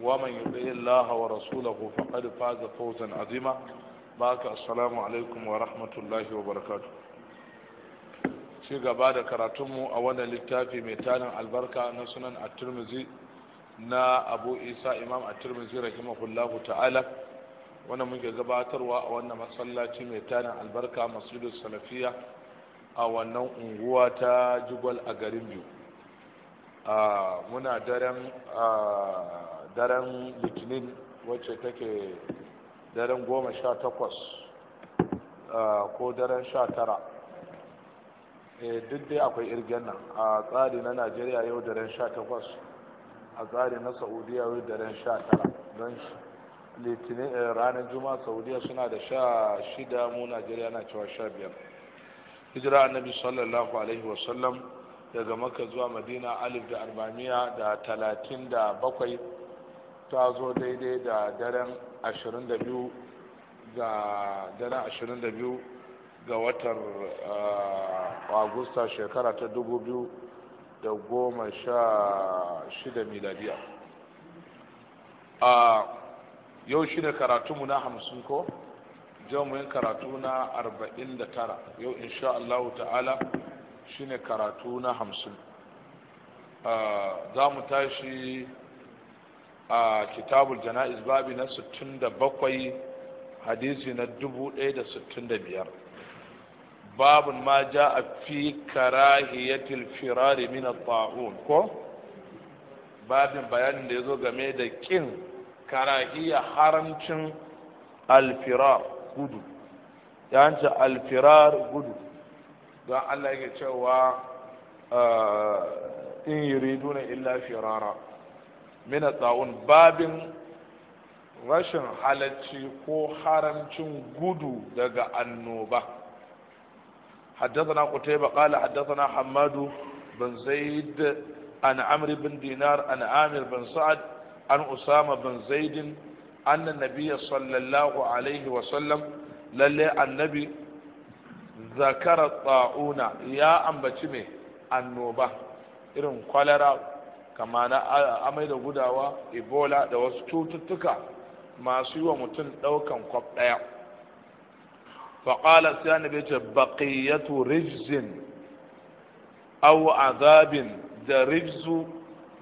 ومن يطع الله ورسوله فقد فاز فوزا عظيما باك السلام عليكم ورحمة الله وبركاته ci gaba da karatunmu a wannan littafi mai tanin albarka na sunan at-tirmidhi na abu isa imam at-tirmidhi rahimahullahu ta'ala wannan muke gabatarwa a wannan masallaci mai tanin albarka masjidu salafiya a wannan unguwa ta jigwal a garin biyu muna daren daren litinin wacce take daren goma sha takwas ko daren sha tara eh, duk dai akwai irgen nan a tsari na najeriya yau daren sha takwas a tsari na saudiya yau daren sha tara don litinin eh, ranar juma'a saudiya suna da sha shida mu najeriya na cewa sha biyar hijira annabi sallallahu alaihi wasallam daga makka zuwa madina alif da arba'amiya da talatin da bakwai ta zo daidai da daren 22 ga daren 22 ga watan ah, agusta shekara ta 2016 miladiya a ah, yau shi ne karatunmu na hamsin ko yin karatu na 49 yau insha Allah ta'ala shi ne karatu na hamsin ah, za mu tashi a kitabul jana'iz babi na 67 hadisi na 1065 babun ma ja a fi karahiyatil firari min ta'un ko babin bayanin da yazo game da kin karahiya haramcin alfirar gudu ya al alfirar gudu don allah yake cewa ah, in yi illa firara mina tsawon babin rashin halacci ko haramcin gudu daga annoba حدثنا قتيبة قال حدثنا حماد بن زيد عن عمرو بن دينار عن عامر بن سعد عن أسامة بن زيد أن النبي صلى الله عليه وسلم للي النبي ذكر الطاعون يا أنبتمه النوبة إرم كولرا kama na amai da gudawa ebola da wasu cututtuka masu yi wa mutum ɗaukan kwaf ɗaya faƙala sai annabi ce baqiyatu rijzin aw azabin da rijzu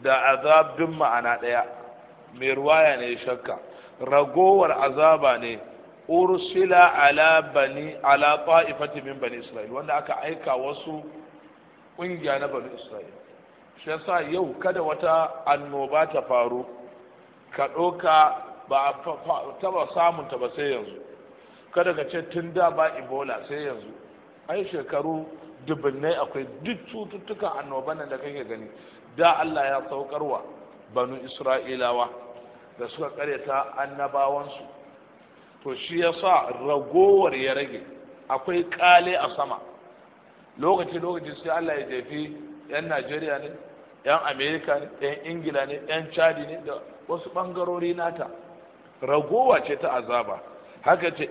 da azabin ma'ana ɗaya mai ruwaya ne shakka ragowar azaba ne ursila ala bani ala ta'ifati min bani isra'il wanda aka aika wasu kungiya na bani isra'il shi yasa yau kada wata annoba ta faru ka ɗauka ba a taɓa samunta ba sai yanzu kada ka ce tun da ba ebola sai yanzu ai shekaru dubinnai akwai duk cututtukan annoban nan da kake gani da Allah ya saukarwa banu isra'ilawa da suka karyata annabawansu to shi ya ragowar ya rage akwai kale a sama lokaci lokaci sai Allah ya jefi 'yan najeriya ne yan amerika ne yan ingila ne yan chadi ne da wasu bangarori nata ragowa ce ta azaba haka ce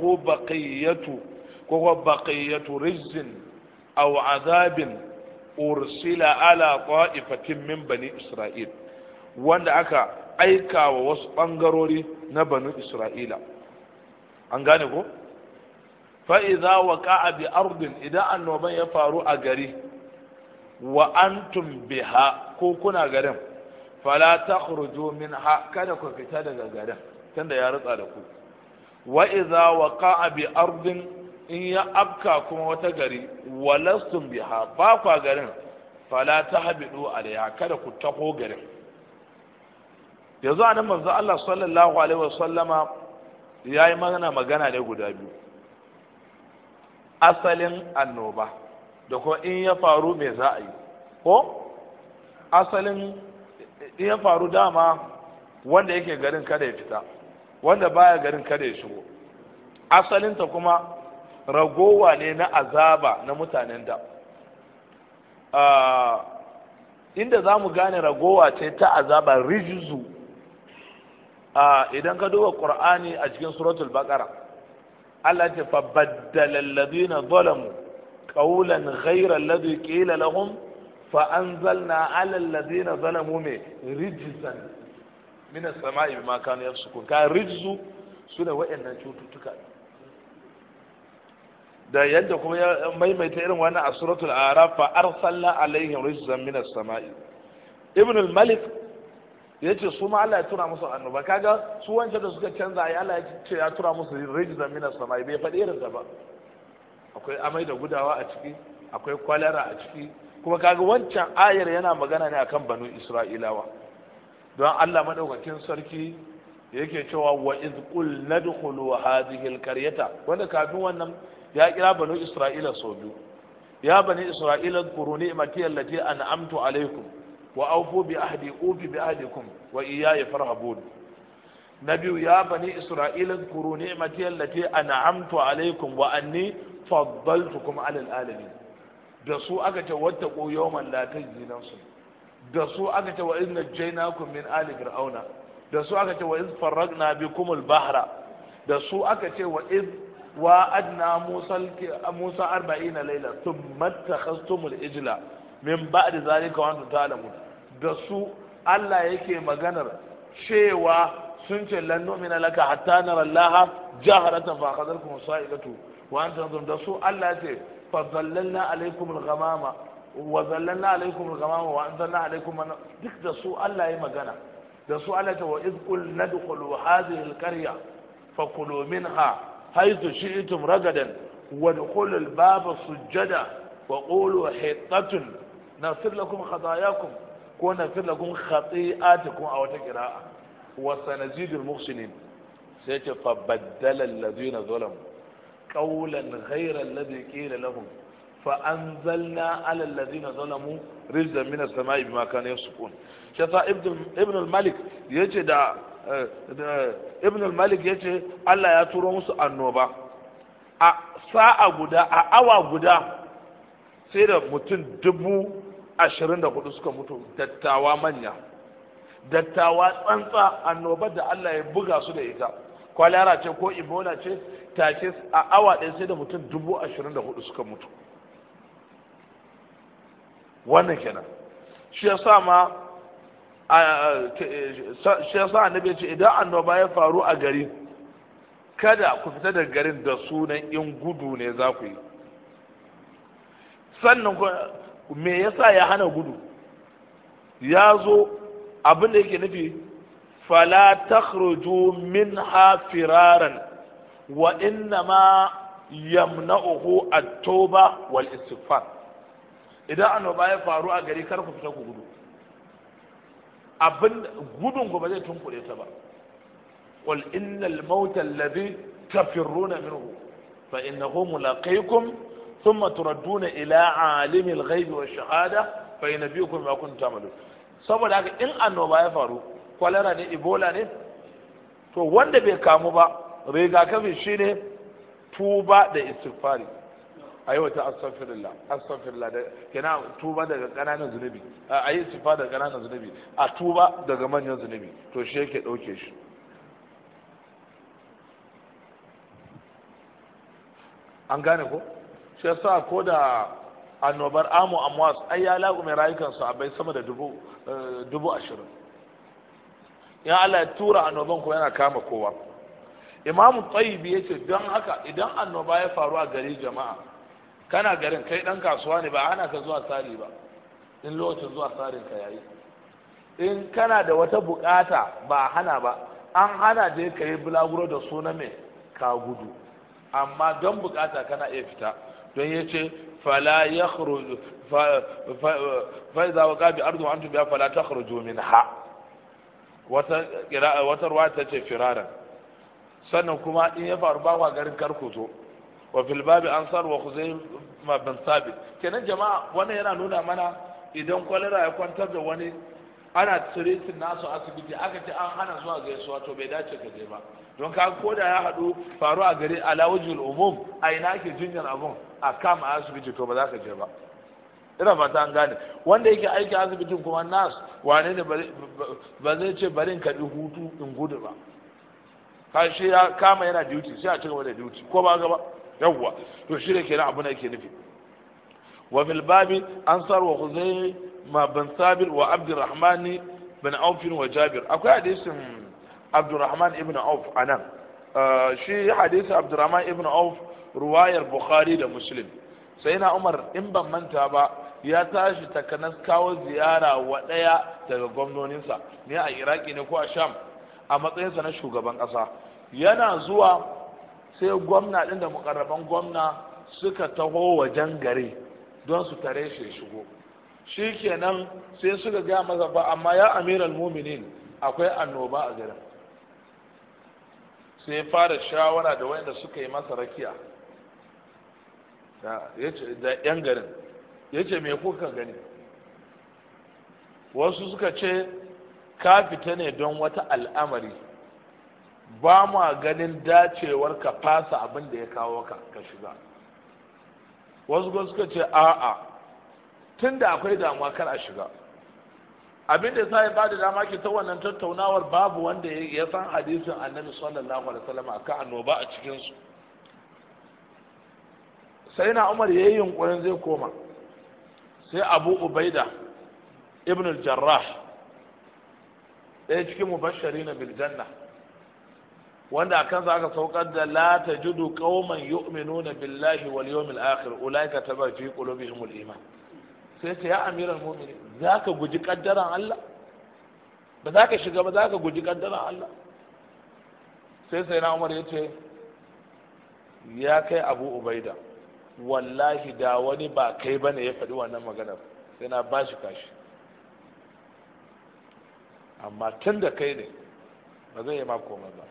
ko baqiyatu ko wa baqiyatu rizin a azabin ursila ala ƙwa'ifatin min bani isra'il wanda aka aika wa wasu bangarori na bani isra'ila an gane ko fa'iza wa waqa'a bi ardin idan annoban ya faru a gari wa antum biha ko kuna garin fala takhruju ha kada ku fita daga garin tunda ya rutsa da ku wa idza waqa'a bi ardin in ya abka kuma wata gari walastum biha ba kwa garin fala tahbidu alaiha kada ku taho garin yanzu a nan manzo Allah sallallahu alaihi wa ya yi magana magana ne guda biyu asalin annoba da kuma in ya faru me za a yi ko asalin in ya faru dama wanda yake garin kada ya fita wanda baya garin kada ya shigo asalinta kuma ragowa ne na azaba na mutanen da ah, inda za mu gane ragowa ce ta azaba rijizu ah, idan ka duba ƙur'ani a cikin suratul baqara Allah ce fa baddala alladhina zalamu قولا غير الذي قيل لهم فأنزلنا على الذين ظلموا رجزا من السماء بما كانوا يفسقون كان رجز سنة وإن cututtuka da yadda kuma ya maimaita irin wannan a suratul araf fa arsalna alaihim rizqan min as-sama'i ibn al-malik yace su ma Allah ya tura musu annoba kaga su wancan da suka canza ai Allah ya ce ya tura musu rizqan min as-sama'i bai faɗi irin ta ba akwai amai da gudawa a ciki akwai kwalara a ciki kuma kaga wancan ayar yana magana ne akan banu isra'ilawa don Allah madaukakin sarki yake cewa wa iz qul nadkhulu hadhihi alqaryata wanda kafin wannan ya kira banu isra'ila sau biyu ya bani isra'ila dhkuru ni'mati allati an'amtu alaykum wa awfu bi ahdi ufi bi ahdikum wa iyaya farhabun nabiyu ya bani isra'ila dhkuru ni'mati allati an'amtu alaykum wa anni faddaltukum alal alamin da su aka ce wata ko yawman la tajzi da su aka ce wa in najaynakum min ali fir'auna da su aka ce wa iz farragna bikum al bahra da su aka ce wa iz wa adna musa musa 40 layla thumma takhastum al ijla min ba'di zalika wa antum ta'lamun da su Allah yake maganar cewa sun ce lan nu'mina laka hatta nara Allah jaharatan fa akhadhakum sa'ilatu وان تنظرون ده سوء الله يتي فظللنا عليكم الغمامة وظللنا عليكم الغمامة وانزلنا عليكم من ديك ده سوء الله يمغانا ده سوء الله يتي وإذ قل ندخل هذه القرية فكلوا منها حيث شئتم رجدا وادخل الباب سجدا وقولوا حطة نغفر لكم خطاياكم ونغفر لكم خطيئاتكم أو تقراءة وسنزيد المحسنين سيتي فبدل الذين ظلموا qawlan ghayra alladhi qila lahum fa anzalna ala alladhina zalamu rizqan min as-sama'i bima kanu yasqun shafa ibn al-malik yace da ibn al-malik yace Allah ya turo musu annoba a sa'a guda awa guda sai da mutum dubu ashirin da hudu suka mutu dattawa manya dattawa tsantsa annobar da Allah ya buga su da ita kwalara ce ko ibola ce take a awa ɗaya sai da mutum dubu ashirin da hudu suka mutu wannan kenan shi ya sa ma shi ya sa ce idan annoba ya faru a gari kada ku fita da garin da sunan in gudu ne za ku yi sannan me yasa ya hana gudu ya zo abin da yake nufi fala takhruju minha firaran wa innama yamna'uhu at-tauba wal istighfar idan annoba ya faru a gari kar ku fita ku gudu abin gudun ku ba zai tunkure ta ba qul innal mauta alladhi tafirruna minhu fa innahu mulaqikum thumma turadduna ila alimil ghaibi wash shahada fa yanbiukum ma kuntum ta'malun saboda haka in annoba ya faru kwalara ne ebola ne to wanda bai kamu ba rigakafi shine tuba da istighfari wata astaghfirullah astaghfirullah da kina tuba daga kananan zunubi a yi sifa daga kananan zunubi a tuba daga manyan zunubi to shi yake dauke shi an gane ko shi yasa ko da annobar amu amwas ai ya lagume rayukan bai sama da dubu eh, ashirin ya Allah ya tura annoban kuma yana kama kowa imamu tsayibi ya ce don haka idan annoba ya faru a gari jama'a kana garin kai dan kasuwa ne ba ana ka zuwa tsari ba in lokacin zuwa tsarin ka yayi in kana da wata bukata ba hana ba an hana da ka yi bulaguro da suna mai ka gudu amma don bukata kana iya fita don ya ce fala ya fa wa waka bi ardu antum biya fala takhruju minha wata ruwa ta ce firara sannan kuma in ya faru ba wa garin karkuto wa filbabi an sarwa ku zai mabin sabi kenan jama'a wani yana nuna mana idan kwalera ya kwantar da wani ana tiritin nasu asibiti aka ce an hana zuwa gaisuwa to bai dace ka je ba don ka ko da ya haɗu faru a gari alawajul umum a ina ake jinyar abun a kama asibiti to ba za ka je ba ina fata an gane wanda yake aiki asibitin kuma nas wane ne ba zai ce bari in karbi hutu in gudu ba kashi ya kama yana duty sai a cigaba da duty ko ba gaba yawwa to shi da kenan abu na yake nufi wa fil babi ansar wa ma bin sabir wa abdurrahman bin auf wa jabir akwai hadisin abdurrahman ibn auf anan uh, shi hadisi abdurrahman ibn auf ruwayar bukhari da muslim sai na umar in ban manta ba ya tashi takanas kawo ziyara wa ɗaya daga gwamnoninsa ne a iraki ne ko a sham a matsayinsa na shugaban ƙasa yana zuwa sai gwamna ɗin da mukarraban gwamna suka taho wajen gari don su tare shi shigo shi kenan sai suka gaya masa ba amma ya amiral muminin akwai annoba a garin sai fara shawara da wanda suka yi masa rakiya da yan garin ya ce me kuka gani wasu suka ce ka fita ne don wata al'amari ba ma ganin dacewar ka fasa abin da ya kawo ka ka shiga wasu kuma suka ce a'a tun da akwai damuwa kar a shiga abin da sai ba da dama ke ta wannan tattaunawar babu wanda ya san hadisin annabi sallallahu alaihi wasallam akan annoba a cikin su sai na umar yayin yunkurin zai koma sai abu ubaida ibn al-jarrah ɗaya cikin mubashari na biljanna wanda a kansa aka saukar da la ta judu kauman yu'minuna billahi wal yawmil akhir ulaika taba fi qulubihim al iman sai ta ya amiral mu'minin zaka guji kaddaran Allah ba za ka shiga ba za ka guji kaddaran Allah sai sai na Umar ya ce ya kai Abu Ubaida wallahi da wani ba kai bane ya faɗi wannan maganar sai na ba shi kashi amma tun da kai ne ba zai yi ma komai ba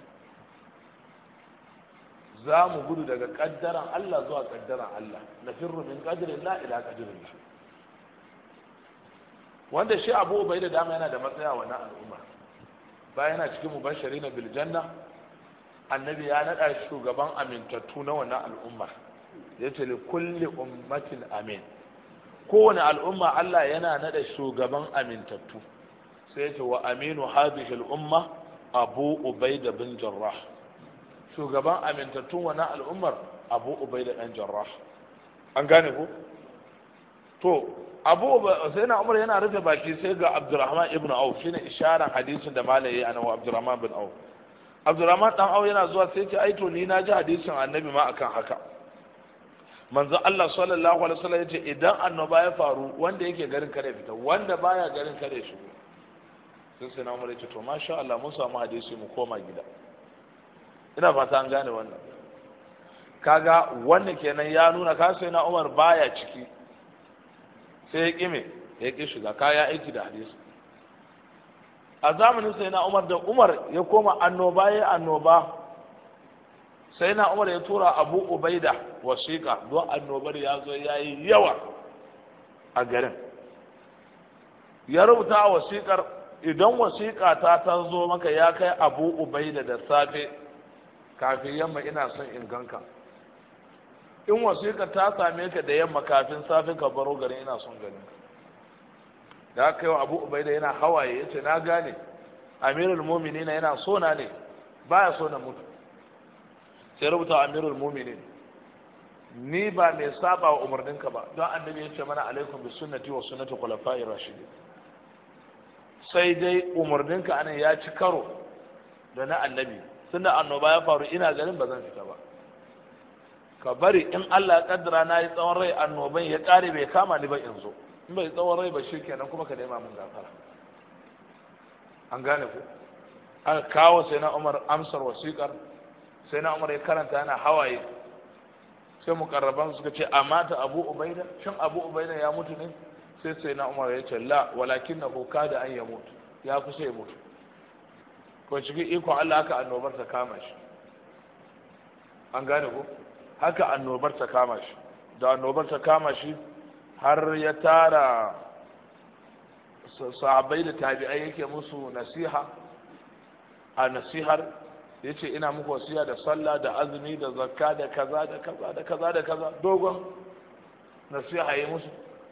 za mu gudu daga kaddaran Allah zuwa kaddaran Allah na firru min qadri la ila qadri shi wanda shi Abu bai da dama yana da matsaya wa na al'umma ba yana cikin mu bashari na biljanna annabi ya nada shugaban amintattu na wannan al'ummar ya ce li kulli ummatin amin kowane al'umma Allah yana nada shugaban amintattu sai ya ce wa aminu hadhihi al'umma abu ubaida bin jarrah shugaban amintattun wani al'ummar abu ubaida bin jarrah an gane ko to abu sai na umar yana rufe baki sai ga abdurrahman ibn auf shine isharar hadisin da malaye a nawa abdurrahman bin auf abdurrahman dan au yana zuwa sai ce aito ni na ji hadisin annabi ma akan haka manzo Allah sallallahu alaihi wasallam yace idan annoba ya faru wanda yake garin kare fita wanda baya garin kare shigo sun sai na umar yace to masha Allah mun samu hadisi mu koma gida ina fata an gane wannan kaga wanda kenan ya nuna ka sai na umar baya ciki sai ya kime ya ki shiga kaya aiki da hadisi a zamanin sai na umar da umar ya koma annoba ya annoba sai na umar ya tura abu ubaida wasiƙa don annobar ya zo ya yi yawa a garin ya rubuta a wasiƙar idan wasiƙa ta ta zo maka ya kai abu ubaida da safe kafin yamma ina son in ganka in wasiƙa ta same ka da yamma kafin safe ka baro garin ina son ganin da kai wa abu ubaida yana hawaye ya ce na gane amirul muminina yana sona ne baya so na mutu sai rubuta amirul mu'minin ni ba mai saba wa umarninka ba don annabi ya ce mana alaikum bi sunnati wa sunnati khulafa'i rashidin sai dai umarninka anan ya ci karo da na annabi tunda annoba ya faru ina ganin ba zan fita ba ka bari in Allah ya kaddara na yi tsawon rai annoban ya kare bai kama ni ba in zo in bai tsawon rai ba shi kenan kuma ka nema mun gafara an gane ku aka kawo sai na Umar amsar wasiƙar sai na umar ya karanta yana hawaye sai mukarraban suka ce a mata abu ubaida shin abu ubaida ya mutu ne sai sai na umar ya ce la walakin na boka da an ya mutu ya kusa ya mutu ko ciki iko allah haka annobar ta kama shi an gane ko haka annobar ta kama shi da annobar ta kama shi har ya tara sahabbai da tabi'ai yake musu nasiha a nasihar ya ce ina muku wasiya da sallah da azumi da zakka da kaza da kaza da kaza da kaza dogon nasiha yi musu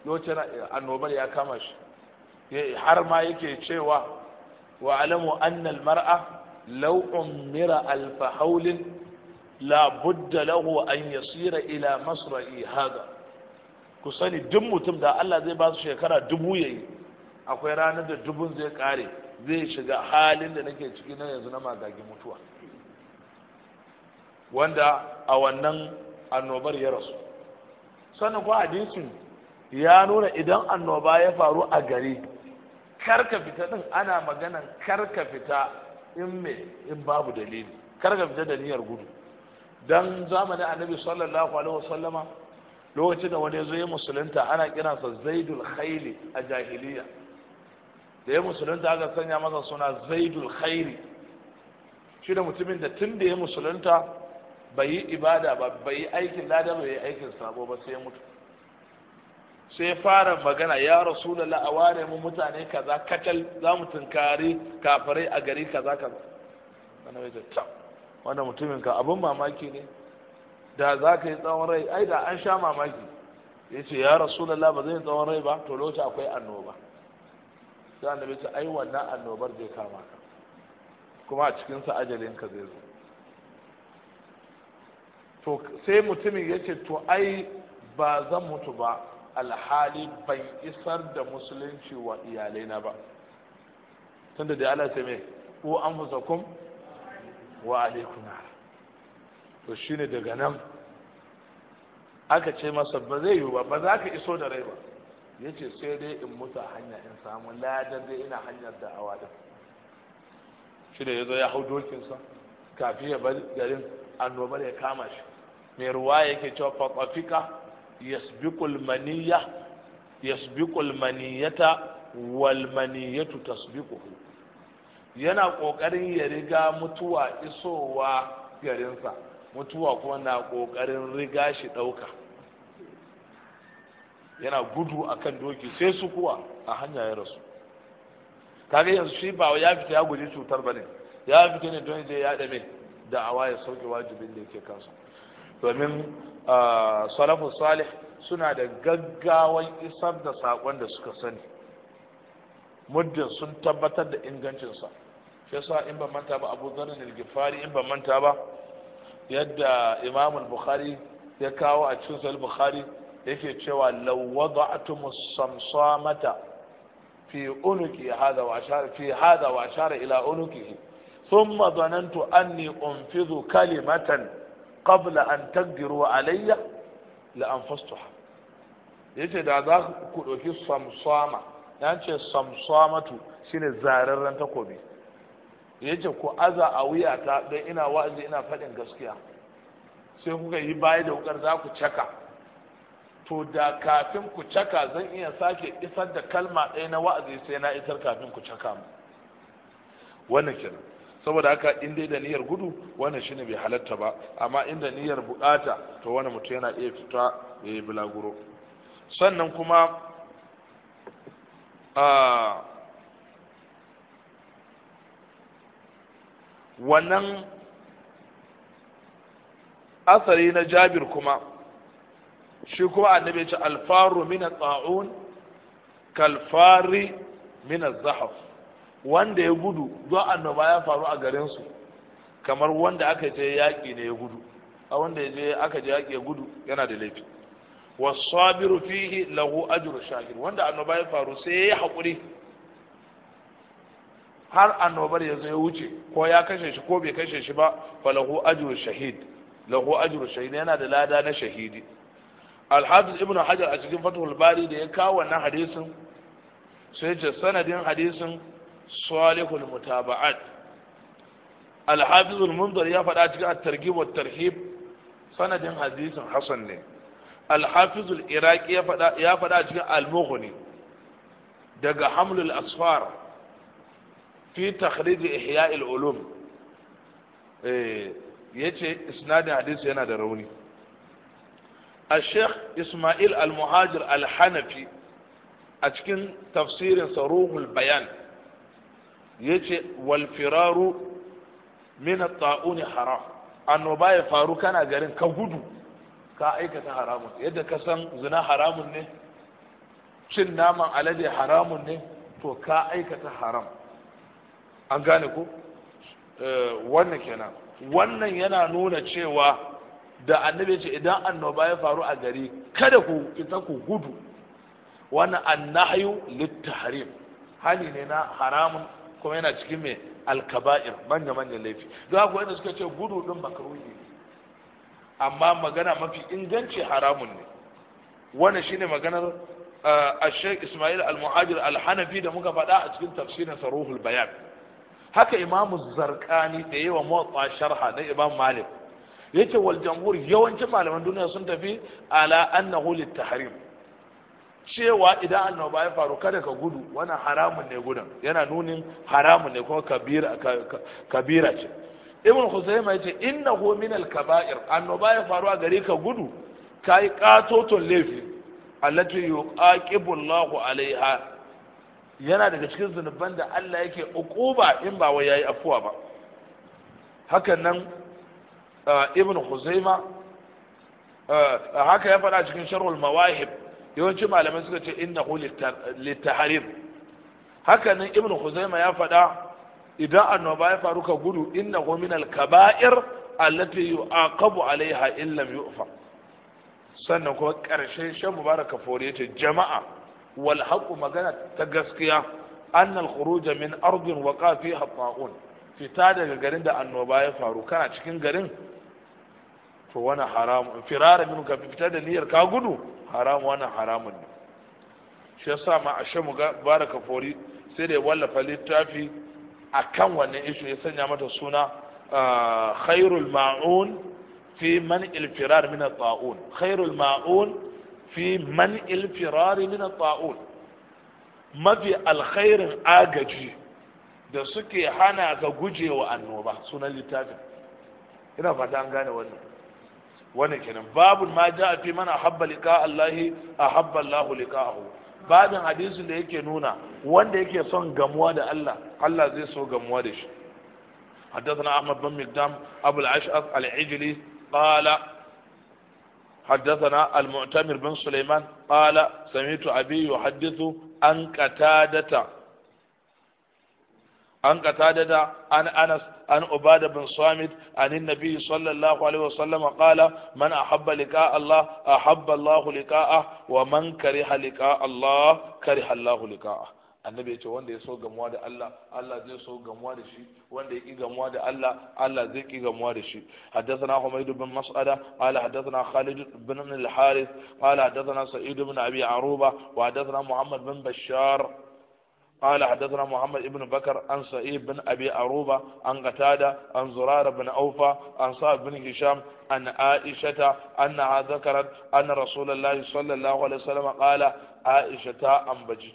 lokacin annobar ya kama shi har ma yake cewa wa alamu annal mar'a law ummira alfa la budda lahu an yasira ila masra'i hada ku sani duk mutum da Allah zai ba su shekara dubu yayi akwai ranar da dubun zai kare zai shiga halin da nake ciki na yanzu na magagin mutuwa wanda a wannan annobar ya rasu sannan kuma hadisin ya nuna idan annoba ya faru a gari karka fita din ana maganan karka fita in me in babu dalili karka fita da niyyar gudu dan zamanin annabi sallallahu alaihi wasallama lokacin da wani zo ya musulunta ana kiransa zaidul khairi a jahiliya da ya musulunta aka sanya masa suna zaidul khairi shi da mutumin da tun da ya musulunta bai yi ibada ba bai yi aikin ladan bai yi aikin sabo ba sai mutu sai fara magana ya rasulullah a ware mu mutane kaza kacal za mu tunkari kafirai a gari kaza kaza Wannan mai ta wannan mutumin ka abun mamaki ne da za ka yi tsawon rai ai da an sha mamaki ya ce ya rasulullah ba zai tsawon rai ba to lokaci akwai annoba sai annabi ce ai wannan annobar zai kama ka kuma a cikinsa ajalinka zai zo to sai mutumin ya ce to ai ba zan mutu ba alhali ban isar da musulunci wa na ba tunda da Allah sai mai ku anfusakum wa alaikuna to shi ne daga nan aka ce masa ba zai yi ba ba za ka iso da rai ba ya ce sai dai in mutu a hanya in samu ladar zai ina hanyar da awa da shi da ya zo ya hau dokinsa kafin ya bar garin annobar ya kama shi mai ruwa yake cewa faƙafika yasbiƙul maniyya maniyata wal maniyyatu tasbiquhu yana ƙoƙarin ya riga mutuwa isowa garinsa mutuwa kuma na ƙoƙarin riga shi ɗauka yana gudu a kan doki sai su kuwa a hanya ya rasu kaga yanzu shi ba ya fita ya guji cutar ba ne ya fita ne don je ya yaɗa mai da awa ya sauke wajibin da yake kansa domin ah, salafu salih suna da gaggawan isar da sakon da suka sani muddin sun tabbatar da ingancinsa shi yasa in ba manta ba abu zarin al in ba manta ba yadda imam bukhari ya kawo a cikin sahih bukhari yake cewa law wada'tum as-samsamata fi unuki hada wa ashara fi hada wa ashara ila unuki thumma dhanantu anni unfidhu kalimatan qabla an taqdiru alayya la yace da za ku ɗauki samsama ya ce samsamatu shine zararren takobi yace ku aza a wuyata don ina wa'azi ina faɗin gaskiya sai kuka yi baya da wukar za ku caka to da kafin ku caka zan iya sake isar da kalma ɗaya na wa'azi sai na isar kafin ku caka mu wannan kenan saboda haka in dai da niyyar gudu wannan shine bai halatta ba amma inda niyyar bukata to wani mutum yana iya fita ya yi bulaguro sannan kuma wannan asali na jabir kuma shi kuma annabi ya ce alfaru min ta'un kalfari min zahaf wanda ya gudu zuwa annoba ya faru a garinsu kamar wanda aka je yaƙi ne ya gudu a wanda ya je aka je yaƙi ya gudu yana da laifi wasabiru fihi lahu ajru shahir wanda annoba ya faru sai ya yi haƙuri har annobar ya zo ya wuce ko ya kashe shi ko bai kashe shi ba fa lahu ajru shahid lahu ajru shahid yana da lada na shahidi al-hafiz ibnu hajar a cikin fathul bari da ya kawo wannan hadisin sai ce sanadin hadisin salihul mutaba'at al-hafizul munzir ya faɗa cikin at wa tarhib sanadin hadisin hasan ne al ya faɗa ya cikin al-mughni daga hamlul asfar fi takhrij ihya'il ulum eh, yace isnadin hadisi yana da rauni A Isma'il Al muhajir Al-Hanafi a cikin تفسير صروح bayan. yace wal firaru min at-ta'un haram annoba ya faru kana garin ka gudu ka aikata haramun yadda ka san zina haramun ne cin naman alade haramun ne to ka aikata haram an gane ko eh, wannan kenan wannan yana nuna cewa da annabi ce idan annoba ya faru a gari kada ku ita ku gudu wannan annahyu littahrim hali ne na haramun kuma yana cikin mai alkaba'ir manya manyan laifi don haka wanda suka ce gudu din makaruhi ne amma magana mafi inganci haramun ne wannan shine maganar eh, shek Ismail Al-Muhajir Al-Hanafi da muka faɗa a cikin tafsirin Saruhul Bayan haka Imam Zarkani da yawa muwatta sharha na Imam Malik yace wal jamhur yawancin malaman duniya sun tafi ala annahu lit-tahrim cewa idan annoba ya faru kada ka gudu wannan haramun ne gudan yana nunin haramun ne kuma kabira kabira ce ibn husayma yace innahu min al-kaba'ir annoba ya faru a gare ka gudu kai katoton laifi allati yuqaqibu Allahu alaiha yana daga cikin zunuban da Allah yake ukuba in ba wai yayi afuwa ba hakan nan uh, ibn huzayma uh, haka ya faɗa cikin sharhul mawahib yawanci malamai suka ce innahu litaharim haka Hakanan ibnu huzaima ya faɗa idan annoba ya faru ka gudu innahu min al allati yu'aqabu alaiha illam yu'fa sannan kuma ƙarshen shan mubaraka fore yace, jama'a wal haqu magana ta gaskiya anna al-khuruj min ardin waqa fiha ta'un fita daga garin da annoba ya faru kana cikin garin to wani haramu firara min ka fita da niyyar ka gudu haram wannan haramun ne shi ya sa ma a shan shamu baraka fori sai da ya wallafa littafi a kan wannan ishu ya sanya mata suna ah, khairul ma'un fi man ilfirar min ta'un khairul ma'un fi man ilfirar min ta'un mafi alkhairin agaji da suke hana ka gujewa annoba sunan littafin ina fata an gane wannan Wani kenan babun ma ja fi man ahabba liqa Allah ahabba Allah liqa'ahu babin hadisin da yake nuna wanda yake son gamuwa da Allah Allah zai so gamuwa da shi حدثنا أحمد بن مقدام أبو العشأف العجلي قال حدثنا المعتمر بن سليمان قال سمعت أبي يحدث عن قتادة an qatada da an anas an ubada bin samit an annabi sallallahu alaihi wasallam qala man ahabba liqa allah ahabba allah liqa'ah wa man kariha liqa allah kariha allah liqa'ah annabi ya ce wanda ya so gamuwa da Allah Allah zai so gamuwa da shi wanda ya ki gamuwa da Allah Allah zai ki gamuwa da shi haddathana Humayd bin Mas'ada qala haddathana Khalid bin al-Harith qala haddathana Sa'id bin Abi Aruba wa haddathana Muhammad bin Bashar قال حدثنا محمد بن بكر عن سعيد بن أبي عروبة عن قتادة عن زرار بن أوفى عن صعب بن هشام عن عائشة أنها ذكرت أن رسول الله صلى الله عليه وسلم قال عائشة تا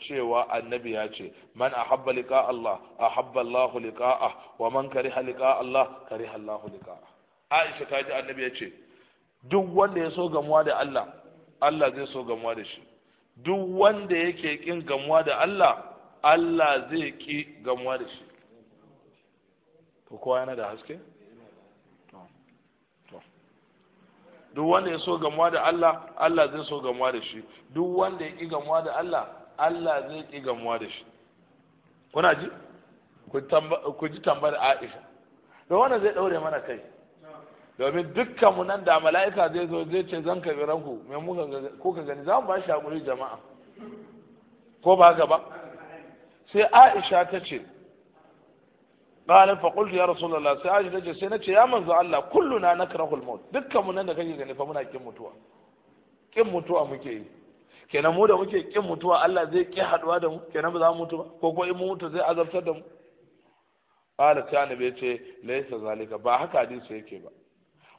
cewa annabi ce man ahabba liqa Allah ahabba Allah liqa'ah wa man kariha liqa Allah kariha Allah liqa'ah Aisha ta ce duk wanda ya so gamuwa da Allah Allah zai so gamuwa da shi duk wanda yake kin gamuwa da Allah Allah zai ki gamuwa da shi to kowa yana da haske duk wanda ya so gamuwa da Allah Allah zai so gamuwa da shi duk wanda ya ki gamuwa da Allah Allah zai ki gamuwa da shi kuna ji ku ji tambar Aisha da wanda zai daure mana kai domin dukkan mu nan da mala'ika zai zo zai ce zan kabi ranku mai muka ko ka gani za mu ba shi hakuri jama'a ko ba haka ba sai aisha ta ce قال فقلت ya rasu الله sai da tace sai ce ya manzo Allah kulluna na al-maut dukkan mu nan da kake gani fa muna kin mutuwa kin mutuwa muke yi kenan mu da muke kin mutuwa Allah zai ƙi haɗuwa da mu kenan ba za mu mutu ba ko kuma in mu mutu zai azabtar da mu qala ta annabi yace laysa zalika ba haka su yake ba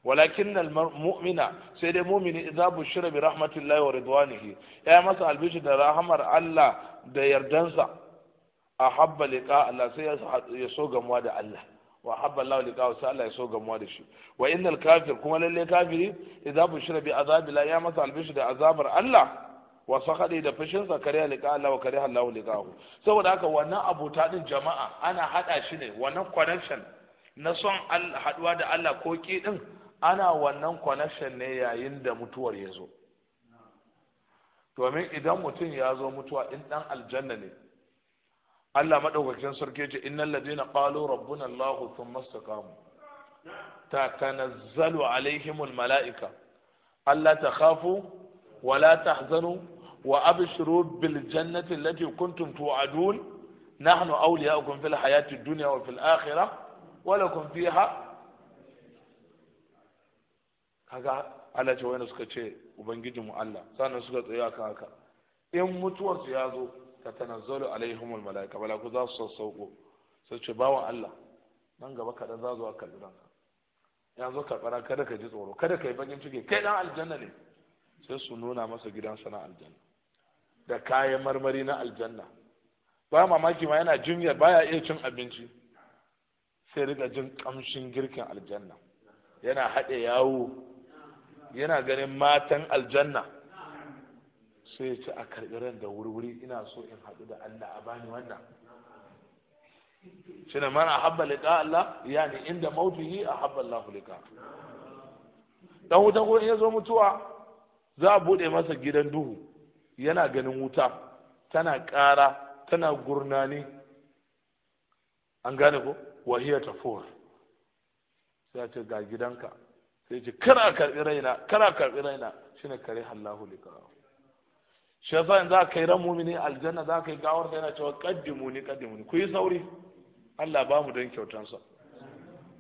walakin na mumina sai dai mu'mini idza bushira bi rahmatillahi wa ridwanihi ya masa albishi da rahmar Allah da yardansa ahabba liqa Allah sai ya so gamuwa da Allah wa habba Allah liqa sai Allah ya so gamuwa da shi wa innal kafir kuma lalle kafiri idza bushira bi azabi la ya masa albishi da azabar Allah wa sakadi da fashin sa kariya liqa Allah wa kariya Allah liqahu saboda haka wannan abota din jama'a ana hada shi ne wannan connection na son haduwa da Allah ko ki din ana wannan connection ne yayin da mutuwar ya zo domin idan mutum ya zo mutuwa in dan aljanna ne Allah maɗa'ukacin sarki ce innal ladina qalu rabbuna Allah thumma istaqamu tatanazzalu alaihimul malaika khafu, wa la tahzanu wa abshiru bil jannati allati kuntum tu'adun nahnu awliya'ukum fil hayati dunya wa fil akhirah wa lakum fiha kaga Allah ce wayanda suka ce ubangijinmu Allah sannan suka tsaya aka haka in mutuwarsu ya zo ta tanazzalu alaihimul bala ku za su sassauko sai ce bawan Allah nan gaba kaɗan za zuwa karɓi ranka ya zo kada ka ji tsoro kada ka yi bakin ciki kai ɗan aljanna ne sai su nuna masa gidan sana aljanna da kayan marmari na aljanna ba mamaki ma yana jinyar baya iya cin abinci sai rika jin kamshin girkin aljanna yana haɗe yawo yana ganin matan aljanna sai ya ci a karɓi ran da wurwuri ina so in haɗu da Allah a bani wannan shi ne mana habba liƙa Allah yani inda yi a habba Allah liƙa dan wutan ko in ya zo mutuwa za a buɗe masa gidan duhu yana ganin wuta tana ƙara tana gurnani an gane ko wahiya ta fuhar sai ce ga gidanka sai ce kara karɓi raina kara karɓi raina shi ne kare hallahu liƙa shi yasa za ka yi ran mumini aljanna za ka yi gawar da yana cewa kaddimu ni kaddimu ni ku yi sauri Allah ba mu don kyautansa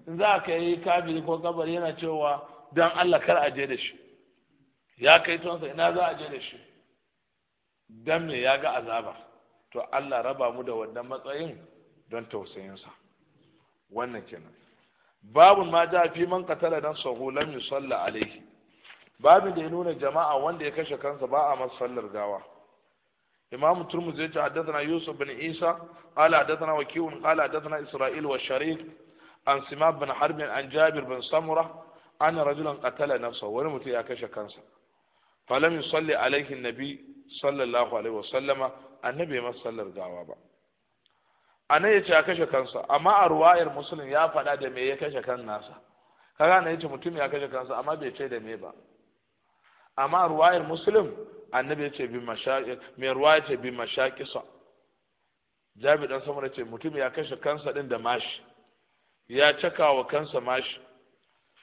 in za ka yi kafiri ko kabari yana cewa don Allah kar a je da shi ya kai tonsa ina za a je da shi dan me ya ga azaba to Allah raba mu da wannan matsayin don tausayinsa wannan kenan babun ma ja fi man qatala dan sahu yusalla alaihi babin da ya nuna jama'a wanda ya kashe kansa ba a masu sallar gawa imamu turmus ya ce haddathana yusuf bin isa qala haddathana wakiun qala haddathana isra'il wa sharif an sima bin harbin an jabir bin samura an rajulan qatala nafsa wani mutum ya kashe kansa falam yusalli alayhi nabi sallallahu alaihi wa sallama annabi ya masu sallar gawa ba A nan ya ce ya kashe kansa amma a ruwayar musulun ya faɗa da me ya kashe kan nasa kaga na ya ce mutum ya kashe kansa amma bai ce da me ba amma ruwayar muslim annabi ya ce bi mashaqi mai ruwaya ce bi sa jabi dan samar ce mutum ya kashe kansa din da mashi ya caka wa kansa mashi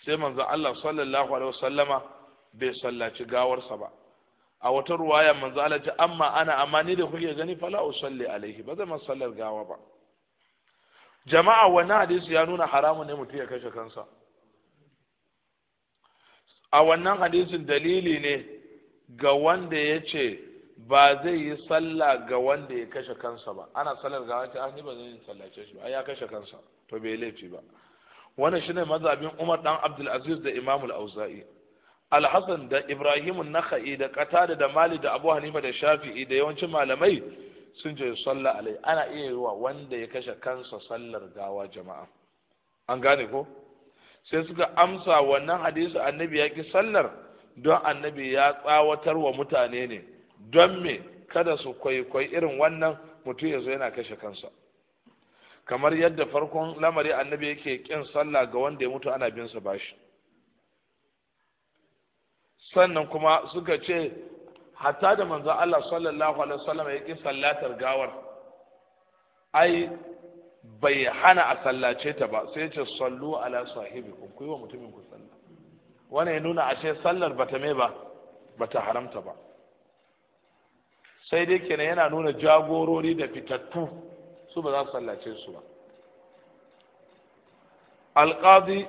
sai manzo Allah sallallahu alaihi wasallama bai sallaci gawarsa ba a wata ruwaya manzo Allah ce amma ana amma ni da kuke gani la usalli alaihi ba zan sallar gawa ba jama'a wannan hadisi ya nuna haramun ne mutum ya kashe kansa a wannan hadisin dalili ne ga wanda ya ce ba zai yi sallah ga wanda ya kashe kansa ba ana sallar ga wata an ba zai yi sallace shi ba ya kashe kansa to bai laifi ba wannan shine mazabin Umar dan Abdul Aziz da Imam Al-Auza'i Al-Hasan da Ibrahim an-Nakhai da Qatada da Malik da Abu Hanifa da Shafi'i da yawancin malamai sun je sallah alai ana iya yi wa wanda ya kashe kansa sallar gawa jama'a an gane ko sai suka amsa wannan hadisi annabi ya ki sallar don annabi ya tsawatar wa mutane ne don me kada su kwaikwai irin wannan mutum ya zo yana kashe kansa kamar yadda farkon lamari annabi yake kin sallah ga wanda ya mutu ana bin sa bashi sannan kuma suka ce hatta da manzo Allah sallallahu alaihi wasallam ya ki sallatar gawar ai bai hana a sallace ta ba sai ce sallu ala sahibi ku yi wa mutumin ku sallah wannan ya nuna ashe sallar ta me ba bata haramta ba sai dai kenan yana nuna jagorori da fitattu su ba za su sallace su ba alqadi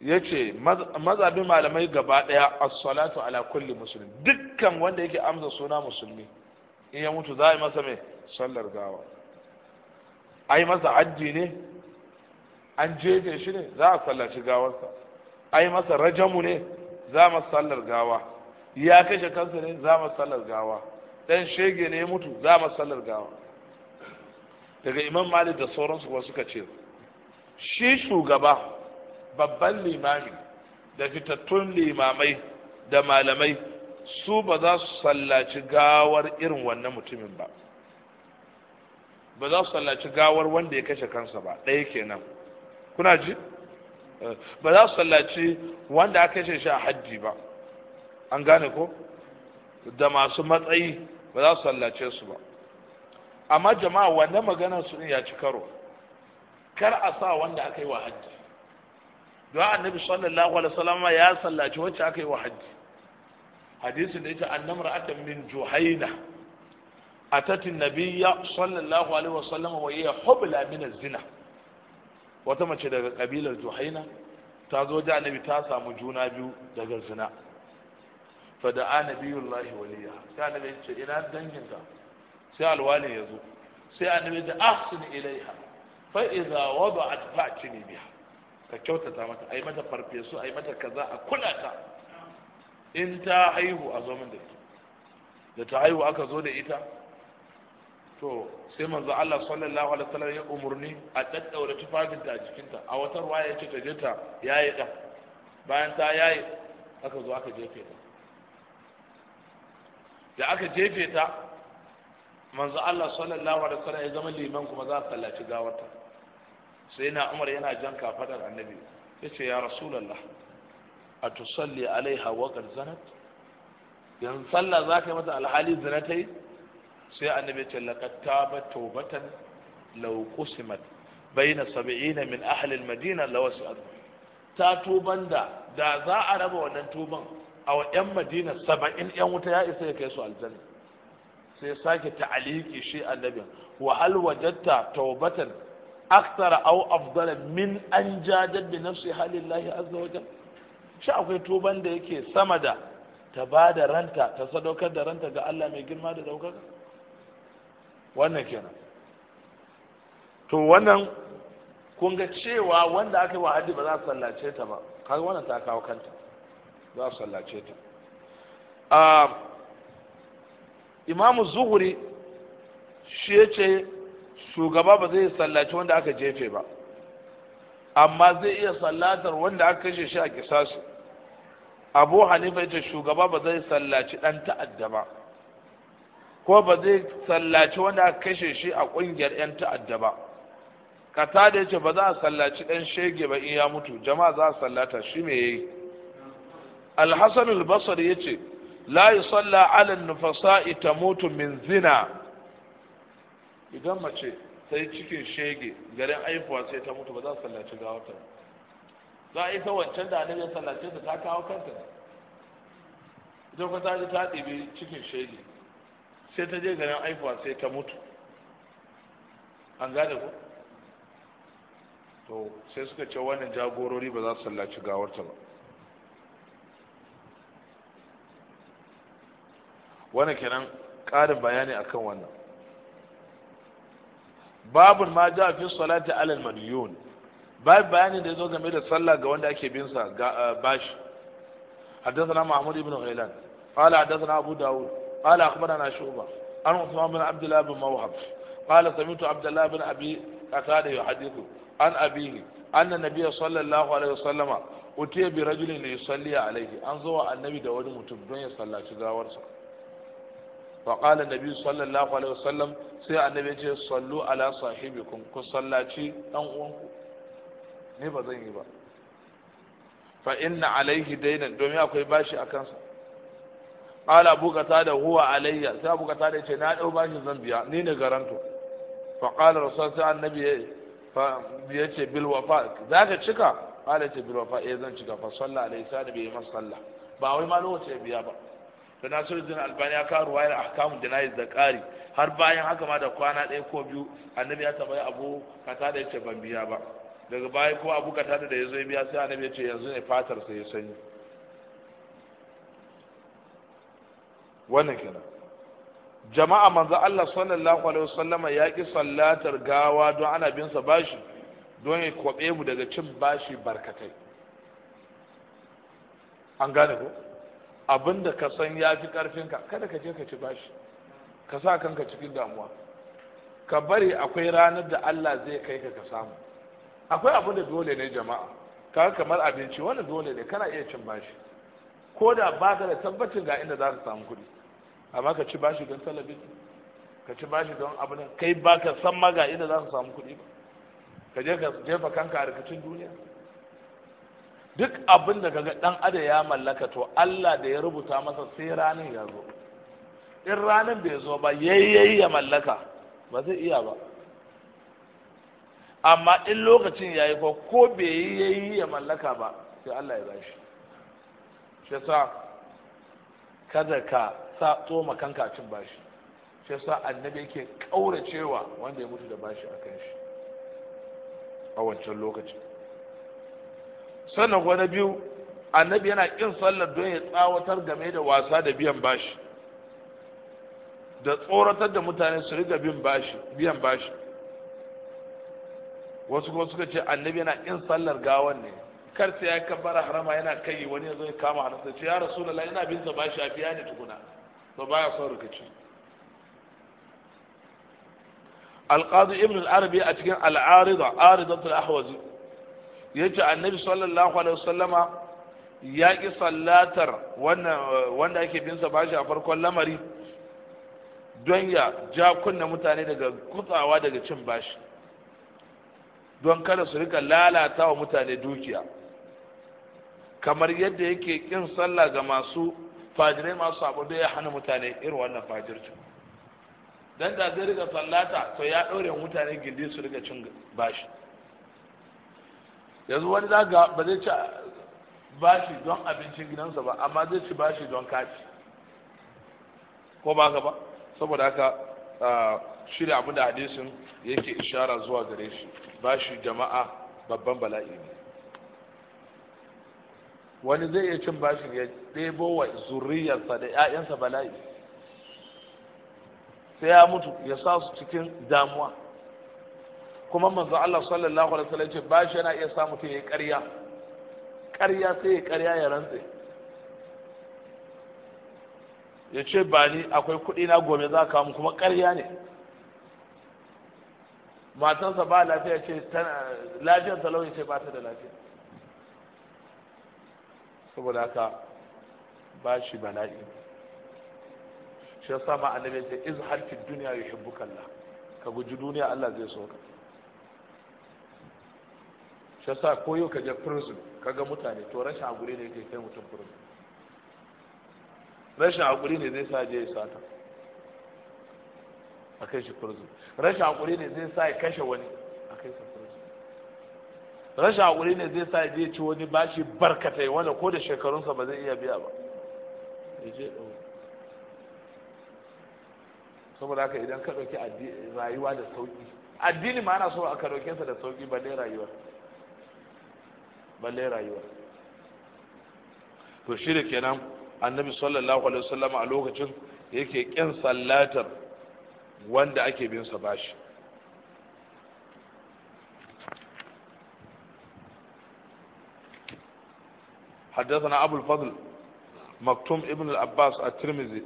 yace mazhabin malamai gaba daya as-salatu ala kulli muslim dukkan wanda yake amsa suna musulmi in ya mutu za a yi masa mai sallar gawa ai masa hajji ne an jefe shi ne za a sallaci gawarsa ai masa rajamu ne za mu sallar gawa ya kashe kansa ne za mu sallar gawa dan shege ne ya mutu za mu sallar gawa daga imam malik da sauransu kuma suka ce shi shugaba babban limami da fitattun limamai da malamai su ba za su sallaci gawar irin wannan mutumin ba ba za su sallaci gawar wanda ya kashe kansa ba ɗaya kenan kuna ji eh, ba za su sallaci wanda aka kashe shi a hajji ba an gane ko da masu matsayi ba za su sallace su ba amma jama'a wanda maganar su ya ci karo kar a sa wanda aka yi wa hajji don annabi sallallahu alaihi wasallam ya sallaci wacce aka yi wa hajji hadisin da ita atam min juhaina atatin nabiyya sallallahu alaihi wasallam wa hiya hubla min zina wata mace daga kabilar juhaina ta zo da annabi ta samu juna biyu daga zina fa da anabiyullahi waliya sai annabi ce ina danginta sai alwali ya zo sai annabi da ahsin ilaiha fa idza wada'at fa'tini biha ka kyautata mata ai mata farfesu ai mata kaza a kula in ta haihu a zo da da ta haihu aka zo da ita to sai manzo Allah sallallahu alaihi wasallam ya umurni a daddaura tufafin ta a jikinta a wata ruwa ya ce ta je ta yayi da bayan ta yayi aka zo aka jefe ta da aka jefe ta manzo Allah sallallahu alaihi wasallam ya zama liman kuma za a sallaci gawarta sai na Umar yana jan kafadar annabi yace ya rasulullah a tusalli alaiha wa qad zanat yan sallah zaka mata alhali zanatai sai annabi ce laqad tabat tawbatan law qusimat baina sab'ina min ahli al-madina lawasat ta tuban da za a raba wannan tuban a wa yan madina saba'in yan wuta ya isa ya kai su aljanna sai sake ta'aliki shi annabin wa hal wajadta tawbatan akthara aw afdala min an jadad bi nafsi halillahi azza wa shi akwai tuban da yake sama da ta ba da ranta ta sadaukar da ranta ga Allah mai girma da daukaka wannan kenan to wannan kun ga cewa wanda aka yi wa hadi ba za su sallace ta ba kaga wannan ta kawo kanta za su sallace ta ah, imamu zuhuri shi ya ce shugaba ba zai sallace wanda aka jefe ba amma zai iya sallatar wanda aka kashe shi a kisasu abu hanifa ita shugaba ba zai sallaci dan ta'adda ba ko ba zai sallaci wanda aka kashe shi a ƙungiyar yan ta'adda ba ta da yace ba za a sallaci ɗan shege ba in ya mutu jama'a za a sallata shi me yayi al-hasan al-basri yace la yusalla ala an-nufasa'i tamutu min zina idan mace sai cikin shege garin aifuwa sai ta mutu ba za a sallaci gawarta za a ita wancan da annabi ya sallace ta ta kawo kanta ne idan ka ta ta ɗebe cikin shege sai ta je ganin aifuwa sai ta mutu an gane ku to sai suka ce wannan jagorori ba za su sallaci gawarta ba wannan kenan ƙarin bayani akan wannan babun ma ja fi salati alal madiyun babu bayani da yazo game da sallah ga wanda ake bin sa bashi حدثنا mahmud ibn ghailan qala حدثنا abu daud قال أخبرنا شعبة عن عثمان بن عبد الله بن موهب قال سمعت عبد الله بن أبي قتادة يحدثه عن أبيه أن النبي صلى الله عليه وسلم أتي برجل ليصلي عليه أنظر النبي داود متبين صلى تداورسا فقال النبي صلى الله عليه وسلم سي النبي يجي صلوا على صاحبكم كصلاتي أن أنكم نبا زيني با فإن عليه دينا دومي أكوي باشي أكنسا qala abu da huwa alayya sai abu da ce na dau shi zan biya ni ne garanto fa qala rasul sai annabi fa bilwa bil wafa zaka cika qala ce bil wafa eh zan cika fa sallallahu alaihi wasallam bai masa sallah ba wai ma lokaci ya biya ba da nasiruddin albani ya kawo ruwayar ahkamun janayiz da zaƙari har bayan haka ma da kwana ɗaya ko biyu annabi ya tabbai abu kata da ce ban biya ba daga baya ko abu kata da ya zo ya biya sai annabi ya ce yanzu ne fatar sai ya sanyi wannan kenan jama'a manzo Allah sallallahu alaihi wasallama ya ki sallatar gawa don ana bin sa bashi don ya kwabe mu daga cin bashi barkatai an gane ko abinda ka san ya fi ka kada ka je ka ci bashi ka sa kanka cikin damuwa ka bari akwai ranar da Allah zai kai ka ka samu akwai abu da dole ne jama'a ka kamar abinci wani dole ne kana iya cin bashi ko da ba ka da tabbacin ga inda za ka samu kuɗi amma ka ci bashi don talabijin ka ci bashi don abu kai ba ka san maga inda za ka samu kuɗi ba ka je ka jefa kanka a rikicin duniya duk abin da kaga dan adam ya mallaka to Allah da ya rubuta masa sai ranin ya zo in ranin bai zo ba yayyayi ya mallaka ba zai iya ba amma in lokacin yayi ko ko bai yayi ya mallaka ba sai Allah ya bashi shi yasa kada ka sa tsoma kanka a cin bashi shi sa annabi yake kauracewa wanda ya mutu da bashi a kan shi a wancan lokaci sannan gwada biyu annabi yana kin sallar don ya tsawatar game da wasa da biyan bashi da tsoratar da mutane su riga biyan bashi wasu kuma suka ce annabi yana kin sallar gawan ne kar sai ya kabbara harama yana kai wani ya zo ya kama hannunsa ce ya rasu da ina bin sa bashi a biya ne tukuna to ya son rikici alqadi ibn al-arabi a cikin al-arida aridatul ahwazi yace annabi sallallahu alaihi wasallama ya ki sallatar wannan wanda ake bin sa bashi a farkon lamari don ya ja kunna mutane daga kutsawa daga cin bashi don kada su rika lalata wa mutane dukiya kamar yadda yake kin sallah ga masu fajirai masu sabo da ya hana mutane irin wannan fajirci don da zai riga sallata to ya ɗaure mutane gindi su riga cin bashi yanzu wani za ga ba zai ci bashi don abincin gidansa ba amma zai ci bashi don kati ko ba ka saboda haka shirya abin da hadisin yake ishara zuwa gare shi bashi jama'a babban bala'i ne wani zai iya cin bashin ya ɗebo wa zuriyarsa da 'ya'yansa bala'i sai ya mutu ya sa su cikin damuwa kuma manzo Allah sallallahu alaihi wasallam ce bashi yana iya sa mutum ya ƙarya ƙarya sai ya ƙarya ya rantse ya ce ba ni akwai kuɗi na gome za ka mu kuma ƙarya ne matansa ba lafiya ce lafiyar talauyi ce ba ta da lafiya saboda haka ba shi bala'i shi sama a annabi ce iz harfi duniya yuhibbuka kalla ka guji duniya Allah zai so ka shi sa koyo ka je prison ka ga mutane to rashin haƙuri ne zai kai mutum prison rashin haƙuri ne zai sa je ya sata a kai shi prison rashin haƙuri ne zai sa ya kashe wani rashin haƙuri ne zai sa ya ci wani bashi barkatai wanda ko da shekarunsa ba zai iya biya ba saboda haka idan ka ɗauki rayuwa da sauƙi addini ma ana so a ɗauke sa da sauƙi balle rayuwa balle rayuwa to shi da kenan annabi sallallahu alaihi wasallam a lokacin yake ƙin sallatar wanda ake bin sa bashi حدثنا أبو الفضل مكتوم ابن العباس الترمذي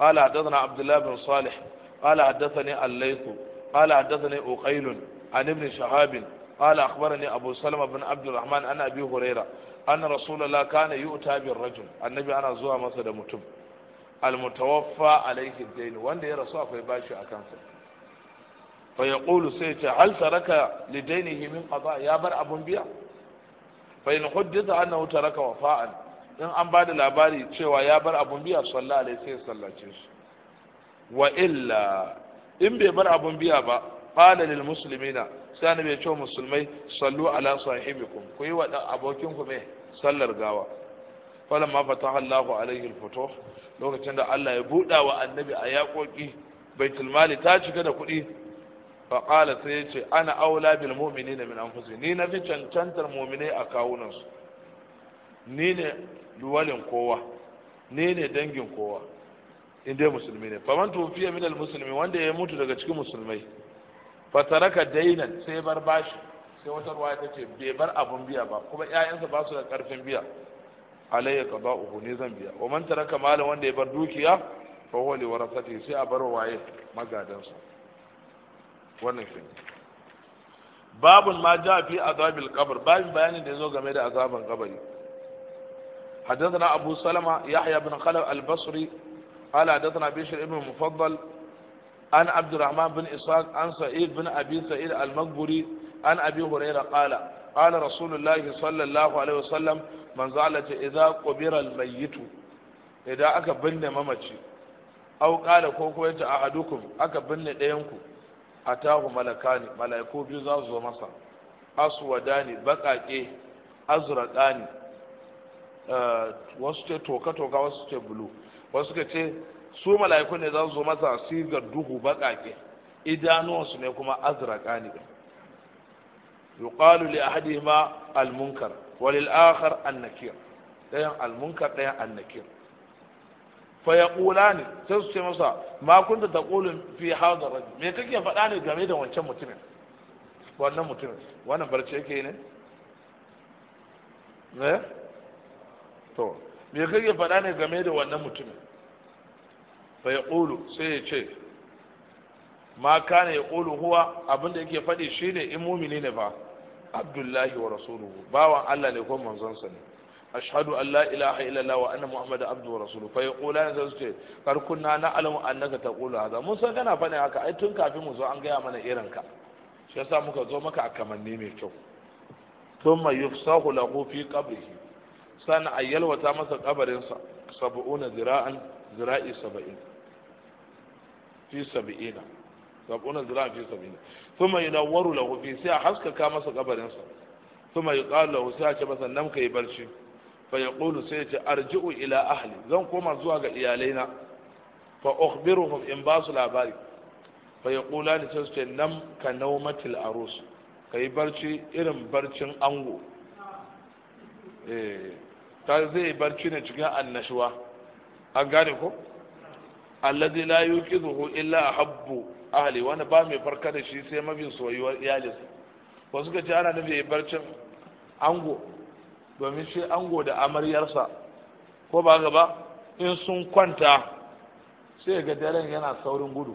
قال حدثنا عبد الله بن صالح قال حدثني الليث قال حدثني أقيل عن ابن شهاب قال أخبرني أبو سلمة بن عبد الرحمن أن أبي هريرة أن رسول الله كان يؤتى بالرجل النبي أنا زوها مثل متم المتوفى عليه الدين وأن رسول الله باشي أكانسل فيقول سيتي هل ترك لدينه من قضاء يا بر أبو بيع fa in hujjata annahu taraka wafa'an in an bada labari cewa ya bar abun biya sallallahu alaihi sai sallace shi wa illa in bai bar abun biya ba qala lil muslimina sai annabi ya ce musulmai sallu ala sahibikum ku yi wa abokin ku mai sallar gawa falamma fataha Allahu alaihi al-futuh lokacin da Allah ya buɗa wa annabi a yaƙoƙi baitul mali ta cika da kuɗi faƙala sai ya ce ana aula bil mu'mini ne min anfusi ni na fi cancantar mu'mini a kawunansu ni ne luwalin kowa ni ne dangin kowa in dai musulmi ne faman tufiya min musulmi wanda ya mutu daga cikin musulmai fataraka dainan sai bar bashi sai wata ruwa ta ce bai bar abun biya ba kuma ƴaƴansa ba su da ƙarfin biya alayya ba uhu ne zan biya wa man taraka malan wanda ya bar dukiya fa huwa li warasati sai a bar waye magadansa wannan shi babun ma ja fi azabil qabr babin bayanin da yazo game da azaban kabari حدثنا أبو سلمة يحيى بن خلف البصري قال حدثنا بشر بن المفضل عن عبد الرحمن بن إسحاق عن سعيد بن أبي سعيد المقبري عن أبي هريرة قال قال رسول الله صلى الله عليه وسلم من زعلت إذا قبر الميت إذا أكا بن ممتي أو قال كوكو أحدكم أكا بن دينكم atahu malakani malaiku biyu za su zo masa aswadani bakake azraqani eh, wasu ce toka-toka wasu ce bulu wasu ka ce su mala'iku ne za su zo masa sigar duhu bakake idanuwansu ne kuma azraqani din yuqalu li ahadihima al-munkar wa lil akhar an-nakir dayan ɗayan munkar dayan an fa sai su ce masa ma ta taqulu fi hadha rajul me kake faɗa ne game da wancan mutumin wannan mutumin wannan barci yake ne ne to me kake faɗa ne game da wannan mutumin fa sai ya ce ma kana yaqulu huwa abinda yake faɗi shine in mumini ne ba abdullahi wa rasuluhu bawan Allah ne ko manzon sa ne ashhadu an la ilaha illallah wa anna muhammadan abduhu wa rasuluhu fa yaqulana sai suce kar kunna na'lamu annaka taqulu hadha mun san kana faɗin haka ai tun kafin mu zo an gaya mana irin ka shi yasa muka zo maka a kamanni mai kyau thumma yufsahu lahu fi qabrihi sana ayyalwata masa kabarin sa sab'una fi sab'ina sab'una zira'an fi sab'ina thumma yunawwaru lahu haskaka masa nan kai barci fayaqulu sai ce arji'u ila ahli zan koma zuwa ga iyalaina fa ukhbiruhum in ba su labari fayaqula ni sai ce nam ka nawmatil arus kai barci irin barcin ango eh ta zai barci ne cikin annashuwa an gane ko alladhi la yuqidhu illa habbu ahli wani ba mai farka da shi sai mafi soyuwar iyalinsa wasu ka ce ana nufi barcin ango domin shi ango da amaryarsa ko ba gaba in sun kwanta sai ga daren yana saurin gudu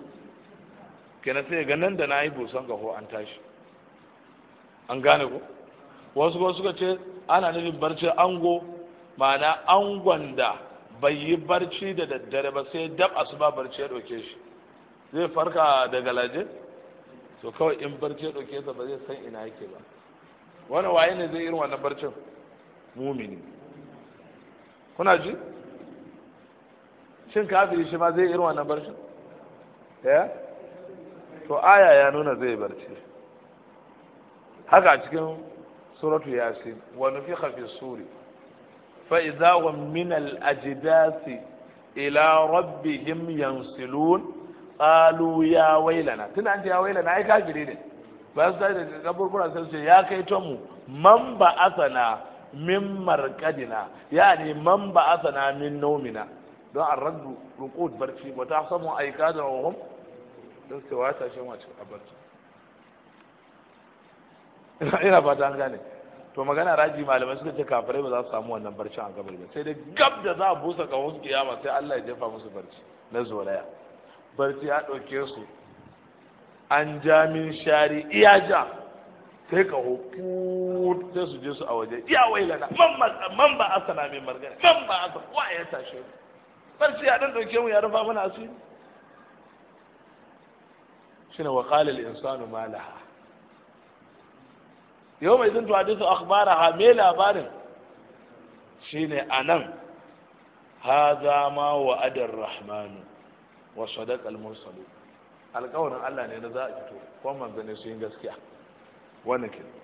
kenan sai ga nan da na yi busan gaho an tashi an gane ko wasu ko suka ce ana nufin barci ango ma'ana angon da bai yi barci da daddare ba sai dab ba barci ya ɗauke shi zai farka daga galaje to kawai in barci ya ɗauke sa ba zai san ina yake ba wani waye ne zai irin wannan barcin mumini kuna ji shin kafiri shi ma zai irin wannan barci? ya eh? to aya ya nuna zai barci haka a cikin suratu yasin wa nufiha fi suri fa idza hum min al ajdasi ila rabbihim yansilun qalu ya wailana tun an ya wailana ai kafiri ne ba su da kaburbura sai su ya kai ta mu man ba asana min markadina yani man ba'athana min nawmina don an raddu rukud barci wa samu aykada wa hum don sai wa ta shan wace a barci ina fata an gane to magana raji malamai suka ce kafirai ba za su samu wannan barci a gabar ba sai dai gab da za a busa kawon kiyama sai Allah ya jefa musu barci na zolaya barci ya ɗauke su an jamin shari iya ja sai ka hukumu wut sai su je su a waje ya wailana man ba asana mai margana man ba asana wa ya tashe mu barci ya dan dauke mu ya rufa mana asiri shine wa qala al insanu ma laha yau mai zan tuhadisu ha me labarin shine anan hadha ma wa ar-rahmanu wa sadaqa al-mursalun alƙawarin Allah ne na za a fito kuma manzanni su yin gaskiya wannan kenan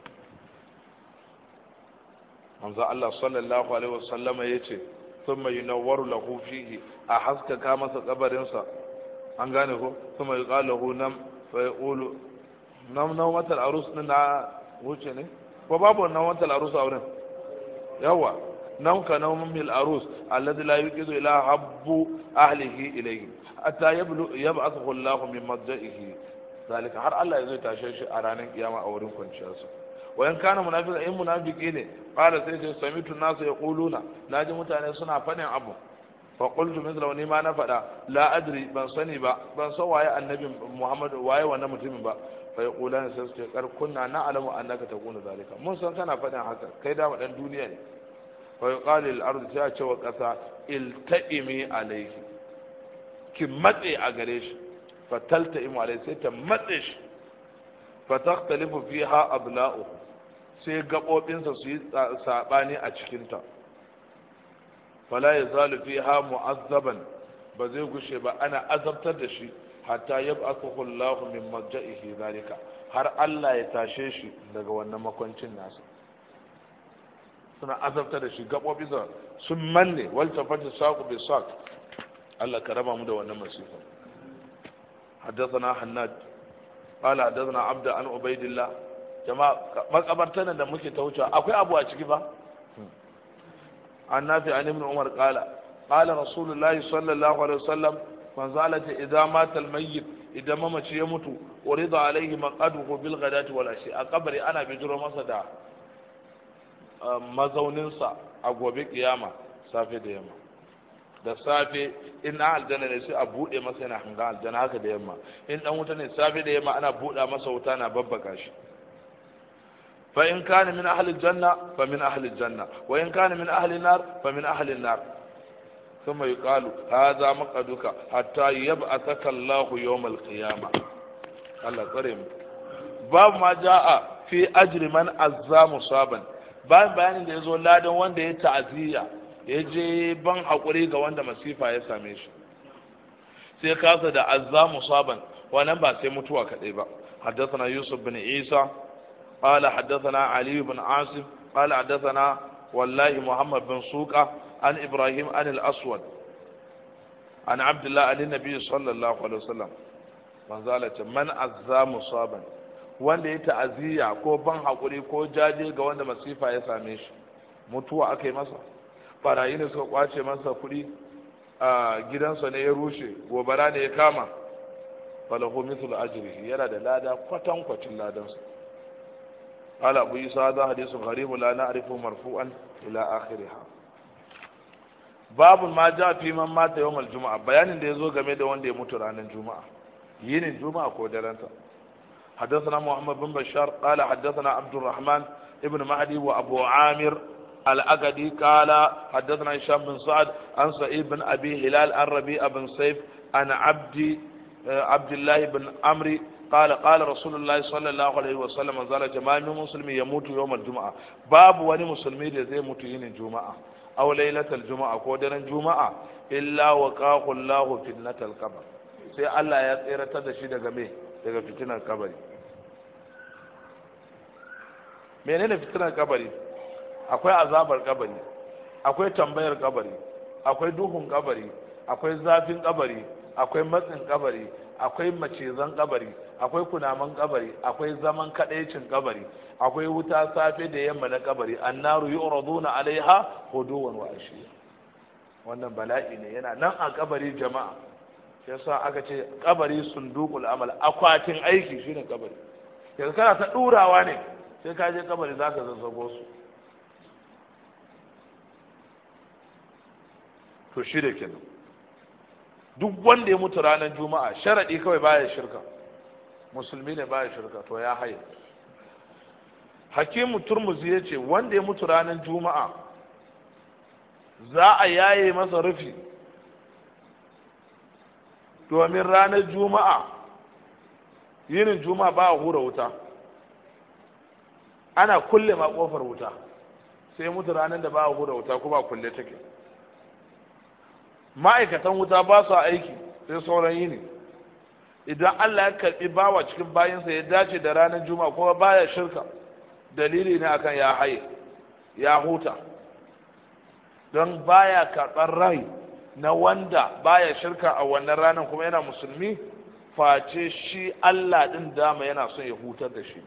manzo Allah sallallahu alaihi wasallama yace thumma yunawwaru lahu fihi a haska ka masa kabarin sa an gane ko thumma yuqalu lahu nam fa yaqulu nam nawmatal arus na wuce ne ko babu nawmatal arus a wurin yawa nam ka nawmil arus alladhi la yuqidu ila habbu ahlihi ilayhi hatta yablu yab'athu Allahu min madja'ihi zalika har Allah ya zai tashe shi a ranar kiyama a wurin kwanciyarsa wa in kana munafiq in munafiqi ne qala sai sai samitu nasu yaquluna naji mutane suna fadin abu fa qultu mithla wani ma na fada la adri ban sani ba ban san waye annabi muhammad waye wannan mutumin ba fa yaqulana sai sai kar kunna na alamu annaka taqulu zalika mun san kana fadin haka kai da dan duniya ne fa yuqalu al ardu ta ce wa qasa iltaimi alayhi ki matse a gare shi fa taltaimu alayhi sai ta matse shi fa takhtalifu fiha abna'uhu sai gaɓoɓinsa su yi saɓani a cikinta fala ya zalufi ha mu'azzaban ba zai gushe ba ana azabtar da shi hatta ya ba Allahu min marja'ihi zalika har Allah ya tashe shi daga wannan makwancin nasa suna azabtar da shi gaɓoɓinsa sun manne wal tafati saqu bi saq Allah ka raba mu da wannan masifa haddathana hannad qala haddathana عبد an عبيد jama'a makabartar da muke ta wucewa akwai abu a ciki ba an nafi an ibn umar kala kala rasulullah sallallahu alaihi wasallam man zalata idan mata almayyit idan mamaci ya mutu urida alaihi maqaduhu bil ghadati wal ashi a kabari ana bijiro masa da um, mazauninsa a gobe kiyama safe da yamma da safe in na aljanna ne sai a bude masa yana hanga aljanna haka da yamma in dan wuta ne safe da yamma ana buɗa masa wuta na babbaka shi fa in kana min ahli janna fa min ahli janna wa in kana min ahli nar fa min ahli nar ثم يقال هذا مقعدك حتى يبعثك الله يوم القيامة الله كريم باب ما جاء في أجر من أزا مصابا bayan bayanin da ya zo ladan wanda ya ta'aziyya ya je ban haƙuri ga wanda masifa ya same shi sai kasa da azza musaban wannan ba sai mutuwa kadai ba حدثنا يوسف بن عيسى قال حدثنا علي بن عاصم قال حدثنا والله محمد بن سوقة عن إبراهيم عن الأسود عن عبد الله عن النبي صلى الله عليه وسلم من ذلك من أذى مصابا wanda ya ta'aziyya ko ban haƙuri ko jaje ga wanda masifa ya same shi mutuwa aka yi masa barayi ne suka kwace masa kuɗi a gidansa ne ya rushe gobara ne ya kama falahu mithlu ajrihi yana da lada kwatankwacin ladansa قال أبو يسا هذا حديث غريب لا نعرفه مرفوعا إلى آخرها باب ما جاء في من مات يوم الجمعة بيان دي زو game da wanda ya mutu ranar juma'a yinin juma'a ko daranta حدثنا محمد بن بشار قال حدثنا عبد الرحمن ابن مهدي وابو عامر الاجدي قال حدثنا هشام بن سعد عن سعيد بن ابي هلال عن ربيع بن سيف عن عبد عبد الله بن عمرو قال قال رسول الله صلى الله عليه وسلم زال musulmi من مسلمي يموت يوم الجمعة باب وني da zai mutu yinin juma'a aw lailatul juma'a ko daren juma'a illa waqahu Allahu fitnatal qabr sai Allah ya tsiratar da shi daga me daga fitinar kabari menene fitinar kabari akwai azabar kabari akwai tambayar kabari akwai duhun ƙabari akwai zafin kabari akwai matsin ƙabari akwai macizan kabari akwai kunaman kabari akwai zaman kadaicin kabari akwai wuta safe da yamma na kabari annaru yu'raduna alaiha huduwan wa ashiya wannan bala'i ne yana nan a kabari jama'a yasa aka ce kabari sundukul amal akwatin aiki shine kabari yanzu kana ta durawa ne sai ka je kabari zaka zazzago su to shi da kenan duk wanda ya mutu ranar juma'a sharaɗi kawai baya shirka musulmi ne baya shirka to ya haye hakimu turmuzi ya ce wanda ya mutu ranar juma'a za a yaye masa rufi domin ranar juma'a yinin juma'a ba a hura wuta ana kulle ma kofar wuta sai mutu ranar da ba a hura wuta kuma kulle take ma'aikatan wuta ba su aiki sai sauran yinin idan Allah ya karbi bawa cikin bayinsa ya dace da ranar juma'a kuma baya shirka dalili ne akan ya haye ya huta don baya karɓar rai na wanda baya shirka a wannan ranar kuma yana musulmi face shi Allah ɗin dama yana son ya hutar da shi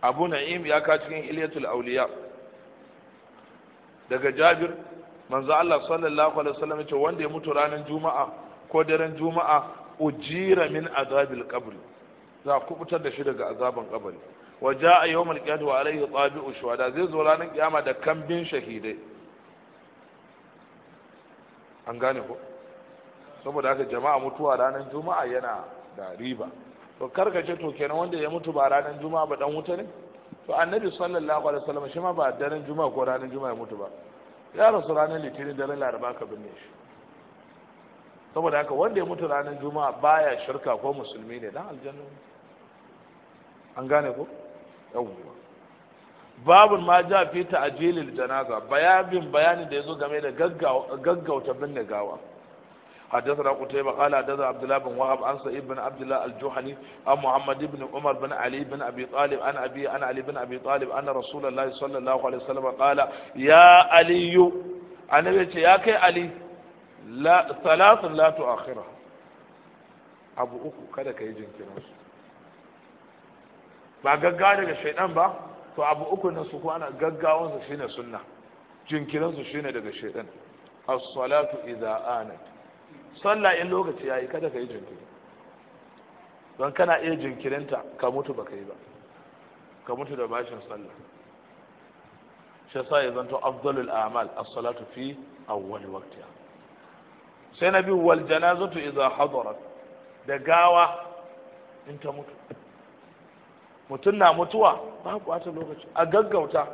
abu na'im ya ka cikin iliyatul auliya daga jabir manzo Allah sallallahu alaihi wasallam ce wanda ya mutu ranar juma'a ko daren juma'a ujira min azabil qabr za ku kubutar da shi daga azaban kabari wa jaa yawmal qiyamati wa alayhi tabi'u shuhada zai zo ranar kiyama da kambin shahidai an gane ko saboda haka jama'a mutuwa ranar juma'a yana da riba to karkace to kenan wanda ya mutu ba ranar juma'a ba dan wuta ne to annabi sallallahu alaihi wasallam shi ma ba daren juma'a ko ranar juma'a ya mutu ba ya rasu ranar litinin daren laraba ka binne shi saboda haka wanda ya mutu ranar juma'a baya shirka ko musulmi ne dan aljanna an gane ko yawwa babun ma ja fi ta'jilil janaza bayanin bayanin da yazo game da gaggauta binne gawa حدثنا قتيبة قال حدثنا عبد الله بن وهب عن سعيد بن عبد الله الجحني عن محمد بن عمر بن علي بن ابي طالب عن ابي عن علي بن ابي طالب ان رسول الله صلى الله عليه وسلم قال يا علي النبي يا كي علي salatun la tu'akhira abu uku kada ka yi jinkirin su ba gaggawa daga shaidan ba to abu uku na su ana gaggawan su shine sunna jinkirin su shine daga shaidan as-salatu idza anat salla in lokaci yayi kada ka yi jinkiri don kana iya jinkirinta ka mutu ba ka yi ba ka mutu da bashin sallah shi yasa ya zanto afdalul a'mal as-salatu fi awwal waqtiha sai na biyu wal janazatu idza hadarat da gawa in ta mutu mutum na mutuwa ba wata lokaci a gaggauta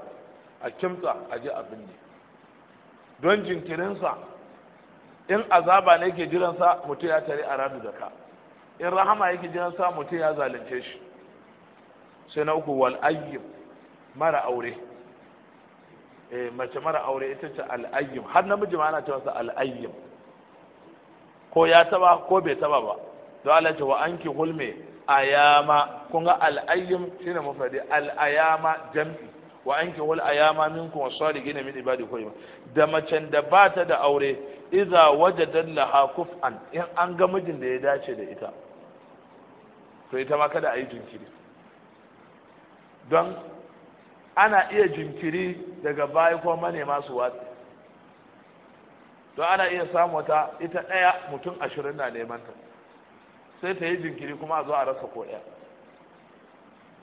a kimtsa a ji abin ne don jinkirinsa in azaba ne yake jiransa mutum ya tare a radu da ka in rahama yake jiransa mutum ya zalunce shi sai na uku wal ayyim mara aure eh, mace mara aure ita ce al ayyim har namiji ma ana ce masa al ayyim ko ya taba ko bai taba ba don Allah ce wa anki hulme ayama kun ga al'ayyim shine mufradi al'ayama jam'i wa anki hul ayama minkum wasalihin min ibadi ko da macen da ba ta da aure idza wajadan laha kuf'an in an ga mijin da ya dace da ita to ita ma kada a yi jinkiri don ana iya jinkiri daga baya ko manema su watsi Don ana iya samu wata ita ɗaya mutum ashirin na neman ta sai ta yi jinkiri kuma a zo a rasa ko ɗaya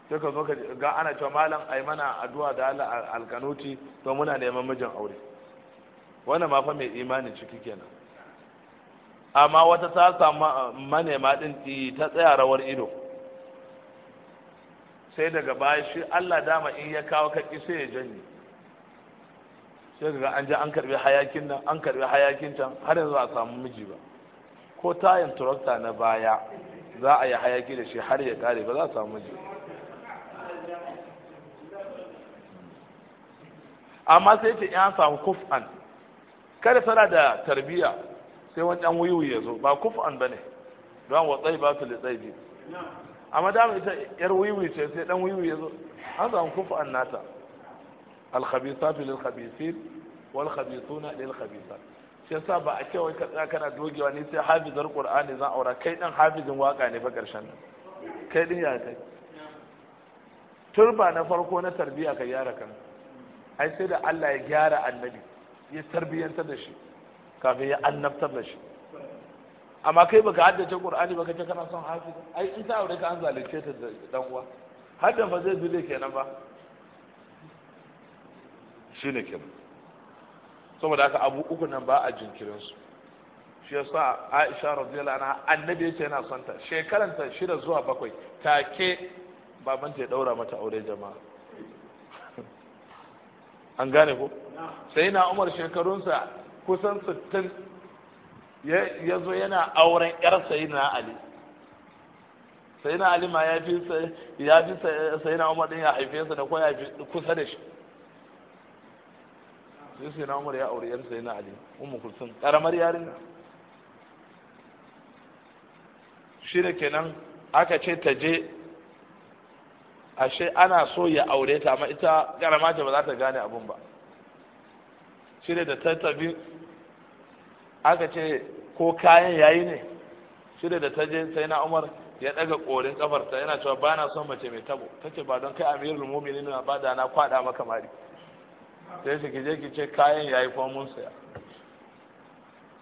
sai ka zo ka ga ana cewa malam ai mana addu'a da Allah alkanuti to muna neman mijin aure wannan ma fa mai imanin ciki kenan amma wata ta samu ah, manema din ta tsaya rawar ido sai daga baya shi Allah dama in ya kawo kaki sai ya janye sai ga an je an karbi hayakin nan an karbi hayakin can har yanzu a samu miji ba ko tayin turakta na baya za a yi hayaki da shi har ya kare ba za a samu miji amma sai ce in an samu kuf'an kada tana da tarbiya sai wani ɗan wuyu ya zo ba kuf'an ba ne don wa tsayi ba su da tsayi amma dama ita yar wuyu ce sai ɗan wuyu ya zo an samu kuf'an nata alkhabisatu lil khabisin wal khabisuna lil khabisat shi yasa ba a ce wai ka tsaya kana dogewa ne sai hafizar qur'ani zan aura kai din hafizin waka ne ba karshen nan kai din ya kai turba na farko na tarbiya ka gyara kan ai sai da Allah ya gyara annabi ya tarbiyanta da shi kafin ya annabtar da shi amma kai baka haddace qur'ani baka ce kana son hafiz ai in ta aure ka an zalunce ta dan uwa haddan fa zai dole kenan ba shi ne kenan saboda haka abu uku nan ba a jinkirin su shi sa Aisha radiyallahu anha annabi yace yana son ta shekaran ta shida zuwa bakwai take baban ta ya daura mata aure jama'a an gane ko sai na Umar shekarunsa kusan 60 ya zo yana auren yar sayyidina Ali sayyidina Ali ma ya fi sayyidina Umar din ya haife sa da ko ya kusa da shi sai sai na umar ya aure yarsa yana ali umar kulsum karamar yarinya shi da kenan aka ce ta je ashe ana so ya aure ta amma ita karama ce ba za ta gane abun ba shi da ta tabi aka ce ko kayan yayi ne shi da ta je sai na umar ya daga korin kafarta yana cewa ba na son mace mai tabo ta ce ba don kai amirul mumini na ba da na kwada maka mari sai su ki je ki ce kayan ya yi mun saya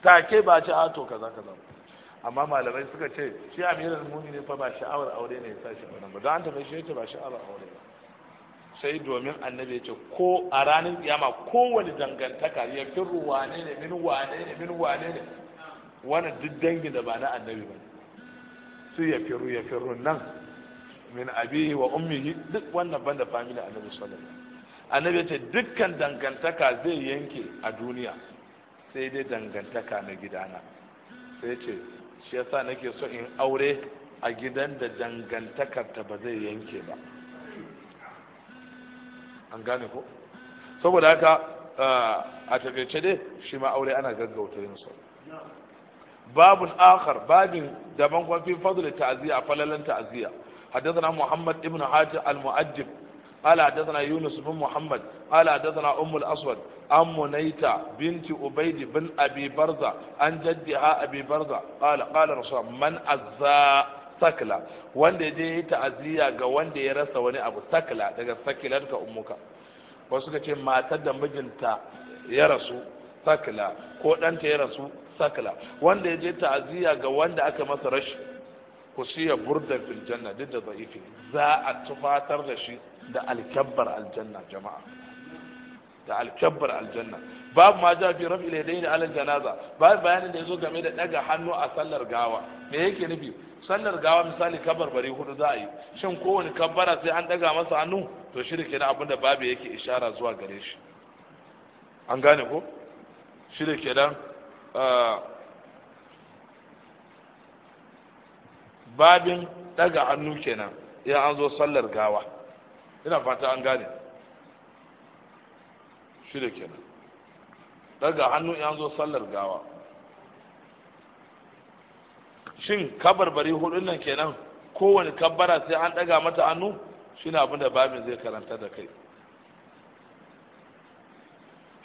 take ba ce ato ah, kaza kaza amma malamai suka ce shi amiral muni ne fa ba sha'awar aure ne ya sa shi wannan ba don an tafi shi ba sha'awar aure ba sai domin annabi ya ce ko a ranar kiyama kowane dangantaka ya fi wane ne min wane ne min wane ne wani duk dangi da ba na annabi ba su ya firu ya firu nan min abihi wa ummihi duk wannan banda family annabi sallallahu alaihi wasallam annabi ce dukkan dangantaka zai yanke a duniya sai dai dangantaka na gidana sai ce shi yasa nake so in aure a gidan da dangantakar ta ba zai yanke ba an gane ko saboda haka uh, a tafiyace dai shi ma aure ana gaggauta yin so babun akhar babin daban kwafi fi fadl ta'ziya falalan ta'ziya حدثنا محمد ابن حاتم المؤدب قال حدثنا يونس بن محمد قال حدثنا أم الأسود عن منيتة بنت أبيد بن أبي برزة عن جدها أبي برزة قال قال رسول من أزى sakla wanda je ya ta'aziyya ga wanda ya rasa wani abu sakla daga ummuka wasu suka ce matar da mijinta ya rasu sakla ko ɗanta ya rasu sakla wanda ya je ta'aziyya ga wanda aka masa rashi ku siya burdan fil janna duk da za a tufatar da shi da alkabbar aljanna jama'a da alkabbar aljanna babu ma ja fi rafi dai da alal janaza babu bayanin da yazo game da daga hannu a sallar gawa me yake nufi sallar gawa misali kabbar bari hudu za a yi shin kowane kabbara sai an daga masa hannu to shirke na abinda babu yake ishara zuwa gare shi an gane ko shirke dan ah, babin daga hannu kenan ya an zo sallar gawa ina fata an gane shi da kenan daga hannu ya zo sallar gawa shin kabarbari hudun nan kenan kowane kabbara sai an daga mata hannu shine abin da babin zai karanta da kai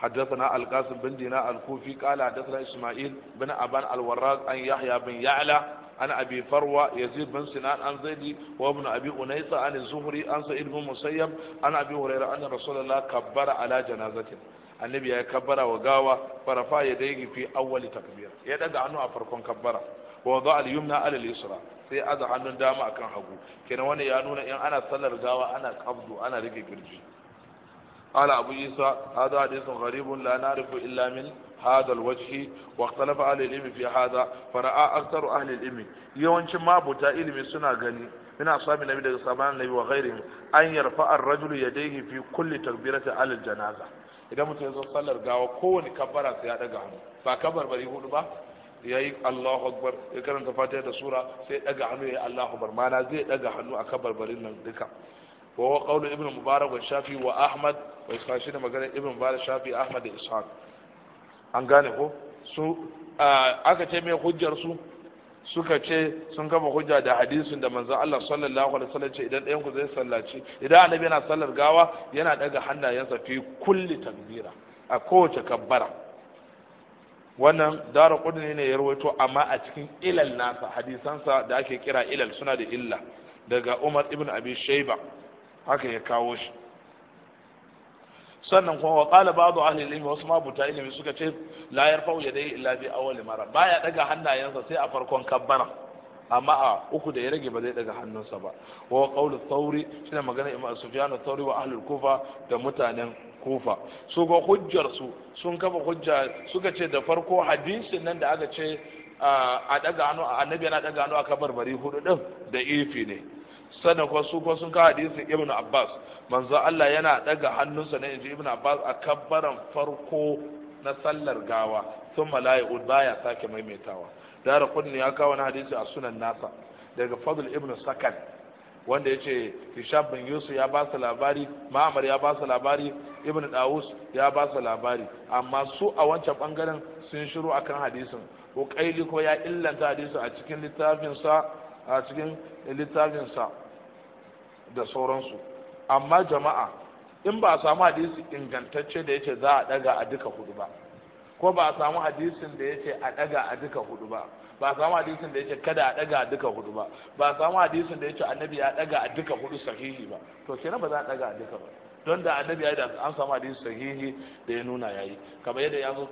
حدثنا القاسم بن دينار الكوفي قال حدثنا اسماعيل بن ابان الوراق عن يحيى بن يعلى عن أبي فروة يزيد بن سنان عن زيد وابن أبي أنيسة عن الزهري عن سعيد بن مسيب عن أبي هريرة أن رسول الله كبر على جنازته annabi ya kabbara wa gawa farafa ya daigi fi awwali takbir ya daga hannu a farkon kabbara wa al yumna al sai aza hannun dama akan hagu kenan wani ya nuna in ana sallar gawa ana qabdu ana rike kirji قال أبو عيسى هذا حديث غريب لا نعرف illa min. هذا الوجه واختلف أهل العلم في هذا فرأى أكثر أهل العلم يونش ما بتا علم سنة غني من أصحاب النبي صلى الله عليه وسلم وغيرهم أن يرفع الرجل يديه في كل تكبيرة على الجنازة idan mutum ya zo sallar gawa kowane kabbara sai ya daga hannu ba kabbar bari hudu ba ya yi Allahu Akbar ya karanta fatiha da sura sai ya daga hannu ya yi Allahu Akbar mana zai daga hannu a kabbar barin nan duka wa wa qawlu ibn mubarak wa shafi wa ahmad wa ishaq da magana ibn mubarak shafi ahmad da ishaq an gane ko su aka ce mai hujjar su suka ce sun kafa hujja da hadisin da manzo Allah sallallahu alaihi wasallam ce idan ɗayan ku zai sallaci idan annabi yana sallar gawa yana daga hannayensa fi kulli takbira a kowace kabbara wannan daru kudni ne ya rawaito amma a cikin ilal nasa hadisansa da ake kira ilal suna da illa daga Umar ibn Abi Shayba haka ya kawo shi sannan kuma wa qala ba'du ahli ilmi wasu mabuta ilimi suka ce la ya yadayhi illa bi awwal mara baya daga hannayensa sai a farkon kabbara amma a uku da ya rage ba zai daga hannunsa ba wa qawlu thawri shine magana imam sufyan thawri wa ahli kufa da mutanen kufa su ga hujjar su sun kafa hujja suka ce da farko hadisin nan da aka ce a daga hannu annabi yana daga hannu a kabarbari hudu din da ifi ne sannan kuma su kuma sun kawo hadisin ibn abbas manzo Allah yana daga hannunsa na inji ibn abbas a kabbaran farko na sallar gawa sun mala'ikun baya sake maimaitawa dara kunni ya kawo na hadisi a sunan nasa daga fadl ibn sakan wanda yace hisham bin yusuf ya ba su labari ma'amar ya ba su labari ibn dawus ya ba su labari amma su a wancan bangaren sun shiru akan hadisin ukaili ko ya illanta hadisin a cikin littafinsa a cikin littafinsa da sauransu amma jama'a in ba a samu hadisi ingantacce da yake za a daga a duka hudu ba ko ba a samu hadisin da yake a daga a duka hudu ba ba a samu hadisin da yake kada a daga a duka hudu ba ba a samu hadisin da yake annabi ya daga a duka hudu sahihi ba to kenan ba za a daga a duka ba don da annabi ya da an samu hadisi sahihi da ya nuna yayi kamar yadda ya zo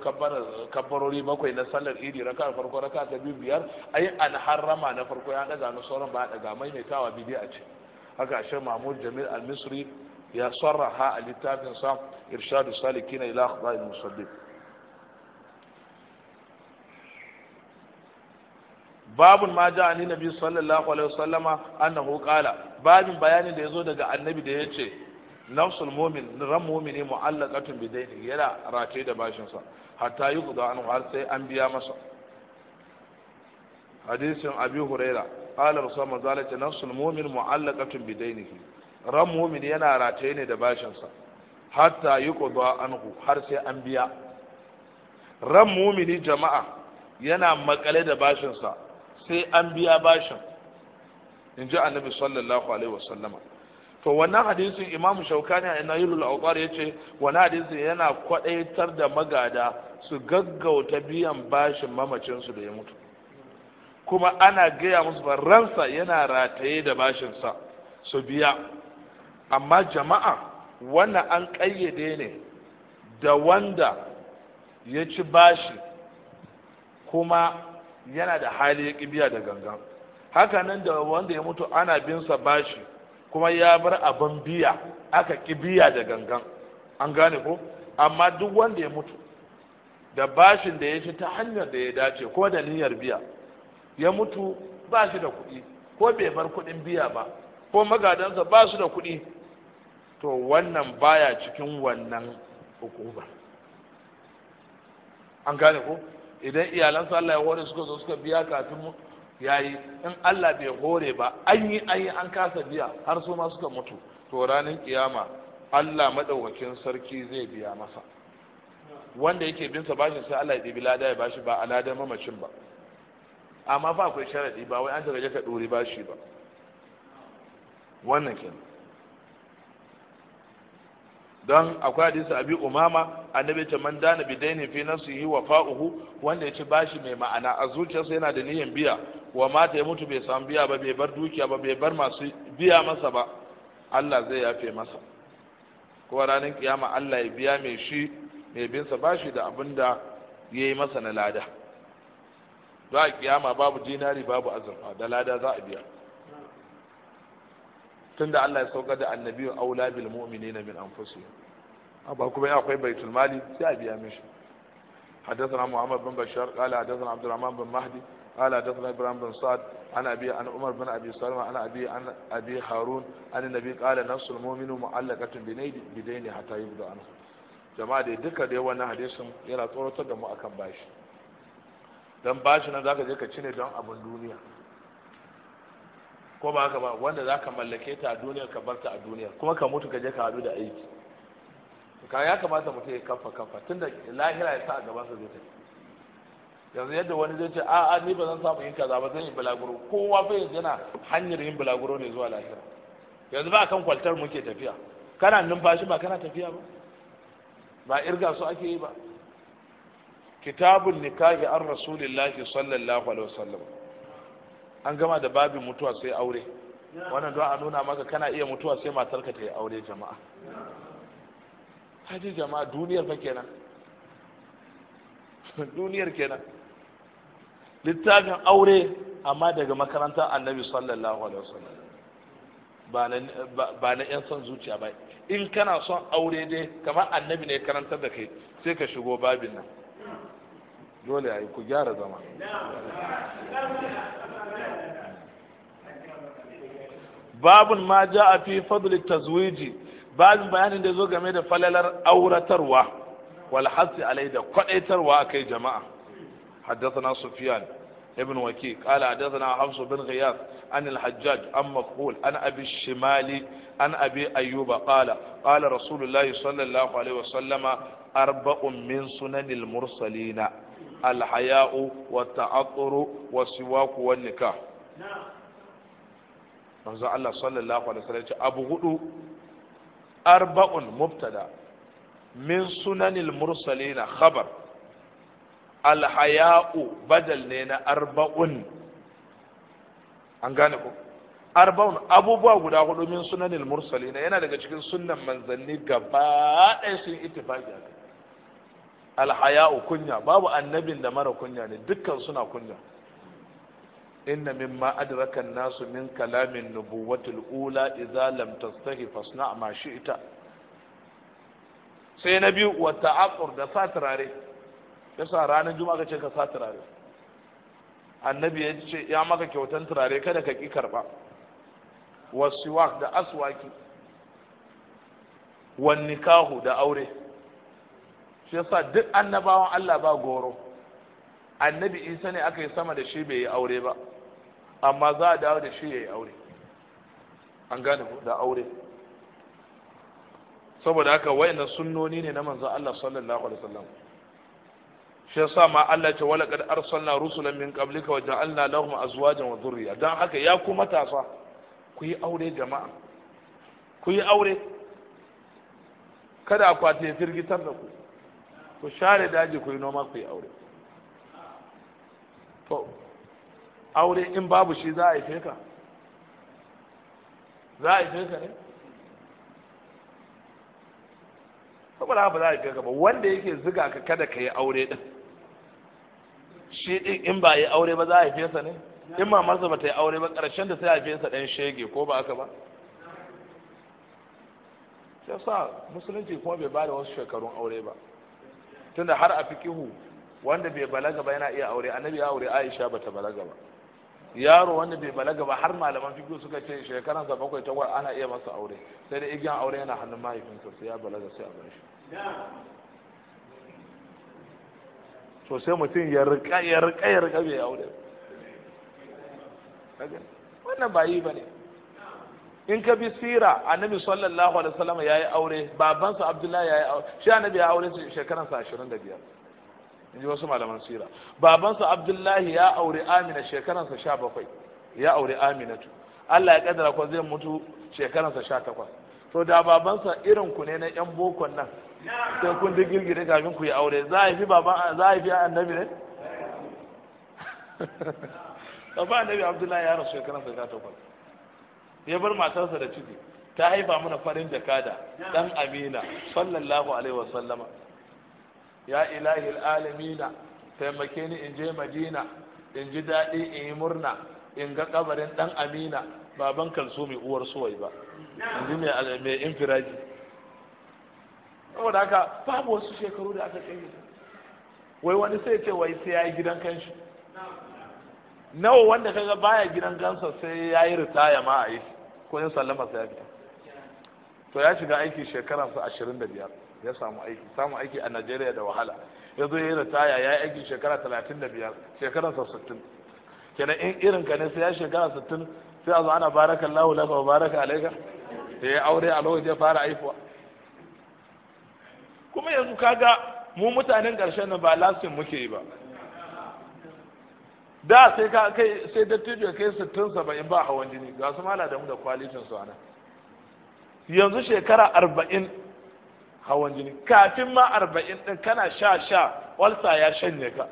kabbarori bakwai na sallar idi raka farko raka ta biyu biyar ai an harrama na farko ya daga na sauran ba daga maimaitawa bidi'a ce haka shi mahmud jamil al-misri ya sarraha a littafin sa irshadu salikina ila akhda'il musaddiq babun ma ja ani nabi sallallahu alaihi wasallama annahu qala babin bayanin da yazo daga annabi da yace nafsul mu'min ran mu'mini mu'allaqatun bi dayni yana rataye da bashin sa hatta yuqda anhu har sai an biya masa hadisin abi huraira qala rasul mazalati nafsul mu'min mu'allaqatun bi daynihi ran mu'min yana rataye ne da bashin sa hatta yuqda anhu har sai an biya ran mu'mini jama'a yana makale da bashin sa sai an biya bashin in ji annabi sallallahu alaihi wasallama to wannan hadisin imam shaukani a nailul ya yace wannan hadisin yana kwadaitar da magada su gaggauta biyan bashin mamacinsu da ya mutu kuma ana gaya musu ransa yana rataye da bashinsa su biya amma jama'a wannan an kayyade ne da wanda ya ci bashi kuma yana da hali ya biya da gangan haka nan da wanda ya mutu ana binsa bashi kuma ya bar abin biya aka ki biya da gangan an gane ko amma duk wanda ya mutu da bashin da ya ci ta hanyar da ya dace ko da niyyar biya ya mutu ba shi da kuɗi ko bai bar kuɗin biya ba ko magadansa ba su da kuɗi to wannan baya cikin wannan hukuma an gane ko idan iyalansa Allah ya wani suka zo suka biya kafin yayi in Allah bai hore ba an yi an yi an kasa biya har su ma suka mutu to ranar kiyama Allah madaukakin sarki zai biya masa wanda yake bin sa bashin sai Allah ya ɗibi lada ya bashi ba alada mamacin ba amma fa akwai sharadi ba wai an ta gaje ka dore bashi ba wannan kenan don akwai hadisi abi umama annabi ta man dana bi daini fi nafsihi wa fa'uhu wanda ya ci bashi mai ma'ana a zuciyarsa yana da niyyar biya wa mata ya mutu bai samu biya ba bai bar dukiya ba bai bar masu biya masa ba Allah zai yafe masa kuma ranar kiyama Allah ya biya mai shi mai binsa ba shi da abin da ya yi masa na lada za a kiyama babu dinari babu azurfa da lada za a biya tunda Allah ya sauka da annabi aula bil na min anfusihim ba kuma akwai baitul mali sai a biya mishi حدثنا محمد بن بشار قال حدثنا عبد الرحمن بن مهدي قال حدثنا ابراهيم بن سعد عن ابي عن عمر بن ابي سلمة عن ابي عن ابي هارون عن النبي قال نفس المؤمن معلقة بدين حتى يبدو عنه jama'a da duka dai wannan hadisin yana tsoratar da mu akan bashi dan bashi nan zaka je ka cine don abin duniya ko ba haka ba wanda zaka mallake ta a duniya ka barta a duniya kuma ka mutu ka je ka hadu da aiki ka ya kamata mutum ya kafa kafa tunda lahira ya sa a gaban zai tafi yanzu yadda wani zai ce a'a ni ba zan samu yin kaza ba zan yi bulaguro kowa fa yanzu yana hanyar yin bulaguro ne zuwa lahira yanzu ba kan kwaltar muke tafiya kana numfashi ba kana tafiya ba ba irga su ake yi ba kitabun nikahi an rasulillahi sallallahu alaihi wasallam an gama da babin mutuwa sai aure wannan don a nuna maka kana iya mutuwa sai matarka ta yi aure jama'a haji jama'a duniyar fa kenan duniyar kenan littafin aure amma daga makarantar annabi sallallahu alaihi wasallam ba na yan son zuciya ba in kana son aure dai kamar annabi ne karantar da kai sai ka shigo babin nan dole ayi ku gyara zama babun ma ja a fi fadli tazwiji babin bayanin da zo game da falalar auratarwa wal hasi alai da kwadaitarwa kai jama'a حدثنا سفيان ابن وكيك قال حدثنا حفص بن غياث عن الحجاج عن مقبول عن أبي الشمالي عن أبي أيوب قال قال رسول الله صلى الله عليه وسلم أربع من سنن المرسلين الحياء والتعطر والسواك والنكاح manzo Allah sallallahu alaihi wasallam ce abu hudu arba'un mubtada min sunanil mursalina khabar alhaya'u badal ne na arba'un an gane ko arba'un abubuwa guda hudu min sunanil Mursalina yana daga cikin sunan manzanni gaba ɗaya sun ittifaqi alhaya'u kunya babu annabin da mara kunya ne dukkan suna kunya inna mimma adraka nasu min kalamin nubuwatul ula idza lam tastahi fasna ma shi'ta sai na biyu wa ta'aqqur da fatrare yasa ranar juma'a ka ce ka sa turare annabi ya ce ya maka kyautan turare kada ka ki karba wasiwak da aswaki wani nikahu da aure shi yasa duk annabawan Allah ba goro annabi Isa ne aka yi sama da shi bai yi aure ba amma za a dawo da shi ya yi aure an gane da aure saboda haka wayannan sunnoni ne na manzon Allah sallallahu alaihi wasallam shi yasa ma Allah ce wala kad arsalna rusulan min qablika wa ja'alna lahum azwajan wa dhurriya dan haka ya ku matasa ku yi aure jama'a ku yi aure kada akwati ya firgitar da ku ku share daji ku yi noma ku yi aure to aure in babu shi za a yi feka za a yi feka ne saboda haka ba za a yi feka ba wanda yake ziga ka kada ka yi aure din shi din in ba yi aure ba za a haife sa ne in mamarsa ba ta yi aure ba ƙarshen da sai a haife sa ɗan shege ko ba aka ba sai sa musulunci kuma bai ba da wasu shekarun aure ba tunda har a fikihu wanda bai balaga ba yana iya aure annabi ya aure aisha ba ta balaga ba yaro wanda bai balaga ba har malaman fikihu suka ce shekaran sa bakwai takwas ana iya masa aure sai da igiyan aure yana hannun mahaifinsa sai ya balaga sai a bar shi to sai mutum ya rika ya rika ya rika bai aure wannan ba yi ba ne in ka bi sira annabi sallallahu alaihi wasallam yayi aure babansa abdullahi yayi aure shi annabi ya aure shekaran sa 25 inji wasu malaman sira babansa abdullahi ya aure amina shekaran sa 17 ya aure aminatu Allah ya kaddara ko zai mutu shekaran sa 18 to da babansa irin ku ne na yan bokon nan sai kun duk girgire kafin ku yi aure za a fi baba za a fi annabi ne baba annabi abdullahi ya rasu shekaran ta takwas ya bar matarsa da ciki ta haifa mana farin jakada dan amina sallallahu alaihi wa sallama ya ilahi alamina taimake ni in je madina in ji daɗi in yi murna in ga kabarin dan amina baban kalsumi uwar suwai ba in ji mai infiraji saboda haka babu wasu shekaru da aka tsaye wai wani sai ce wai sai ya yi gidan kanshi nawa wanda kaga baya gidan gansa sai ya yi ritaya ma a yi ko yin sallama sai ya fita to ya shiga aiki su ashirin da biyar ya samu aiki samu aiki a najeriya da wahala ya zo ya yi ritaya ya yi aiki shekara talatin da biyar shekaransa sittin kenan in irin ka ne sai ya shekara sittin sai a zo ana baraka lahu lafa baraka alaika Ya ya aure a lokacin ya fara aifuwa kuma yanzu kaga mu mutanen ƙarshen nan ba lasin muke yi ba da sai ka kai sai dattijo ya kai sittin saba'in ba hawan jini ga su mala da mu da kwalitin su ana yanzu shekara arba'in hawan jini kafin ma arba'in ɗin kana sha sha walsa ya shanye ka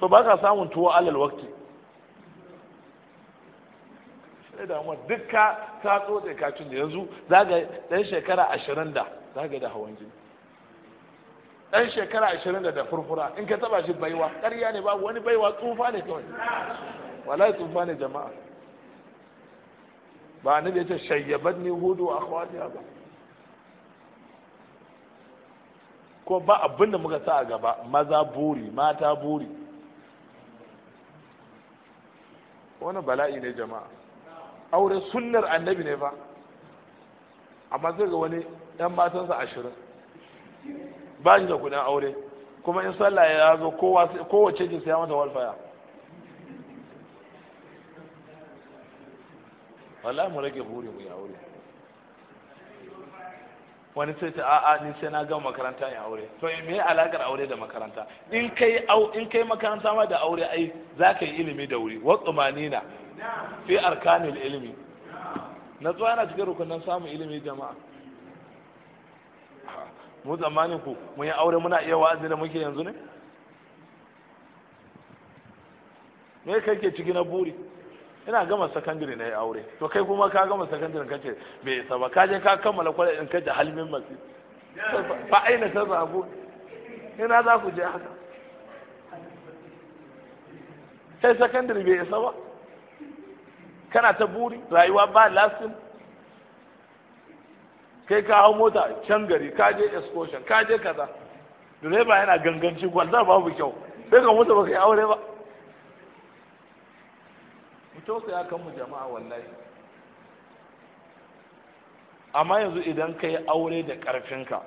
to ba ka samun tuwo alal wakti sai da duka ka tsotse kafin da yanzu za ga ɗan shekara ashirin da za ka da hawan jini ɗan shekara ashirin da furfura in ka taba shi baiwa ƙarya ne babu wani baiwa tsufa ne kawai wala tsufa ne jama'a ba ni da ce shayyabat ni hudu a khawatiha ba ko ba abin da muka sa a gaba maza buri mata buri wani bala'i ne jama'a aure sunnar annabi ne ba amma sai ga wani yan matansa ashirin ba shi da kudin aure kuma in sallah ya zo kowace jinsu ya mata walfaya wallahi mu rage buri mu ya aure wani sai ta a'a ni sai na gama makaranta ya aure to me alakar aure da makaranta in kai in kai makaranta ma da aure ai za ka yi ilimi da wuri wa tsumanina fi arkanil ilimi natsuwa yana cikin rukunin samun ilimi jama'a mu zamanin ku mun yi aure muna iya wa'azi da muke yanzu ne me kake ciki na buri ina gama sakandare na yi aure to kai kuma ka gama sakandare ka ce bai isa ba ka je ka kammala kwale in ka halmin masu fa aina ta zabu ina za ku je haka kai sakandare bai isa ba kana ta buri rayuwa ba lasin kai ka hau mota can gari ka je excursion ka je kaza direba yana ganganci za babu kyau sai ka mutu baka yi aure ba mutum tausaya kan mu jama'a wallahi amma yanzu idan ka yi aure da ƙarfinka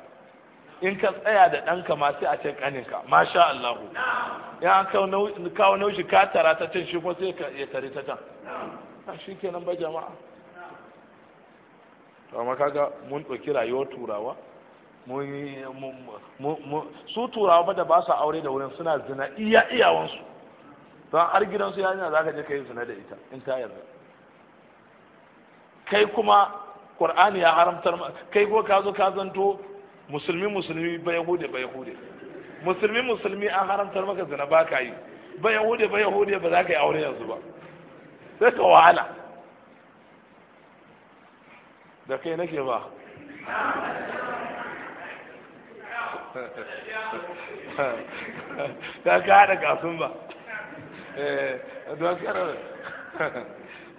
in ka tsaya da ɗanka ma sai a ce ƙaninka masha Allah ya kawo naushi ka tara ta can shi ko sai ya tare ta can ah, shi kenan ba jama'a to amma kaga mun ɗauki rayuwar turawa su turawa ba da ba su aure da wurin suna zina iya iyawansu don har gidansu yana za ka je ka yi zina da ita in ta yarda kai kuma qur'ani ya haramtar kai ko ka zo ka zanto musulmi musulmi ba yahude ba yahude musulmi musulmi an haramtar maka zina ba ka yi ba yahude ba yahude ba za ka yi aure yanzu ba sai ka wahala da kai nake ba ta ka haɗa kasun ba eh, don karar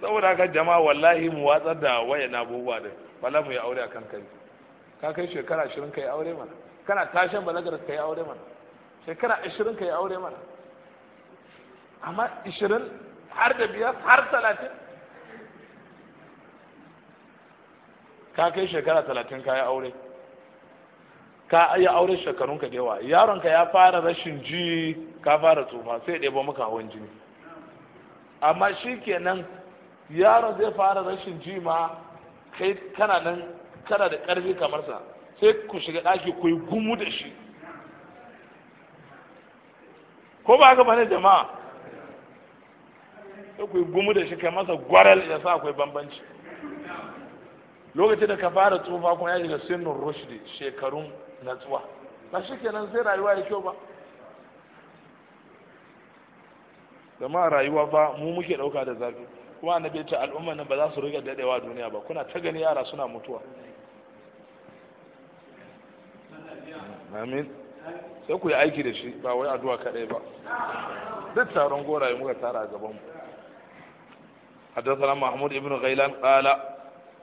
saboda haka jama'a wallahi mu watsar da waya na abubuwa din bala mu yi aure akan kai ka kai shekara ashirin ka yi aure mana kana tashin balagar ka yi aure mana shekara ashirin ka yi aure mana amma ashirin har da biyar har talatin ka kai shekara talatin ka yi aure ka yi aure shekarunka da yawa yaronka ya fara rashin ji ka fara tsufa sai ya ɗebo maka hawan jini amma shi kenan yaron zai fara rashin ji ma kai kana nan kana da ƙarfi kamar sa sai ku shiga ɗaki ku yi gumu da shi ko ba ka bane jama'a sai ku yi gumu da shi kai masa gwaral ya sa akwai bambanci lokacin da ka fara tsufa kuma ya shiga sinin rushdi shekarun natsuwa ba shi kenan sai rayuwa da kyau ba zama rayuwa ba mu muke ɗauka da zafi kuma bai ta al'umma nan ba za su riga daɗewa duniya ba kuna ta gani yara suna mutuwa amin sai ku yi aiki da shi ba wai addu'a kaɗai ba duk taron goraye muka tara a gaban mu حدثنا mahmud بن ghailan qala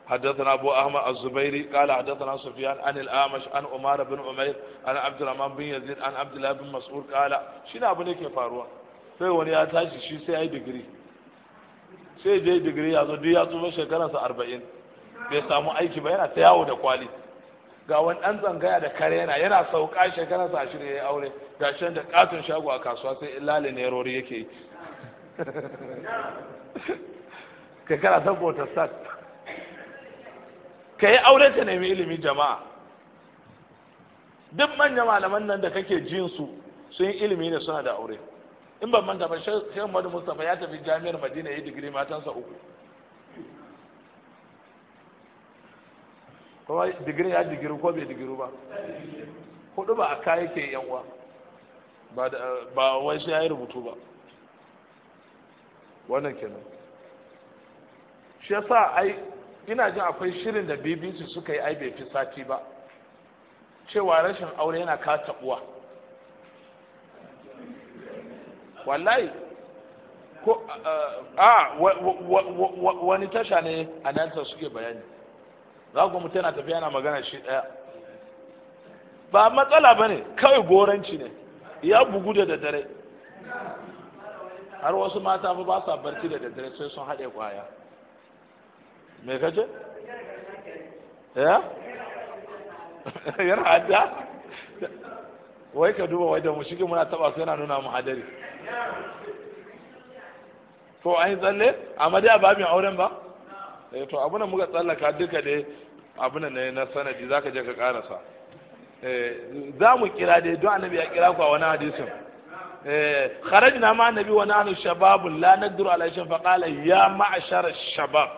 حدثنا أبو أحمد الزبيري قال حدثنا سفيان عن الأعمش عن عمار بن عمير عن عبد الرحمن بن يزيد عن عبد الله بن مسعود قال شنو أبو نيك sai wani ya tashi shi sai ya yi digiri sai je digiri ya zo duk ya tsufa shekaransa arba'in bai samu aiki ba yana ta yawo da kwali ga wani ɗan tsangaya da kare yana yana sauka shekaransa ashirin ya yi aure ga shan da katon shago a kasuwa sai lale ne rori yake yi ka kana san protestant ka yi aure ka nemi ilimi jama'a duk manya malaman nan da kake jin su sun yi ilimi ne suna da aure in ban manta ba shehu Muhammadu mustapha ya tafi jami'ar madina ya yi digiri matansa uku kuma digiri ya digiri ko bai digiri ba hudu ba a kayi ke yan uwa ba wai sai ya yi rubutu ba wannan kenan shi yasa ai ina jin akwai shirin da bbc suka yi aibe fi sati ba cewa rashin aure yana ka taɓuwa wallahi ko eh, ah, a wani tasha ne a nanta suke bayani za ku mutu yana tafiya yana magana shi ɗaya ba matsala ba ne kawai goranci ne ya bugu da daddare har wasu mata ba sa barci da daddare sai sun haɗe ƙwaya. me kace ya yana hadda wai ka duba wai da mu shige muna taba su yana nuna mu hadari to an yi tsalle amma dai a babin auren ba eh to abin da muka tsallaka duka dai abin na ne na sanadi zaka je ka karasa eh za mu kira dai don annabi ya kira ku a wani hadisin eh kharajna ma annabi wa nahnu shababun lanar duru ala shay'in fa qala ya ma'shar shabab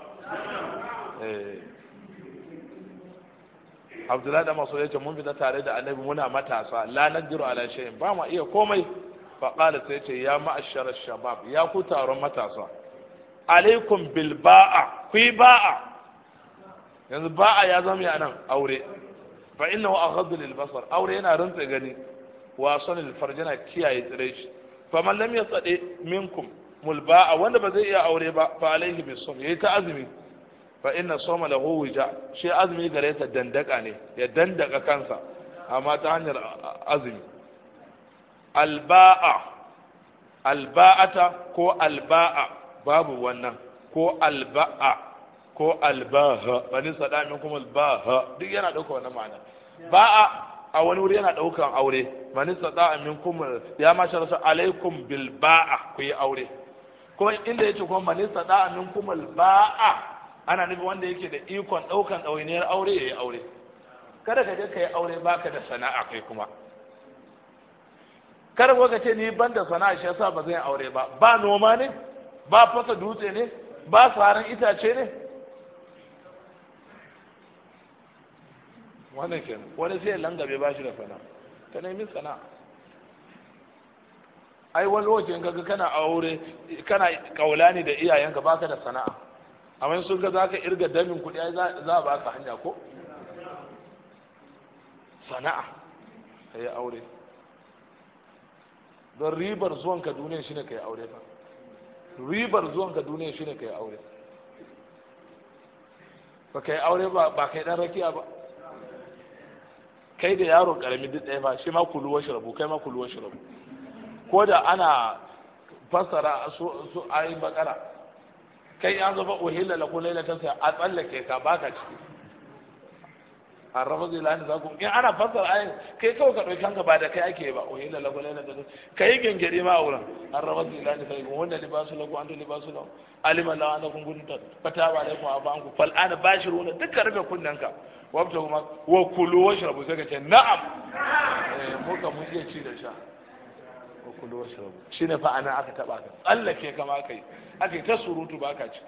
Eh. abdullahi da masu yace mun fita tare da annabi muna matasa la nadiru ala shay'in ba mu iya komai fa qala sai yace ya ma'ashara shabab ya ku taron matasa alaikum bil ba'a ku ba'a yanzu ba'a ya zama ya nan aure fa innahu aghaddu lil basar aure yana rantsa gani wa sanil farjana kiyaye tsire shi fa man lam yasadi minkum mul ba'a wanda ba zai iya aure ba fa alaihi bis ya yayi ta azumi fa inna soma da wija shi azumi gare ta dandaka ne ya dandaka kansa amma ta hanyar azumi alba'a alba'ata ko alba'a babu wannan ko alba'a ko albaha bani min kuma albaha duk yana dauka wannan ma'ana ba'a a wani wuri yana daukan aure mani min minkum ya ma sharasa alaikum bil ba'a ku yi aure kuma inda yace kuma mani sada'a min al ba'a ana nufi wanda yake da ikon ɗaukan ɗauniyar aure ya yi aure kada ka je ka yi aure baka da sana'a kai kuma kada ko ka ce ni ban da sana'a shi yasa ba zan yi aure ba ba noma ne ba fasa dutse ne ba saran itace ne wannan ke wani sai langabe ba shi da sana'a ka nemi sana'a ai wani wajen gaga kana aure kana kaula da iyayenka baka da sana'a amma sun ga za ka irga damin kuɗi za a ka hanya ko sana'a ka yi aure don ribar zuwan ka duniya ne ka yi aure ba ribar zuwan ka duniya ne ka yi aure ba ka yi aure ba ka yi dan rakiya ba kai da yaro karami duk ɗaya ba shi ma kuluwar shi rabu kai ma kuluwar shi rabu ko da ana fassara su ayin bakara kai ya zo fa uhilla lahu lailatan sai a tsallake ka baka ciki arrafa zai lani zakum in ana fasar ayin kai kawai ka ɗauki hanka ba da kai ake ba uhilla lahu lailatan kai gingiri ma a wurin arrafa zai lani sai kun wanda libasu lahu antu libasu lahu alima ba annakum kuntum ba an ku fal ana bashiruna dukkan rufe ka. wabta kuma wa kulu washrabu sai ka ce na'am eh muka mun iya ci da sha shi ne fa anan aka taba ka tsallake kama yi ake ta surutu ba ka ci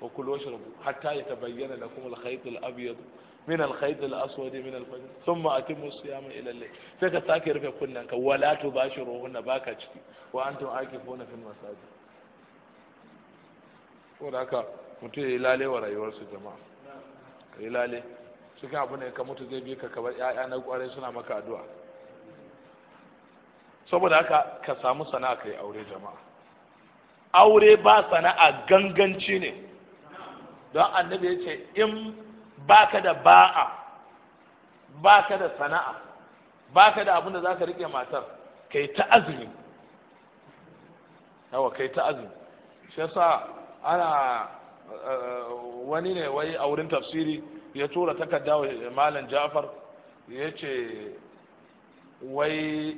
wa kulo shirbu hatta ya tabayyana lakum al-khayt al-abyad min al-khayt al-aswad min al-fajr thumma atimmu siyama ila al-layl sai ka sake rufe kunnen ka wala tubashiruhunna ba ka ciki wa antum aqifuna fil masajid ko da haka mutu ya lale wa rayuwarsu jama'a ka yi lale cikin abu ne ka mutu zai bi ka kabar 'ya'ya na kwarai suna maka addu'a saboda haka ka samu sana'a kai aure jama'a aure ba sana'a ganganci ne don annabi ya ce in baka da ba'a baka da sana'a baka da abin da zaka rike matar kai ta azumi yawa kai ta azumi shi yasa ana eh, wani ne wai a wurin tafsiri ya tura takarda wa malam ja'far ya ce wai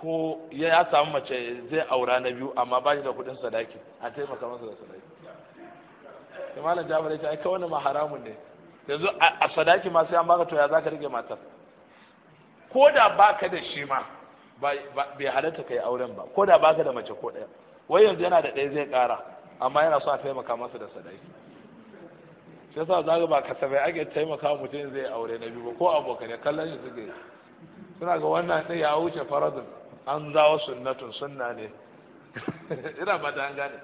ko ya samu mace zai aura na biyu amma ba shi da kuɗin sadaki a taimaka masa da sadaki sai malam jabir ya ce ai kawai ma haramun ne yanzu a sadaki ma sai an baka to ya zaka rike matar ko da baka da shi ma bai halatta kai auren ba ko da baka da mace ko ɗaya wai yanzu yana da ɗaya zai ƙara amma yana so a taimaka masa da sadaki sai sa zaga ba kasafai ake taimaka mutum zai aure na biyu ko abokanai kallon shi suke suna ga wannan ɗin ya wuce faradun an zawo sunnatun sunna ne ina ba ta an gane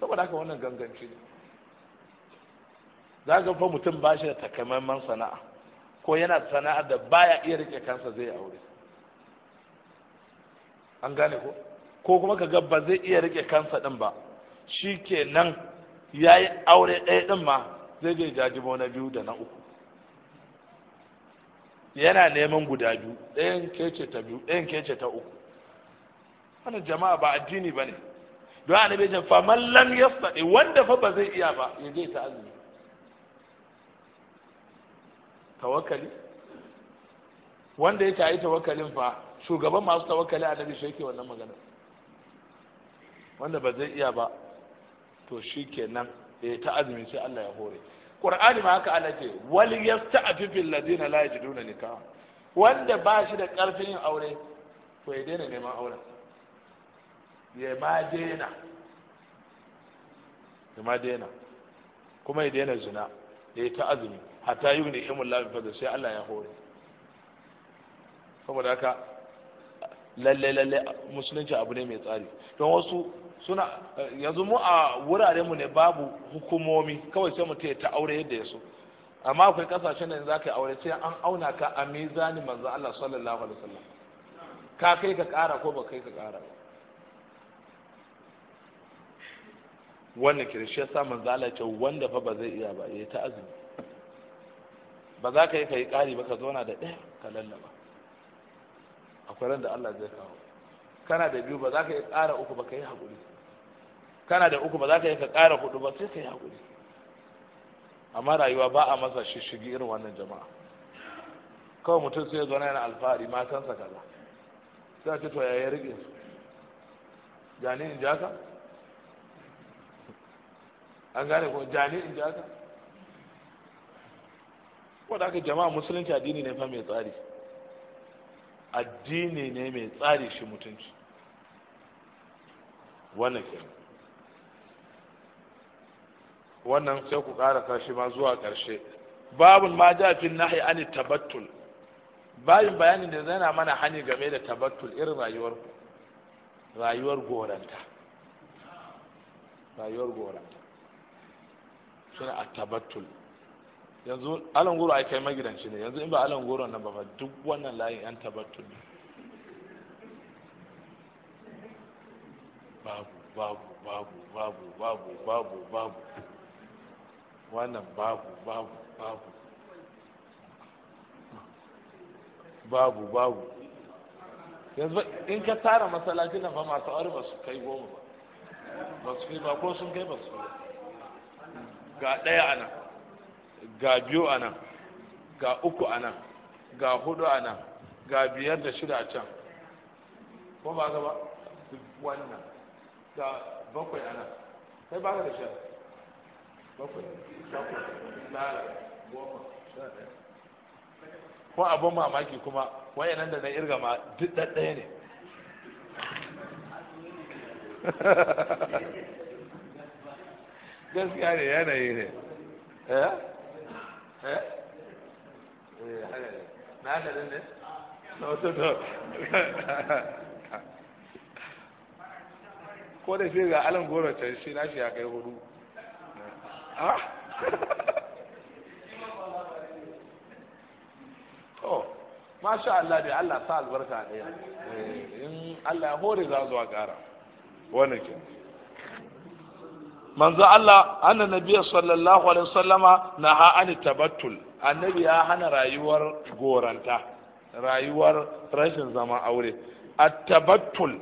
saboda haka wannan ganganci ne za ka fa mutum ba shi da takamaiman sana'a ko yana sana'a da baya iya rike kansa zai aure an gane ko ko kuma ka ga ba zai iya rike kansa din ba shi ke nan ya yi aure ɗaya din ma zai je jajibo na biyu da na uku yana neman guda biyu ɗayan ke ce ta biyu ɗayan ke ce ta uku wannan jama'a ba addini ba ne don ana ce fa mallan ya yastadi wanda fa ba zai iya ba ya je ta azumi tawakali wanda ya tayi tawakalin fa shugaban masu a annabi shi yake wannan magana wanda ba zai iya ba to shi kenan ya ta azumi sai Allah ya hore qur'ani ma haka Allah ce wal yasta'fifu alladhina la yajiduna nikah wanda ba shi da karfin yin aure to ya daina neman auren ya ma daina ya ma daina kuma ya daina zina ya yi ta azumi hatta yi ne imun lafi fadar sai Allah ya hore saboda haka lalle lalle musulunci abu ne mai tsari don wasu suna yanzu mu a wuraren mu ne babu hukumomi kawai sai mu ya ta aure yadda ya so amma akwai kasashen da za ka yi aure sai an auna ka a mizani manzo Allah sallallahu alaihi wasallam ka kai ka kara ko ba kai ka kara ba wannan kire shi yasa manzo Allah ce wanda fa ba zai iya ba yayi ta azumi ba za ka yi kai kari ba ka zauna da ɗaya ka lallaba akwai ran da Allah zai kawo kana da biyu ba za ka yi ƙara uku ba ka yi haƙuri kana da uku ba za ka yi ka ƙara hudu ba sai ka yi haƙuri amma rayuwa ba a masa shishigi irin wannan jama'a kawai mutum sai ya zo yana alfahari matansa kaza sai a ce to ya rike su ni in ka an gane ko jani in ji haka ko da aka jama'a musulunci addini ne fa mai tsari addini ne mai tsari shi mutunci wannan ke wannan sai ku ƙara kashi ma zuwa ƙarshe babun ma ja fi nahi ani tabattul babin bayanin da zana mana hani game da tabattul irin rayuwar rayuwar goranta rayuwar goranta shine a tabattul yanzu alan goro ai kai magidanci ne yanzu in ba alan goro nan ba fa duk wannan layin yan tabattul babu babu babu babu babu babu babu wannan babu babu babu babu babu yanzu in ka tara masallacin nan ba masu aure ba su kai goma ba ba su kai ba ko sun kai ba su kai ga ɗaya a nan ga biyu a nan ga uku a nan ga hudu a nan ga biyar da shida a can ko ba ga ba wannan ga bakwai a nan sai ba da shan bakwai shakwai lara goma sha ɗaya ko abin mamaki kuma nan da na irga ma duk ɗaɗɗaya ne gaskiya ne yanayi ne eh? Eh? Eh, na da ne ko da shi ga alan goro can shi na shi ya kai hudu ah! to masha Allah dai Allah sa albarka ɗaya in Allah ya hore za zuwa ƙara wani kenan manzo Allah anna nabiyya sallallahu alaihi wasallama ha an tabattul annabi ya hana rayuwar goranta rayuwar rashin zama aure at-tabattul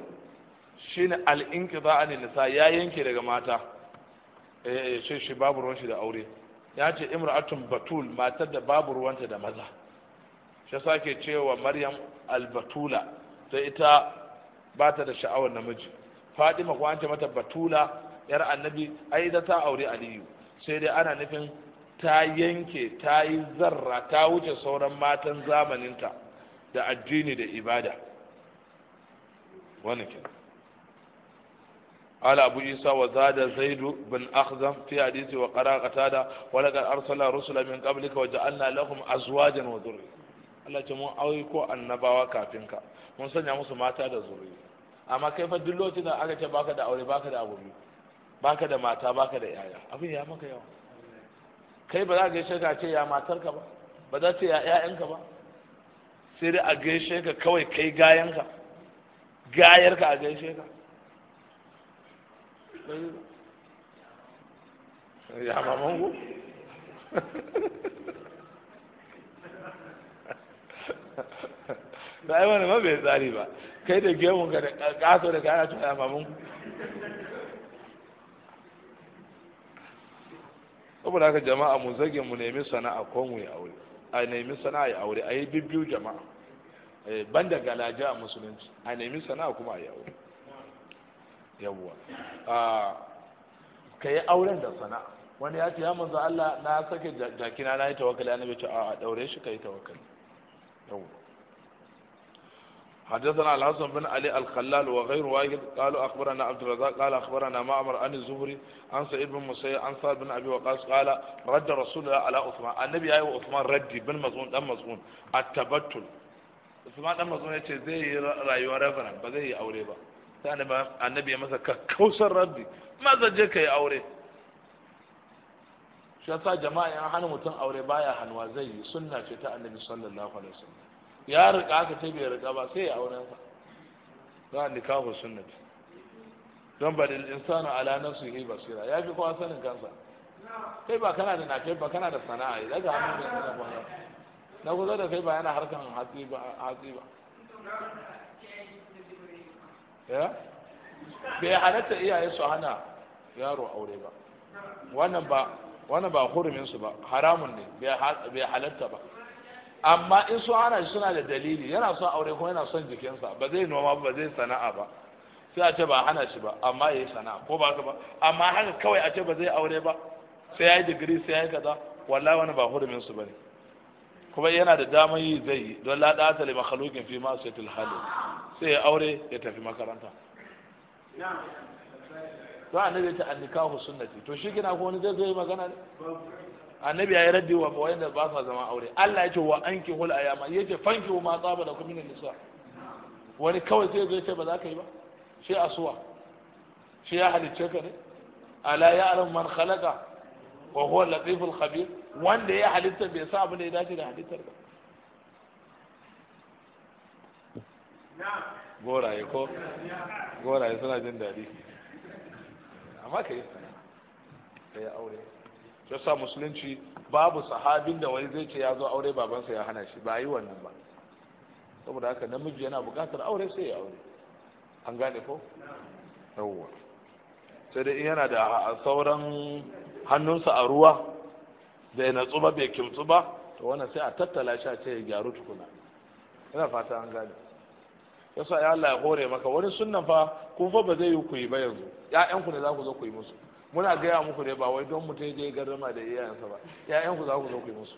shine al-inqida an nisa ya yanke daga mata eh, eh shi shi babu ruwan shi da aure ya ce imra'atun batul matar da babu ruwanta da maza shi ke cewa maryam al-batula ta ita ba ta da sha'awar namiji fadima ko an ce mata batula yar annabi ai da ta aure aliyu sai dai ana nufin ta yanke ta yi zarra ta wuce sauran matan zamaninta da addini da ibada wani kenan zaidu bin akhzam fi hadisi wa أخزم في wa وقرأ arsala rusula min qablika wa ja'alna lahum azwajan wa dhurri Allah ce mun aiko annabawa kafin ka mun sanya musu mata da zuri amma kai fa duk lokacin da aka ce baka da aure baka da abu baka da mata baka da yaya abin ya maka yawa kai ba za ka gaishe ka ce ya matarka ba ba za ce ya ƴaƴanka ba sai dai a gaishe ka kawai kai gayanka gayar ka a gaishe ka ya mamangu da ai wani ma bai tsari ba kai da gemun ka da kaso da kana tuya mamangu saboda haka jama'a mu zage mu nemi sana'a ko mu yi aure a nemi sana'a yi aure a yi bibbiyu jama'a eh, ban da galaja a musulunci a nemi sana'a kuma a yi aure yawwa ka yi auren da sana'a wani ya ce ya manzo Allah na sake jakina na yi tawakkali annabi ce a daure shi ka yi tawakkali yawwa حدثنا الحسن بن علي الخلال وغير واجد قالوا أخبرنا عبد الرزاق قال أخبرنا معمر عن الزبري عن سعيد بن مسيح عن سعيد بن أبي وقاص قال رد رسول الله على عثمان النبي أيوة عثمان رد بن مزعون دم مزعون التبتل عثمان دم مزعون يتشي زي رأي ورفنا بذي أوليبا ثاني النبي مثلا كوسر ردي ماذا جيك يا أولي شاء جماعة يعني حنو متن بايا حنوازي سنة شتاء النبي صلى الله عليه وسلم ya rika aka ce bai rika ba sai ya aure sa za a nikahu sunnati don ba dil insanu ala nafsihi basira ya fi kowa sanin kansa kai ba kana da nafe ba kana da sana'a ya daga hannun da kana ba na kusa da kai ba yana harkan hatsi ba hatsi ba ya bai halatta iyaye su hana yaro aure ba wannan ba wannan ba hurumin su ba haramun ne bai halatta ba amma in sun hana shi suna da dalili yana son aure kuma yana son jikinsa ba zai noma ba zai sana'a ba sai a ce ba hana shi ba amma ya yi sana'a ko ba ka ba amma haka kawai a ce ba zai aure ba sai ya yi digiri sai ya yi kaza wallahi wani ba hurumin su bane kuma yana da damar yi zai yi don la da ta lima khaluqin fi ma'siyatil hali sai ya aure ya tafi makaranta to annabi ta annikahu sunnati to shi kina ko wani zai zo yi magana ne annabi ya raddi wa da ba sa zama aure Allah yake wa anki hul ayama yake fanki ma tsaba da kuma nisa wani kawai sai zai ce ba za ka yi ba shi asuwa shi ya halicce ka ne ala alam man khalaqa wa huwa latiful khabir wanda ya halitta bai sa abin da ya dace da halittar ba goraye ko goraye suna jin daɗi amma ka yi sana'a ya yi aure ya yasa musulunci babu sahabin da wani zai ce ya zo aure babansa ya hana shi ba yi wannan ba saboda haka namiji yana buƙatar aure sai ya aure an gane ko yawwa sai dai yana da sauran hannunsa a ruwa bai natsu ba bai kimtsu ba to wannan sai a tattala shi a ce ya gyaru tukuna ina fata an gane yasa ya Allah ya hore maka wani sunnan fa kun fa ba zai yi ku yi ba yanzu ya'yanku ne za ku zo ku yi musu muna gaya muku ne ba wai don mutum je gardama da iyayensa ba ƴaƴan za ku zo ku yi musu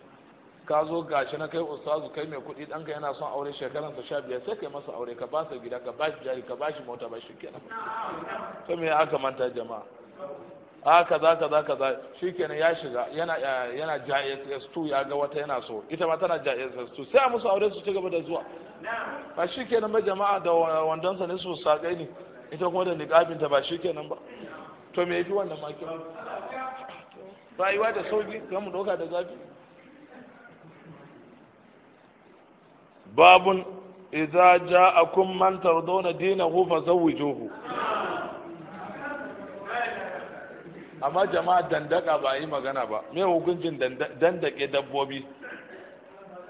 ka zo gashi na kai ustazu kai mai kuɗi ɗanka yana son aure shekaran sa sha biyar sai kai masa aure ka basa gida ka bashi jari ka bashi mota ba shi kenan to me aka manta jama'a a kaza kaza kaza shikenan ya shiga yana yana JSS2 ya ga wata yana so ita ma tana JSS2 sai a musu aure su ci gaba da zuwa ba shikenan ba jama'a da wandonsa ne su sakai ne ita kuma da niqabinta ba shikenan ba to me yafi wannan makin rayuwa da sauki kan mu doka da zafi babun idza ja'akum man tarduna dinahu zawwijuhu amma jama'a dandaka ba yi magana ba me hukuncin dandake dabbobi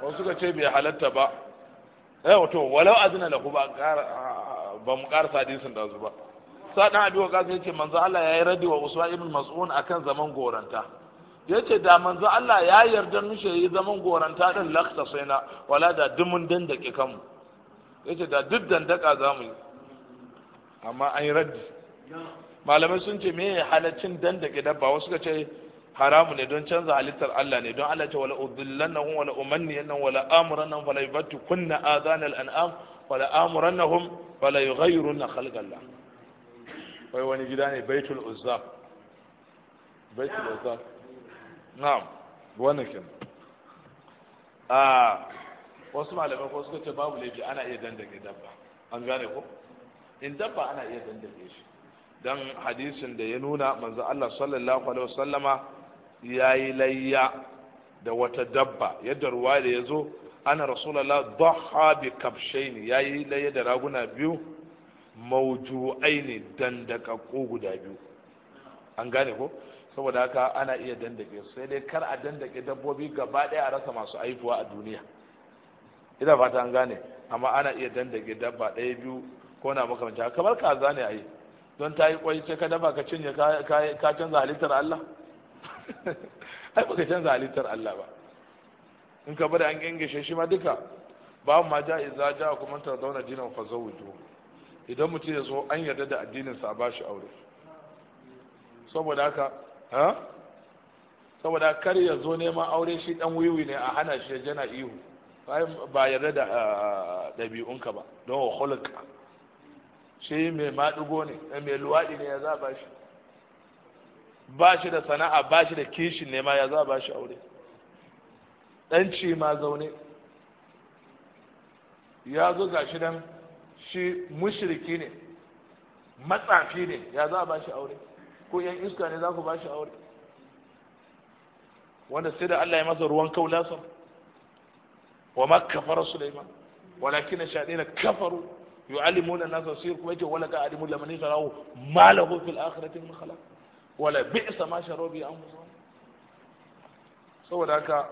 wasu ka ce bai halatta ba eh wato walau azna lahu ba ba mu karsa hadisin da su ba sadan abi wa kasu yace manzo Allah ya yi radi wa Usman ibn Mas'un akan zaman goranta yace da manzo Allah ya yarda mishi yi zaman goranta din lakta saina wala da dumun dandake kanmu yace da duk dandaka zamu yi amma an yi raddi malamai sun ce me halaccin dandake dabba wasu ka ce haramu ne don canza halittar Allah ne don Allah ce wala udillannahum wala umanniyannahum wala amurannahum fala yubattu kunna adhanal an'am wala amurannahum fala yughayyirunna khalqallah wai wani gida ne baitul uzza baitul uzza na'am wani kin a ah, wasu malamai ko suka ce babu laifi ana iya dandake dabba an gane ko in dabba ana iya dandake shi dan hadisin da ya nuna manzo Allah sallallahu alaihi wasallama yayi layya da wata dabba yadda ruwa da yazo ana rasulullah dhaha bi kabshaini yayi layya da raguna biyu mawjuai ne ko guda biyu an gane ko saboda haka ana iya dandake su sai dai kar a dandake dabbobi gaba ɗaya a rasa masu haihuwa a duniya ina fata an gane amma ana iya dandake dabba ɗaya biyu ko na makamanci kamar kaza ne a yi don ta yi kwai sai ka dafa ka cinye ka canza halittar Allah ai ka canza halittar Allah ba in ka bari an gangashe shi ma duka babu ma ja'iza ja'a kuma ta zauna jinan fa zawuju idan mutum ya zo an yarda da addininsa a bashi aure saboda haka ha saboda kar ya zo neman aure shi dan wiwi ne a hana shi jana ihu ba yarda da ɗabi'unka ba don wa hulka shi mai maɗugo ne mai luwaɗi ne ya za ba shi ba shi da sana'a ba shi da kishin ne ma ya za ba shi aure ɗanci ma zaune ya zo ga shi shi mushriki ne matsafi ne ya za a bashi aure ko yan iska ne za ku bashi aure wanda sai da Allah ya masa ruwan kaula sun wa ma fara Sulaiman walakin na kafaru yu'allimuna an-nasa yi kuma yake wala alimu lamman yasrahu sarawo malahu fil akhirati min khalaq wala bi'sa ma sharu bi anfusihim saboda haka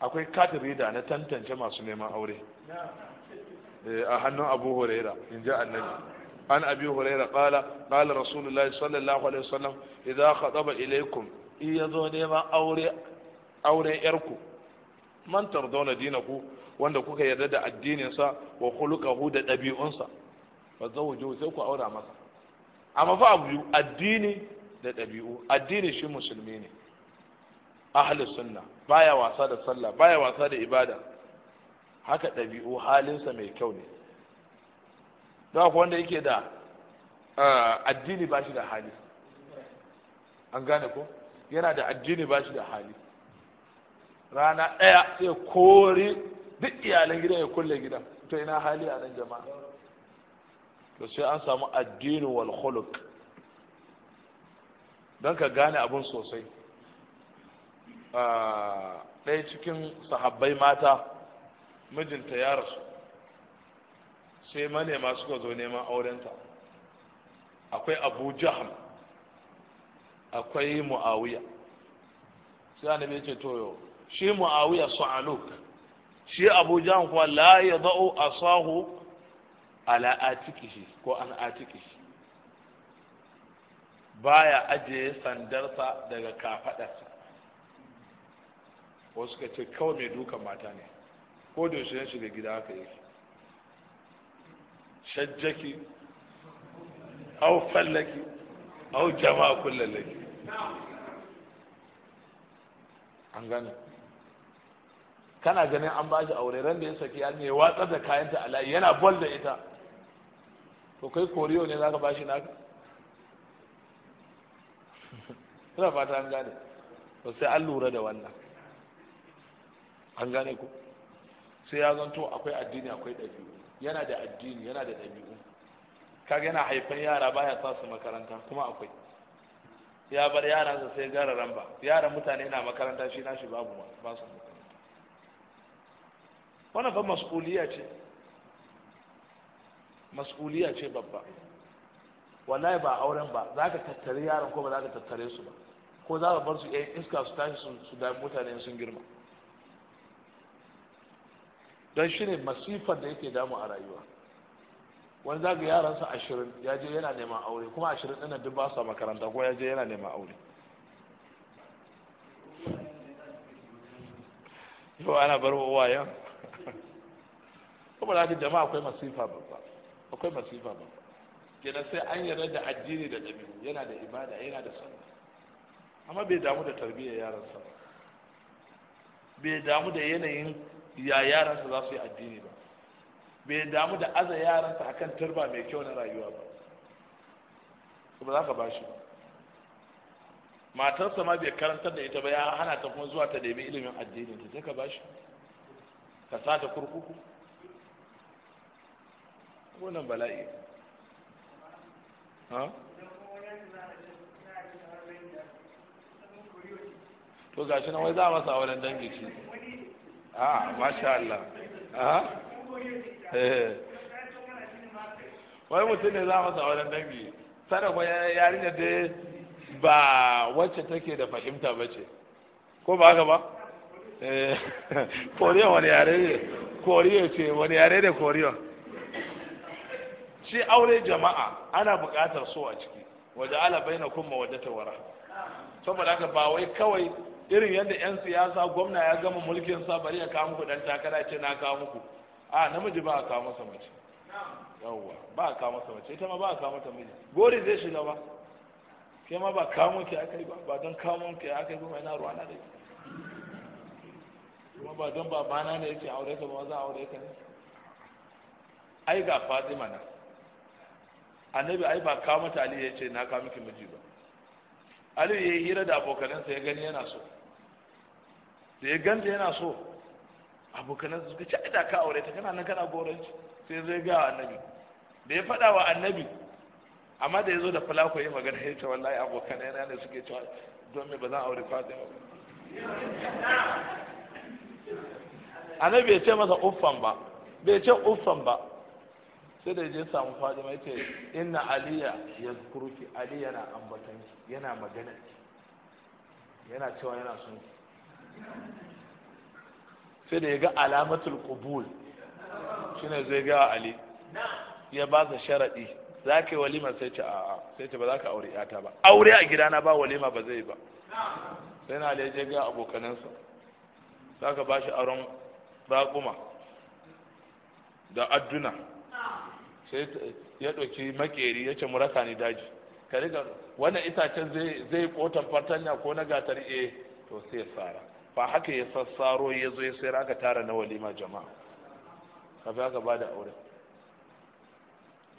akwai katin rida na tantance masu neman aure Eh, a hannun abu huraira in ji annabi an abi huraira kala kala rasulullahi sallallahu alaihi wasallam idza khataba ilaykum in yazo zo aure aure yarku man tardona dinaku wanda kuka yarda da addininsa wa khuluquhu da ba fa zawju sai ku aura masa amma fa abu addini da dabi'u addini shi musulmi ne ahlus sunna baya wasa da sallah baya wasa da ibada haka ɗabi'u halinsa mai kyau ne don wanda yake da addini ba shi da hali an gane ko yana da addini ba shi da hali rana ɗaya sai kori duk iyalan gidan ya kulle gidan to ina hali a nan jama'a to sai an samu addini wal khuluq don ka gane abin sosai ɗaya cikin sahabbai mata mijinta ya rasu sai manema suka zo neman aurenta akwai abu jaham akwai mu'awiya sai ana bai ce toyo shi mu'awiya su'aluk shi abu jaham kuwa la ya a sahu ala atikishi ko an atikishi baya ajiye sandarsa daga kafadarsa wasu ka ce kawai mai dukan mata ne ko da yaushe ya shiga gida aka yi shajjaki au fallaki au jama'a kullallaki an gane kana ganin an bashi aure ran da ya saki yarinya ya watsar da kayanta a layi yana bol da ita to kai koriyo ne zaka bashi naka ina fata an gane to sai an lura da wannan an gane ku sai ya zanto akwai addini akwai ɗabi'u yana da addini yana da ɗabi'u kaga yana haifan yara baya sa su makaranta kuma akwai ya bar su sai gara ramba yaran mutane na makaranta shi nashi babu ba su makaranta wannan fa mas'uliya ce mas'uliya ce babba wallahi ba auren ba za ka tattare yaran ko ba za ka tattare su ba ko za ka bar su yan iska su tashi su da mutane sun girma don shi ne masifar da yake damu a rayuwa wani zaga yaransa ashirin ya je yana neman aure kuma ashirin ɗin duk ba sa makaranta ko ya je yana neman aure yau ana bar wa wayan kuma da jama'a akwai masifa babba akwai masifa babba kenan sai an yarda da addini da ɗabi'u yana da ibada yana da sallah amma bai damu da tarbiyyar yaransa bai damu da yanayin ya yaransa za su yi addini ba bai damu da aza yaransa akan turba mai kyau na rayuwa ba ba za ka ba shi ba matarsa ma bai karantar da ita ba ya hana ta kuma zuwa ta nemi ilimin addini ta sai ka bashi ka sa ta kurkuku wannan bala'i ha to gashi na wai za a masa wani dangi shi a ah, masha Allah eh. wai mutum ne za mu auren dangi sada kuma yarinya dai ba wacce take da fahimta ba ce ko ba haka ba eh. koriya wani yare ne koriya ce wani yare ne koriya shi aure jama'a ana buƙatar so a ciki waje ala bai na kuma wadda ta wara saboda haka ba wai kawai irin yadda yan siyasa gwamna ya gama mulkin sa bari ya kawo muku dan takara ce na kawo muku a namiji ba a kawo masa mace yawwa ba a kawo masa mace ita ma ba a kawo mata miji gori zai shiga ba ke ma ba kawo muke aka yi ba ba don kawo muke aka yi ba mai na ruwa na da kuma ba don ba bana ne yake aure ka ba za a aure ka ne ai ga fatima na annabi ai ba kawo mata ali ya ce na kawo miki miji ba Aliyu ya yi hira da abokanansa ya gani yana so da ya ganta yana so kana zuka ci da ka aure ta kana nan kana goranci sai zai ga annabi da ya fada wa annabi amma da ya zo da fulako ya magana ya ta wallahi abokan yana ne suke cewa don me ba zan aure fatima annabi bai ce masa uffan ba bai ce uffan ba sai da je samu fatima yace inna aliya ya Aliya na ambatan ambatanki yana magana yana cewa yana son ki sai da ya ga alamatul qubul shine zai ga ali ya ba sa sharadi za ka yi walima sai ce a'a sai ce ba za ka aure yata ba aure a gidana ba walima ba zai ba sai na da ya je ga abokanansa za ka ba shi auren raƙuma da adduna sai ya ɗauki makeri ya ce mu raka ni daji ka riga wannan itacen zai kotan fartanya ko na gatar eh to sai ya fara Ba haka ya sassaro ya zo ya sayar aka tara na walima jama'a fi aka ba da aure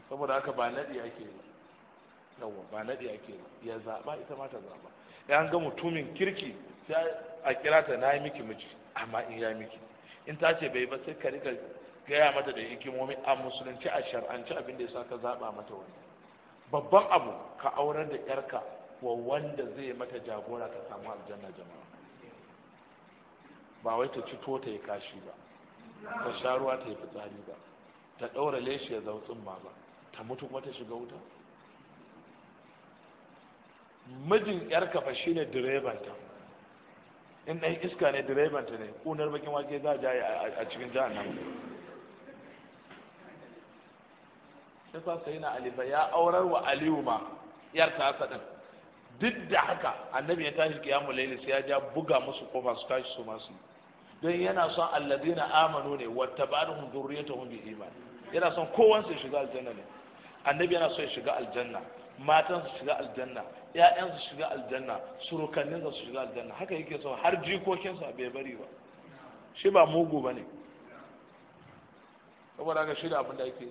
saboda haka ba naɗi ake yi yawwa ba naɗi ake yi ya zaɓa ita ma ta zaɓa ya an ga mutumin kirki sai a kira ta na yi miki miji amma in ya miki in ta ce bai ba sai ka rika gaya mata da hikimomi a musulunci a shar'anci abin da ya sa ka zaɓa mata wani babban abu ka aurar da yarka wa wanda zai mata jagora ka samu aljanna jama'a ba wai ta cito ta yi kashi ba ta sha ruwa ta yi fitsari ba ta ɗaura leshi ya zama ma ba ta mutu kuma ta shiga wuta mijin yar kafa shine direban ta in ɗan iska ne direban ta ne ƙunar bakin wake za a ja a cikin jihar nan sai fa sai na alifa ya aurar wa aliyu ma yar ta haka din duk da haka annabi ya tashi kiyamu laili sai ya ja buga musu kofa su tashi su masu yi don yana son alladina amanu ne wata wattaba'ahum dhurriyyatuhum bi iman yana son kowan su shiga aljanna ne annabi yana son shiga aljanna matan su shiga aljanna Ya'yansu su shiga aljanna surukannin su shiga aljanna haka yake son har jikokin sa bai bari ba shi ba mugu ba saboda haka shi da abin da yake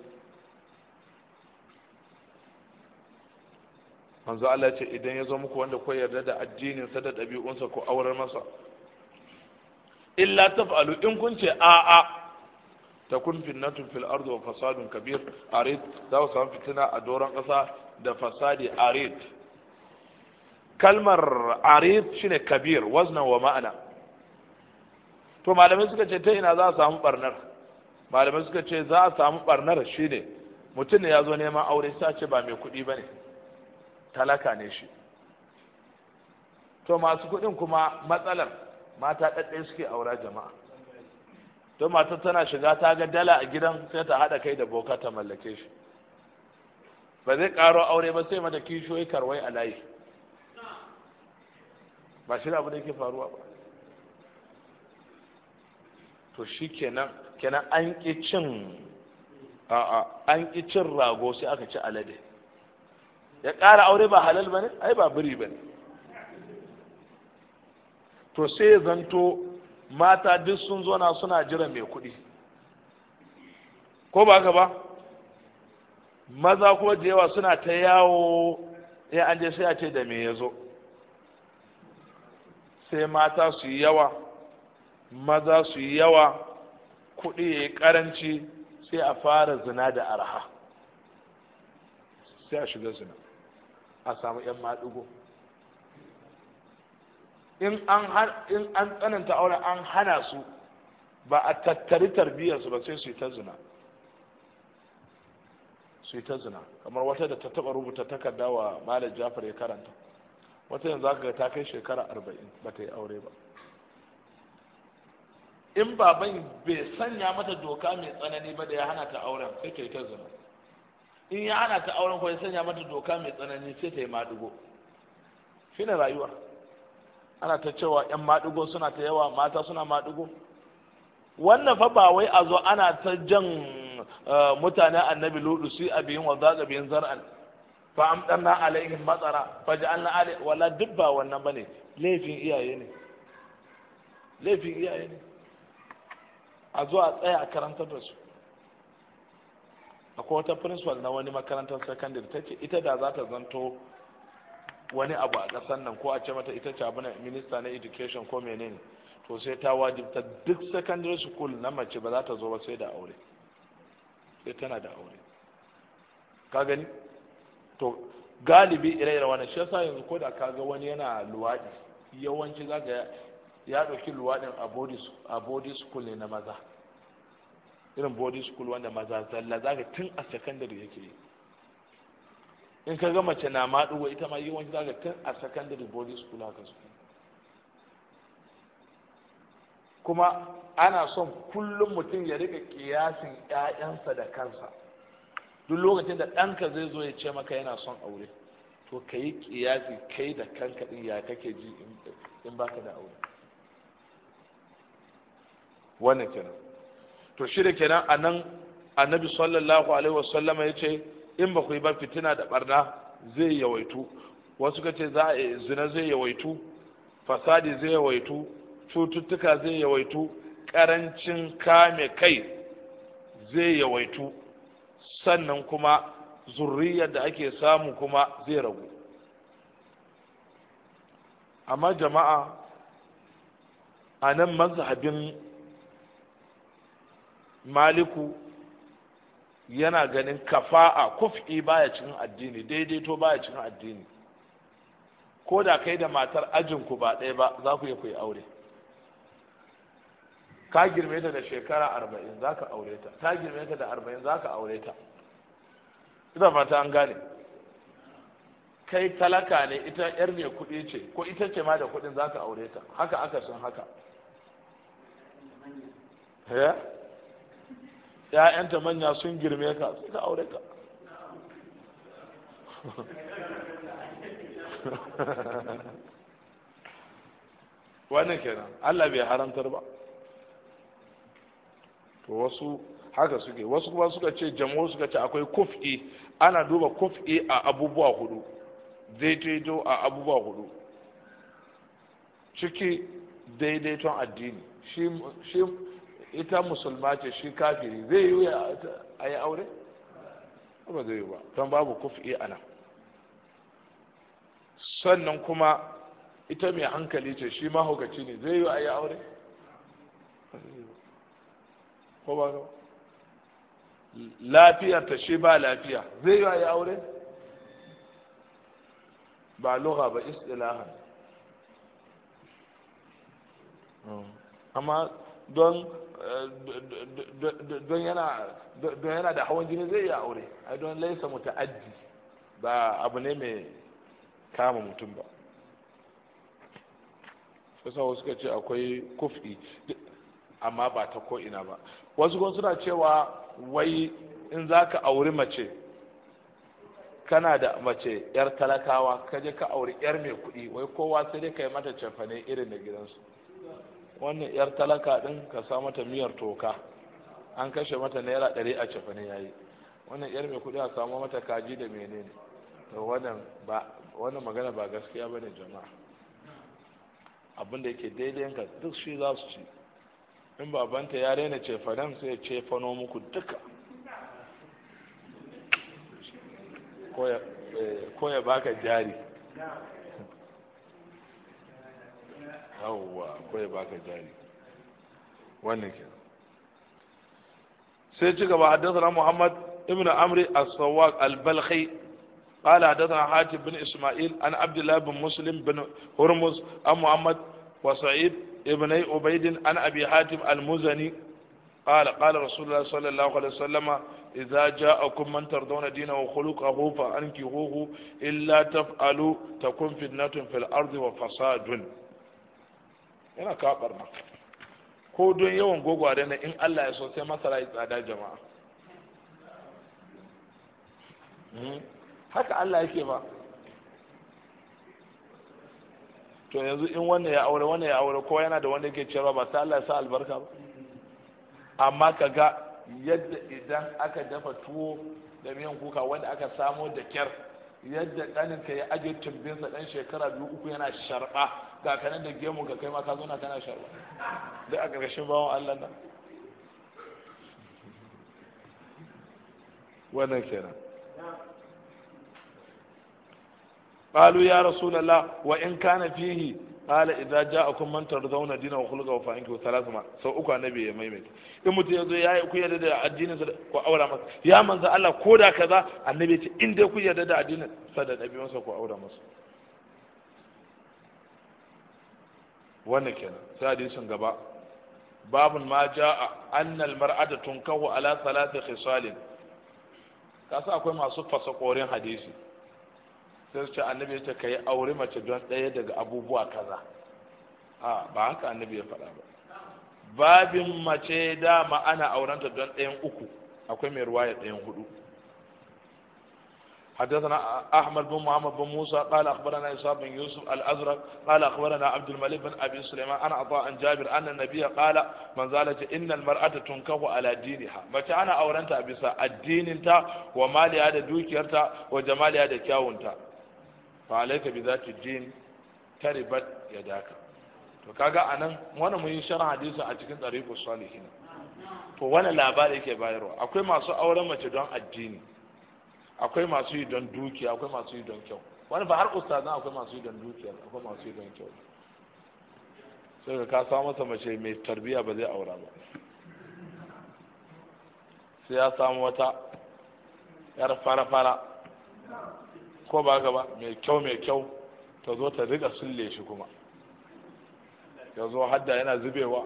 manzo Allah ce idan ya zo muku wanda ko yarda da addinin sa da ɗabi'unsa ko aurar masa illa taf'alu in kun ce a'a kun fitnatun fil ardi wa fasadun kabir arid za ku samu fitina a doron ƙasa da fasadi arid kalmar arid shine kabir wazna wa ma'ana to malamai suka ce ta ina za a samu barnar malamai suka ce za a samu barnar shine mutum ne ya zo neman aure sa ce ba mai kuɗi ba ne talaka ne shi to masu kuɗin kuma matsalar mata ɗaɗɗe suke aura jama'a to mata tana shiga ta ga dala a gidan sai ta haɗa kai da boka ta mallake shi ba zai ƙaro aure ba sai mata kishiyoyi karwai a layi ba shi abu da yake faruwa ba to shi kenan kenan an ƙi cin a'a an ƙi cin rago sai aka ci alade ya ƙara aure ba halal ba ne ai ba biri ba ne to sai zanto mata duk sun zona suna jira mai kuɗi ko ba haka ba maza ko da yawa suna ta yawo ya an sai a ce da me ya zo sai mata su yi yawa maza su yi yawa kuɗi ya yi ƙaranci sai a fara zina da arha sai a shiga zina a samu 'yan maɗigo in an tsananta auren an hana su ba a tattari tarbiyyarsu ba sai su yi ta zina su yi ta zina kamar wata da ta taba rubuta takarda wa malam jafar ya karanta wata yanzu aka ga ta kai shekara arba'in ba ta yi aure ba in baban bai sanya mata doka mai tsanani ba da ya hana ta auren sai ta yi ta zina in ya hana ta auren ko ya sanya mata doka mai tsanani sai ta yi madugo Fina rayuwa. ana ta cewa yan maɗigo suna ta yawa mata suna maɗigo wannan fa ba wai a zo ana ta jan eh, mutane annabi ludu su abiyin wa zaga biyin zar'an fa amdanna alaihim matsara fa ja'alna alai wala duk ba wannan bane laifin iyaye ne laifin iyaye ne a zo a tsaya a karantar da su akwai wata principal na wani makarantar secondary ta ce ita da za ta zanto wani abu a ƙasar nan ko a ce mata ita ce abu na minista na education ko menene to sai ta wajibta duk secondary school na mace ba za ta zo ba sai da aure sai tana da aure ka gani to galibi ire-iren wannan shi yasa yanzu ko da ka ga wani yana luwaɗi yawanci za ga ya ɗauki luwaɗin a body school ne na maza irin body school wanda maza zalla za ga tun a secondary yake yi in ka ga mace na maɗuwa ita ma yawanci zaga tun a secondary body school haka su kuma ana son kullum mutum ya riƙa ƙiyasin ƴaƴansa da kansa duk lokacin da ɗanka zai zo ya ce maka yana son aure to ka yi ƙiyasi kai da kanka ɗin ya kake ji in ba ka da aure wannan kenan to shi da kenan a nan annabi sallallahu alaihi wasallama ya ce in ba ku yi ba fitina da barna zai yawaitu wasu ka ce za a zina zai yawaitu fasadi zai yawaitu cututtuka zai yawaitu karancin kame kai zai yawaitu sannan kuma zurriyar da ake samu kuma zai ragu amma jama'a a nan mazhabin maliku yana ganin kafa'a kuf'i baya cikin addini daidaito baya cikin addini ko da kai da matar ajinku ba ɗaya ba za ku yi ku yi aure ka girme ta da shekara arba'in za ka aure ta ta girme ta da arba'in za ka aure ta ita fata an gane kai talaka ne ita yar ne kuɗi ce ko ita ce ma da kuɗin za ka aure ta haka aka sun haka eh? ya'yanta manya sun girme ka sai ka aure ka wannan kenan Allah bai haramtar ba to wasu haka suke wasu kuma suka ce jama'u suka ce akwai kuf'i ana duba kuf'i a abubuwa hudu daidaito a abubuwa hudu ciki daidaiton addini shi ita musulma ce shi kafiri zai yi a yi aure ba zai yi ba don babu kufi ana sannan kuma ita mai hankali ce shi mahaukaci ne zai yi a yi aure ko ba lafiyar ta shi ba lafiya zai yi a yi aure ba lugha ba istilahan amma don don yana da hawan jini zai iya aure ai don laisa muta'addi ba abu ne mai kama mutum ba kusan wasu ka ce akwai kufi amma ba ta ko'ina ba wasu kuma suna cewa wai in za ka auri mace kana da mace yar talakawa ka je ka auri yar mai kuɗi wai kowa sai dai ka yi mata cefane irin da gidansu wannan yar talaka din ka sa mata miyar toka an kashe mata naira ɗari a cefa ya yi. wannan yar mai kuɗi a samu mata kaji da menene to wannan magana ba gaskiya ba ne jama'a abinda yake daidai ka duk shi za su ci in babanta ya daina cefanen sai ya cefano muku duka ko ya eh, baka jari yawwa akwai baka jari wannan ke sai ci gaba haddathana muhammad ibn amri as-sawwaq al-balkhi قال حدثنا حاتم بن اسماعيل عن عبد الله بن مسلم بن هرمز عن محمد وسعيد ابن عبيد عن ابي حاتم المزني قال قال رسول الله صلى الله عليه وسلم إذا جاءكم من ترضون دينه وخلقه فأنكحوه إلا تفعلوا تكن فتنة في الأرض وفساد yana kawo barna ko don yawan gogware na in Allah ya so sai masara ya tsada jama'a hmm? haka Allah yake ba to yanzu in wanne ya aure wanne ya aure kowa yana da wanda yake cewa ba sai Allah ya sa albarka ba amma ka ga yadda idan aka dafa tuwo da miyan kuka wanda aka samo da kyar yadda ɗaninka ya ajiye tumbinsa ɗan shekara biyu uku yana sharɓa ga nan da gemu ga kai ma ka zauna kana sharwa da a ƙarshen bawon Allah nan wannan kenan قالوا يا رسول الله وإن كان فيه قال إذا جاءكم من ترضون دينه وخلقه فأنكحوا ثلاث سو أكو النبي يا ميمت إن متي يزو يا أكو يدد الدين كو أورا مس يا من الله كودا كذا النبي إن ده كو يدد الدين صدق النبي مس كو أورا مس wannan kenan sai hadisin gaba babun ma jaa annal mar'ata tunkahu ala salati khisalin kasa akwai masu korin hadisi sai su ce annabi ya ce kai aure mace don ɗaya daga abubuwa kaza a ba haka annabi ya faɗa ba babin mace dama ana aurenta don ɗayan uku akwai mai ruwaya ɗayan hudu حدثنا أحمد بن محمد بن موسى قال أخبرنا إسحاق بن يوسف الأزرق قال أخبرنا عبد الملك بن أبي سليمان عن عطاء عن جابر أن النبي قال من زالت إن المرأة تنكه على دينها متى أنا أورنت أبي الدين أنت ومالي هذا دوكيرتا وجمالي هذا كاونتا فعليك بذات الدين تربت يداك وكاغا أنا وأنا من شرح حديث أتكن طريق الصالحين to wani labari yake bayarwa akwai masu auren mace don addini akwai masu yi don dukiya akwai masu yi don kyau wani ba har ustazan akwai masu yi don dukiya akwai masu yi don kyau sai ka kasa masa mace mai tarbiya ba zai aura ba sai ya samu wata yar fara-fara ko ba gaba mai kyau mai kyau ta zo ta riga sulle shi kuma ya zo hadda yana zubewa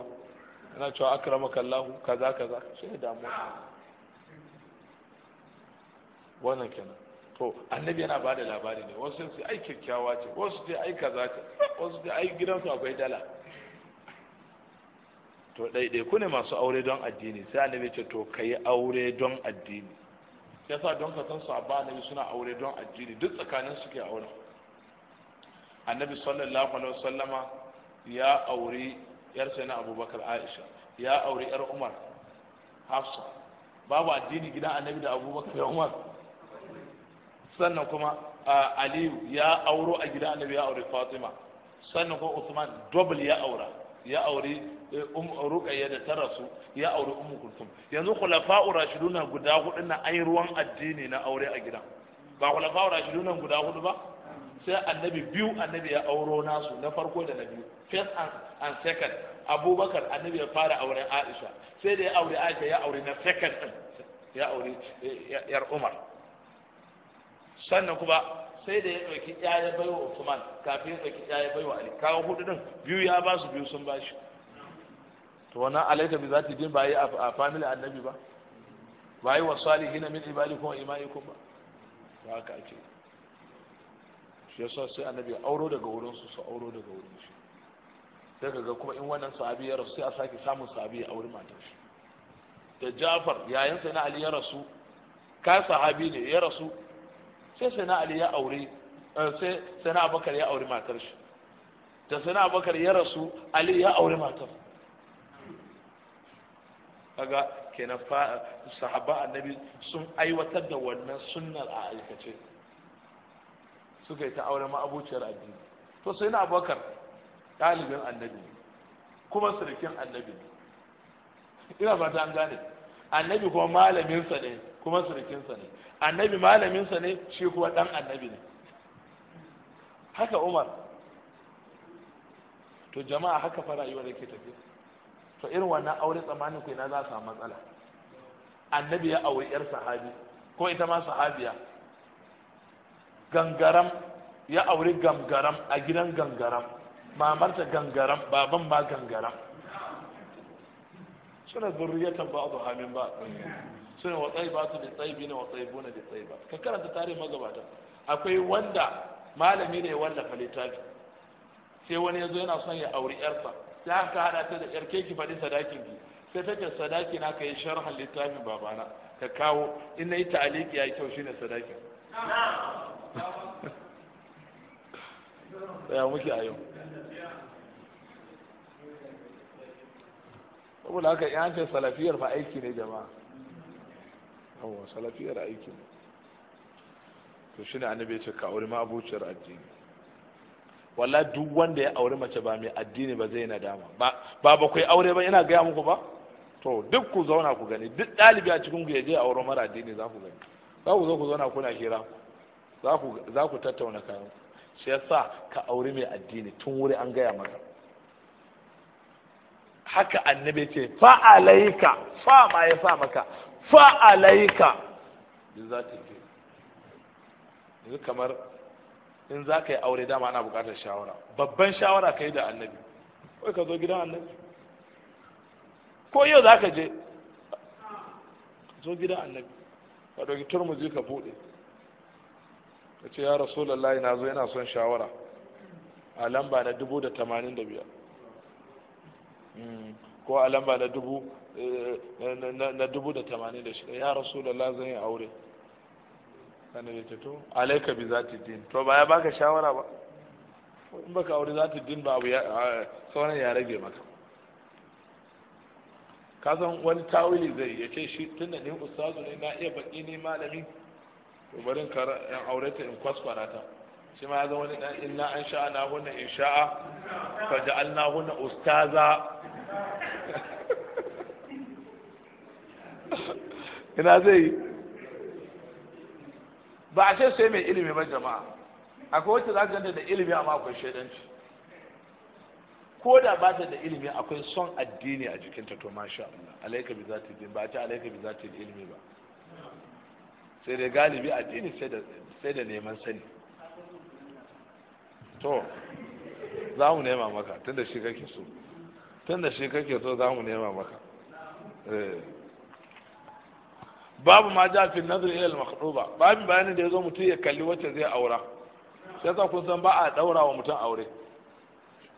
yana cewa akrama kallahu kaza kaza shi ne damuwa wannan kenan to annabi yana bada labari ne wasu sun ai kyakkyawa ce wasu ce ai kaza ce wasu ce ai gidansu akwai dala to ɗaiɗai ku ne masu aure don addini sai annabi ce to kai aure don addini ya sa don kasan su abba annabi suna aure don addini duk tsakanin suke aure annabi sallallahu alaihi wasallama ya auri yar sai na abubakar aisha ya auri yar umar hafsa babu addini gidan annabi da abubakar da umar sannan kuma aliyu ya auro a gida annabi ya aure fatima sannan kuma usman double ya aura ya aure eh, ruqayya da tarasu ya aure ummu kulthum yanzu khulafa'u rashiduna guda hudu na ai ruwan addini na aure a gida ba khulafa'u rashiduna guda hudu ba sai annabi biyu annabi ya auro nasu na farko da na biyu first and second abubakar annabi ya fara auren aisha sai da ya aure aisha ya aure na second ya aure eh, yar umar sannan kuma sai da ya ɗauki ya bai wa Uthman kafin ya ɗauki ɗaya bai wa Ali kawo hudu din biyu ya ba su biyu sun ba shi to wannan alaika bi zati din ba yi a family annabi ba ba yi wa salihin min ibadikum wa imaikum ba to haka ake shi yasa sai annabi ya auro daga wurin su su auro daga wurin shi sai kaga kuma in wannan sahabi ya rasu sai a sake samun sahabi ya auri matar shi da Ja'far yayin sai na Ali ya rasu ka sahabi ne ya rasu sai sai na ali ya aure eh, sai sai na Abakar ya aure matar shi da sai na Abakar ya rasu ali ya aure matar kaga kenan fa sahaba annabi sun aiwatar da wannan sunnar a aikace suka yi ta aure ma'abuciyar addini to sai na Abakar dalibin annabi kuma surukin annabi ina fata an gane annabi kuma malaminsa ne kuma surukinsa ne annabi malaminsa ne shi kuma dan annabi ne haka umar to jama'a haka fa rayuwa da ke tafi to irin wannan aure tsamanin ku ina za a samu matsala annabi ya aure yar sahabi ko ita ma sahabiya gangaram ya aure gangaram a gidan gangaram mamarta gangaram baban ma gangaram suna zurriyatan ba'adu hamin ba suna wa ba su da tsaibi na wa tsaibo na da ba. ka karanta tarihin magabata akwai wanda malami ne wallafa littafi sai wani ya zo yana son ya auri yarsa sai aka haɗa ta da yarke ki faɗi sadakin ki sai ta ce sadaki na ka yi sharhan littafin babana ka kawo in na yi ta'aliki ya kyau shine sadakin tsaya muke a yau saboda haka in ce salafiyar fa aiki ne jama'a yawwa salafiyar aiki ne to shi ne annabi ya ce ka aure ma abuciyar addini walla duk wanda ya aure mace ba mai addini ba zai nadama ba ba kai aure ba yana gaya muku ba to duk ku zauna ku gani duk ɗalibi a cikin ku ya je aure mara addini za ku gani za ku zo ku zauna kuna hira za ku tattauna kayan shi yasa ka aure mai addini tun wuri an gaya maka haka annabi ce fa alaika fa ma ya sa maka fa alaika za ta ke yanzu kamar in za ka yi aure dama ana buƙatar shawara babban shawara ka yi da annabi kai ka zo gidan annabi ko yau za ka je zo gidan annabi ka ɗauki turmuzi ka buɗe ka ce ya rasu lallai na zo yana son shawara a lamba na dubu da tamanin da biyar ko a lamba na dubu eh, na dubu da tamanin da shida ya rasu da lazan yin aure da ta to alaika bi zati din to ba ya baka shawara ba in baka aure zati din ba abu sauran ya rage maka ka san wani tawili zai ya ce shi tun da ni ustazu ne na iya baki ne malami to bari in aure ta in kwaskwara ta shi ma ya zama wani dan inna an sha'a na hunna in sha'a an na hunna ustaza ina zai yi ba a ce sai mai ilimi ba jama'a akwai wacce za ka da ilimi amma akwai shaidanci ko da ba ta da ilimi akwai son addini a jikinta to masha Allah alaika bi zati din ba ta alaika bi zati ilimi ba sai da galibi addini sai da neman sani to za mu nema maka da shi kake so da shi kake so za mu nema maka eh. babu ma ja fi nazar ila al-makhduba babu bayani da yazo mutum ya kalli wacce zai aura sai ka kun san ba a daura wa mutum aure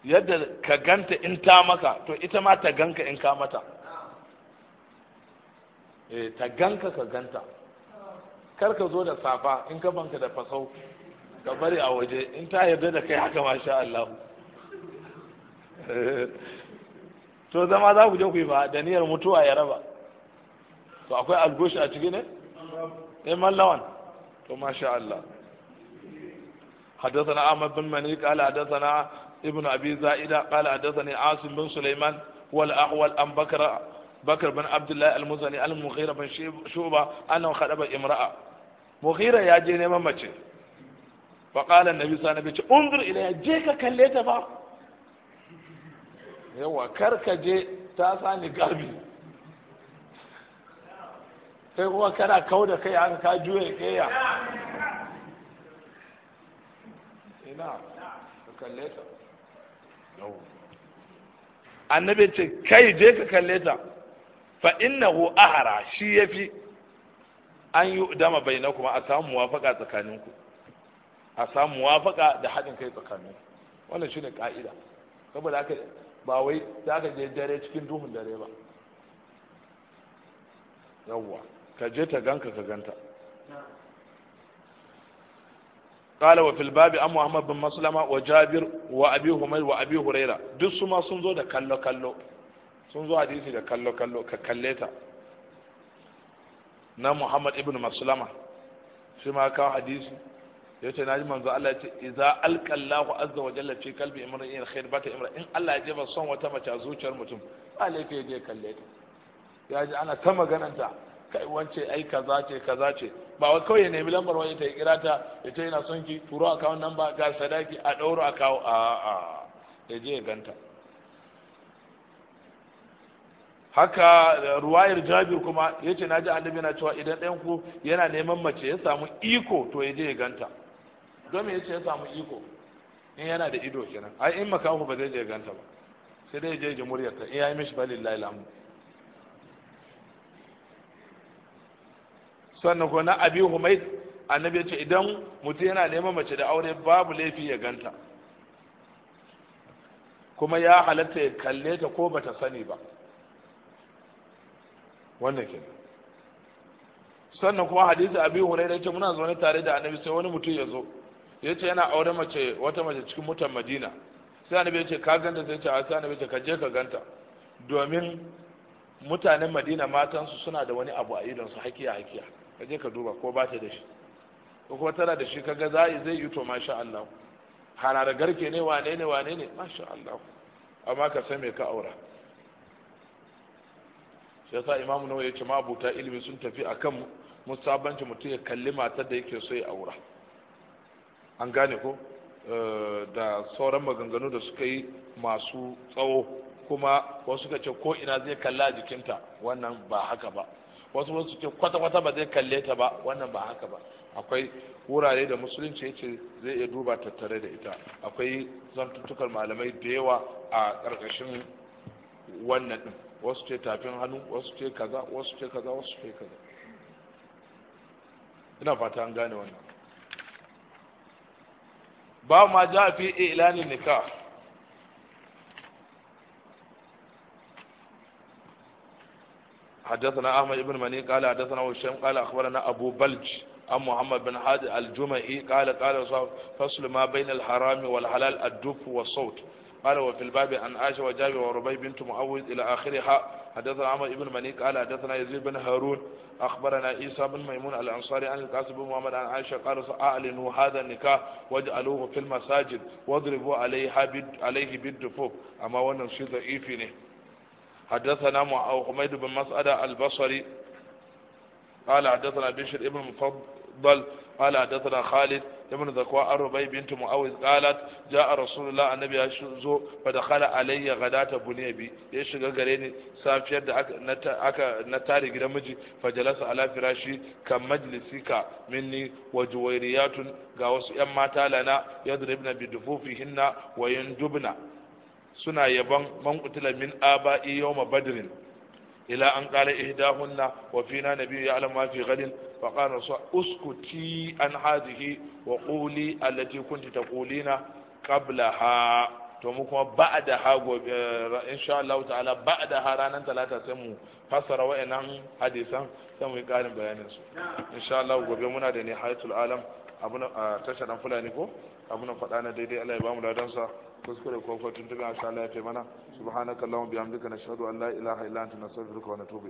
yadda ka ganta in ta maka to ita ma ta ganka in ka mata eh ta ganka ka ganta kar ka zo da safa in ka banka da fasau ka bari a waje in ta yarda da kai haka masha Allah eh. to zama za ku je ku yi ba da niyyar mutuwa ya raba to akwai algoshi a ciki ne eh mallawan to masha Allah حدثنا أحمد بن مني قال حدثنا ابن أبي زائدة قال حدثني عاصم بن سليمان والأحول أم بكر بكر بن عبد الله المزني المغيرة بن شعبة أنه Imra'a. امرأة مغيرة يا جيني ممتشي faƙalar na bisa na bici wasallam unzur ya je ka kalle ta ba yawa kar ka je ta sani gabi kai kuma kana kau da kai an ka ke ya? ina ka kalle ta annabi ce kai je ka kalle ta fa innahu ahara shi yafi an yi dama kuma a samu muwafaka tsakaninku a samu muwafaka da haɗin kai tsakanin wannan shine ka'ida saboda aka ba wai za ka je dare cikin duhun dare ba yawwa ka je ta ganka ka ganta wa Filbabi an Muhammad bin عن wa Jabir wa وجابر وأبي wa وأبي هريرة duk su ma sun zo da kallo kallo sun zo hadisi da kallo kallo ka kalle ta na Muhammad ibn Maslama shi ma kawo hadisi ya ce naji manzo Allah ya ce idza alqa Allahu azza wa jalla fi qalbi imra'in khair bata imra in Allah ya jefa son wata mace a zuciyar mutum ba laifi ya je kalle ta ya ji ana ta maganarta kai wance ai kaza ce kaza ce ba wai kawai ya nemi lambar wani ta yi kira ta ya ce yana son ki turo akawun nan ba ga sadaki a ɗauro a kawo a a ya je ya ganta haka ruwayar jabir kuma ya ce na ji annabi na cewa idan ɗayan ku yana neman mace ya samu iko to ya je ya ganta Domin ya yace ya samu iko in yana da ido kenan ai in makahu ba zai je ganta ba sai dai je jamhuriyar ta in ya yi mishi balillahi lamu. sannan ko na abi humaid annabi ce idan mutum yana neman mace da aure babu laifi ya ganta kuma ya halatta ya kalle ta ko bata sani ba wannan ke. sannan kuma hadisi abi hurairah ce muna zaune tare da annabi sai wani mutum ya zo ya ce yana aure mace wata mace cikin mutan madina sai annabi ya ce ka ganta sai ce a sai annabi ya ce ka je ka ganta domin mutanen madina matansu suna da wani abu a idon su hakiya hakiya ka je ka duba ko ba ta da shi ko kuma tana da shi kaga za zai yi to masha Allah hana da garke ne wane ne wane ne masha Allah amma ka san me ka aura sai sa imamu nawa ya ce mabuta ilimi sun tafi akan musabanci mutum ya kalli matar da yake so ya aura an gane ko eh, da sauran maganganu da suka yi masu tsawo kuma wasu suka ce ko ina zai kalla jikinta wannan ba haka ba wasu wasu ce kwata-kwata ba zai kalle ta ba wannan ba haka ba akwai wurare da musulunci ya ce zai iya duba tattare da ita akwai zantuttukar malamai da yawa a ƙarƙashin wannan ɗin wasu ce tafin hannu wasu ce kaza wasu ce kaza wasu ce kaza ina fata an gane wannan باب ما جاء في إعلان النكاح حدثنا احمد بن مني قال حدثنا هشام قال اخبرنا ابو بلج عن محمد بن حاد الجمعي قال قال فصل ما بين الحرام والحلال الدف والصوت قال وفي الباب عن عائشه وجابر وربيع بنت معوذ الى اخرها حدثنا عمر بن مني قال حدثنا يزيد بن هارون أخبرنا عيسى بن ميمون الأنصاري عن القاسم بن محمد عن عائشة قال أعلنوا هذا النكاح واجعلوه في المساجد واضربوا عليه عليه بالدفوف أما وانا شيء ضعيف حدثنا حميد بن مسعد البصري قال حدثنا بشر بن مفضل قال حدثنا خالد ibn zakwa arubay bint muawiz qalat jaa rasulullah annabi ya zo fa dakhala alayya ghadata bunyabi ya shiga gare ni safiyar da aka na tare gidan miji fa jalasa ala firashi kan majlisika minni wa juwairiyatun ga wasu yan mata lana yadribna bi dufufihinna wa yandubna suna yaban man min aba'i yawma badrin ila an qala ihdahunna wa fina nabiyyu ya'lamu ma fi ghadin fa qala rasul uskuti an hadhihi wa quli allati kunti taqulina qablaha to mu kuma ba'da ha gobe insha Allah ta'ala ba'da ha ranar talata sai mu fassara wa'annan hadisan sai mu yi karin bayanin su insha gobe muna da nihayatul alam abun tashar fulani ko abuna faɗa na daidai Allah ya bamu ladansa kuskure ko ko tuntuɓe a sha Allah ya mana subhanaka allahumma bihamdika nashhadu an la ilaha illa anta nastaghfiruka wa natubu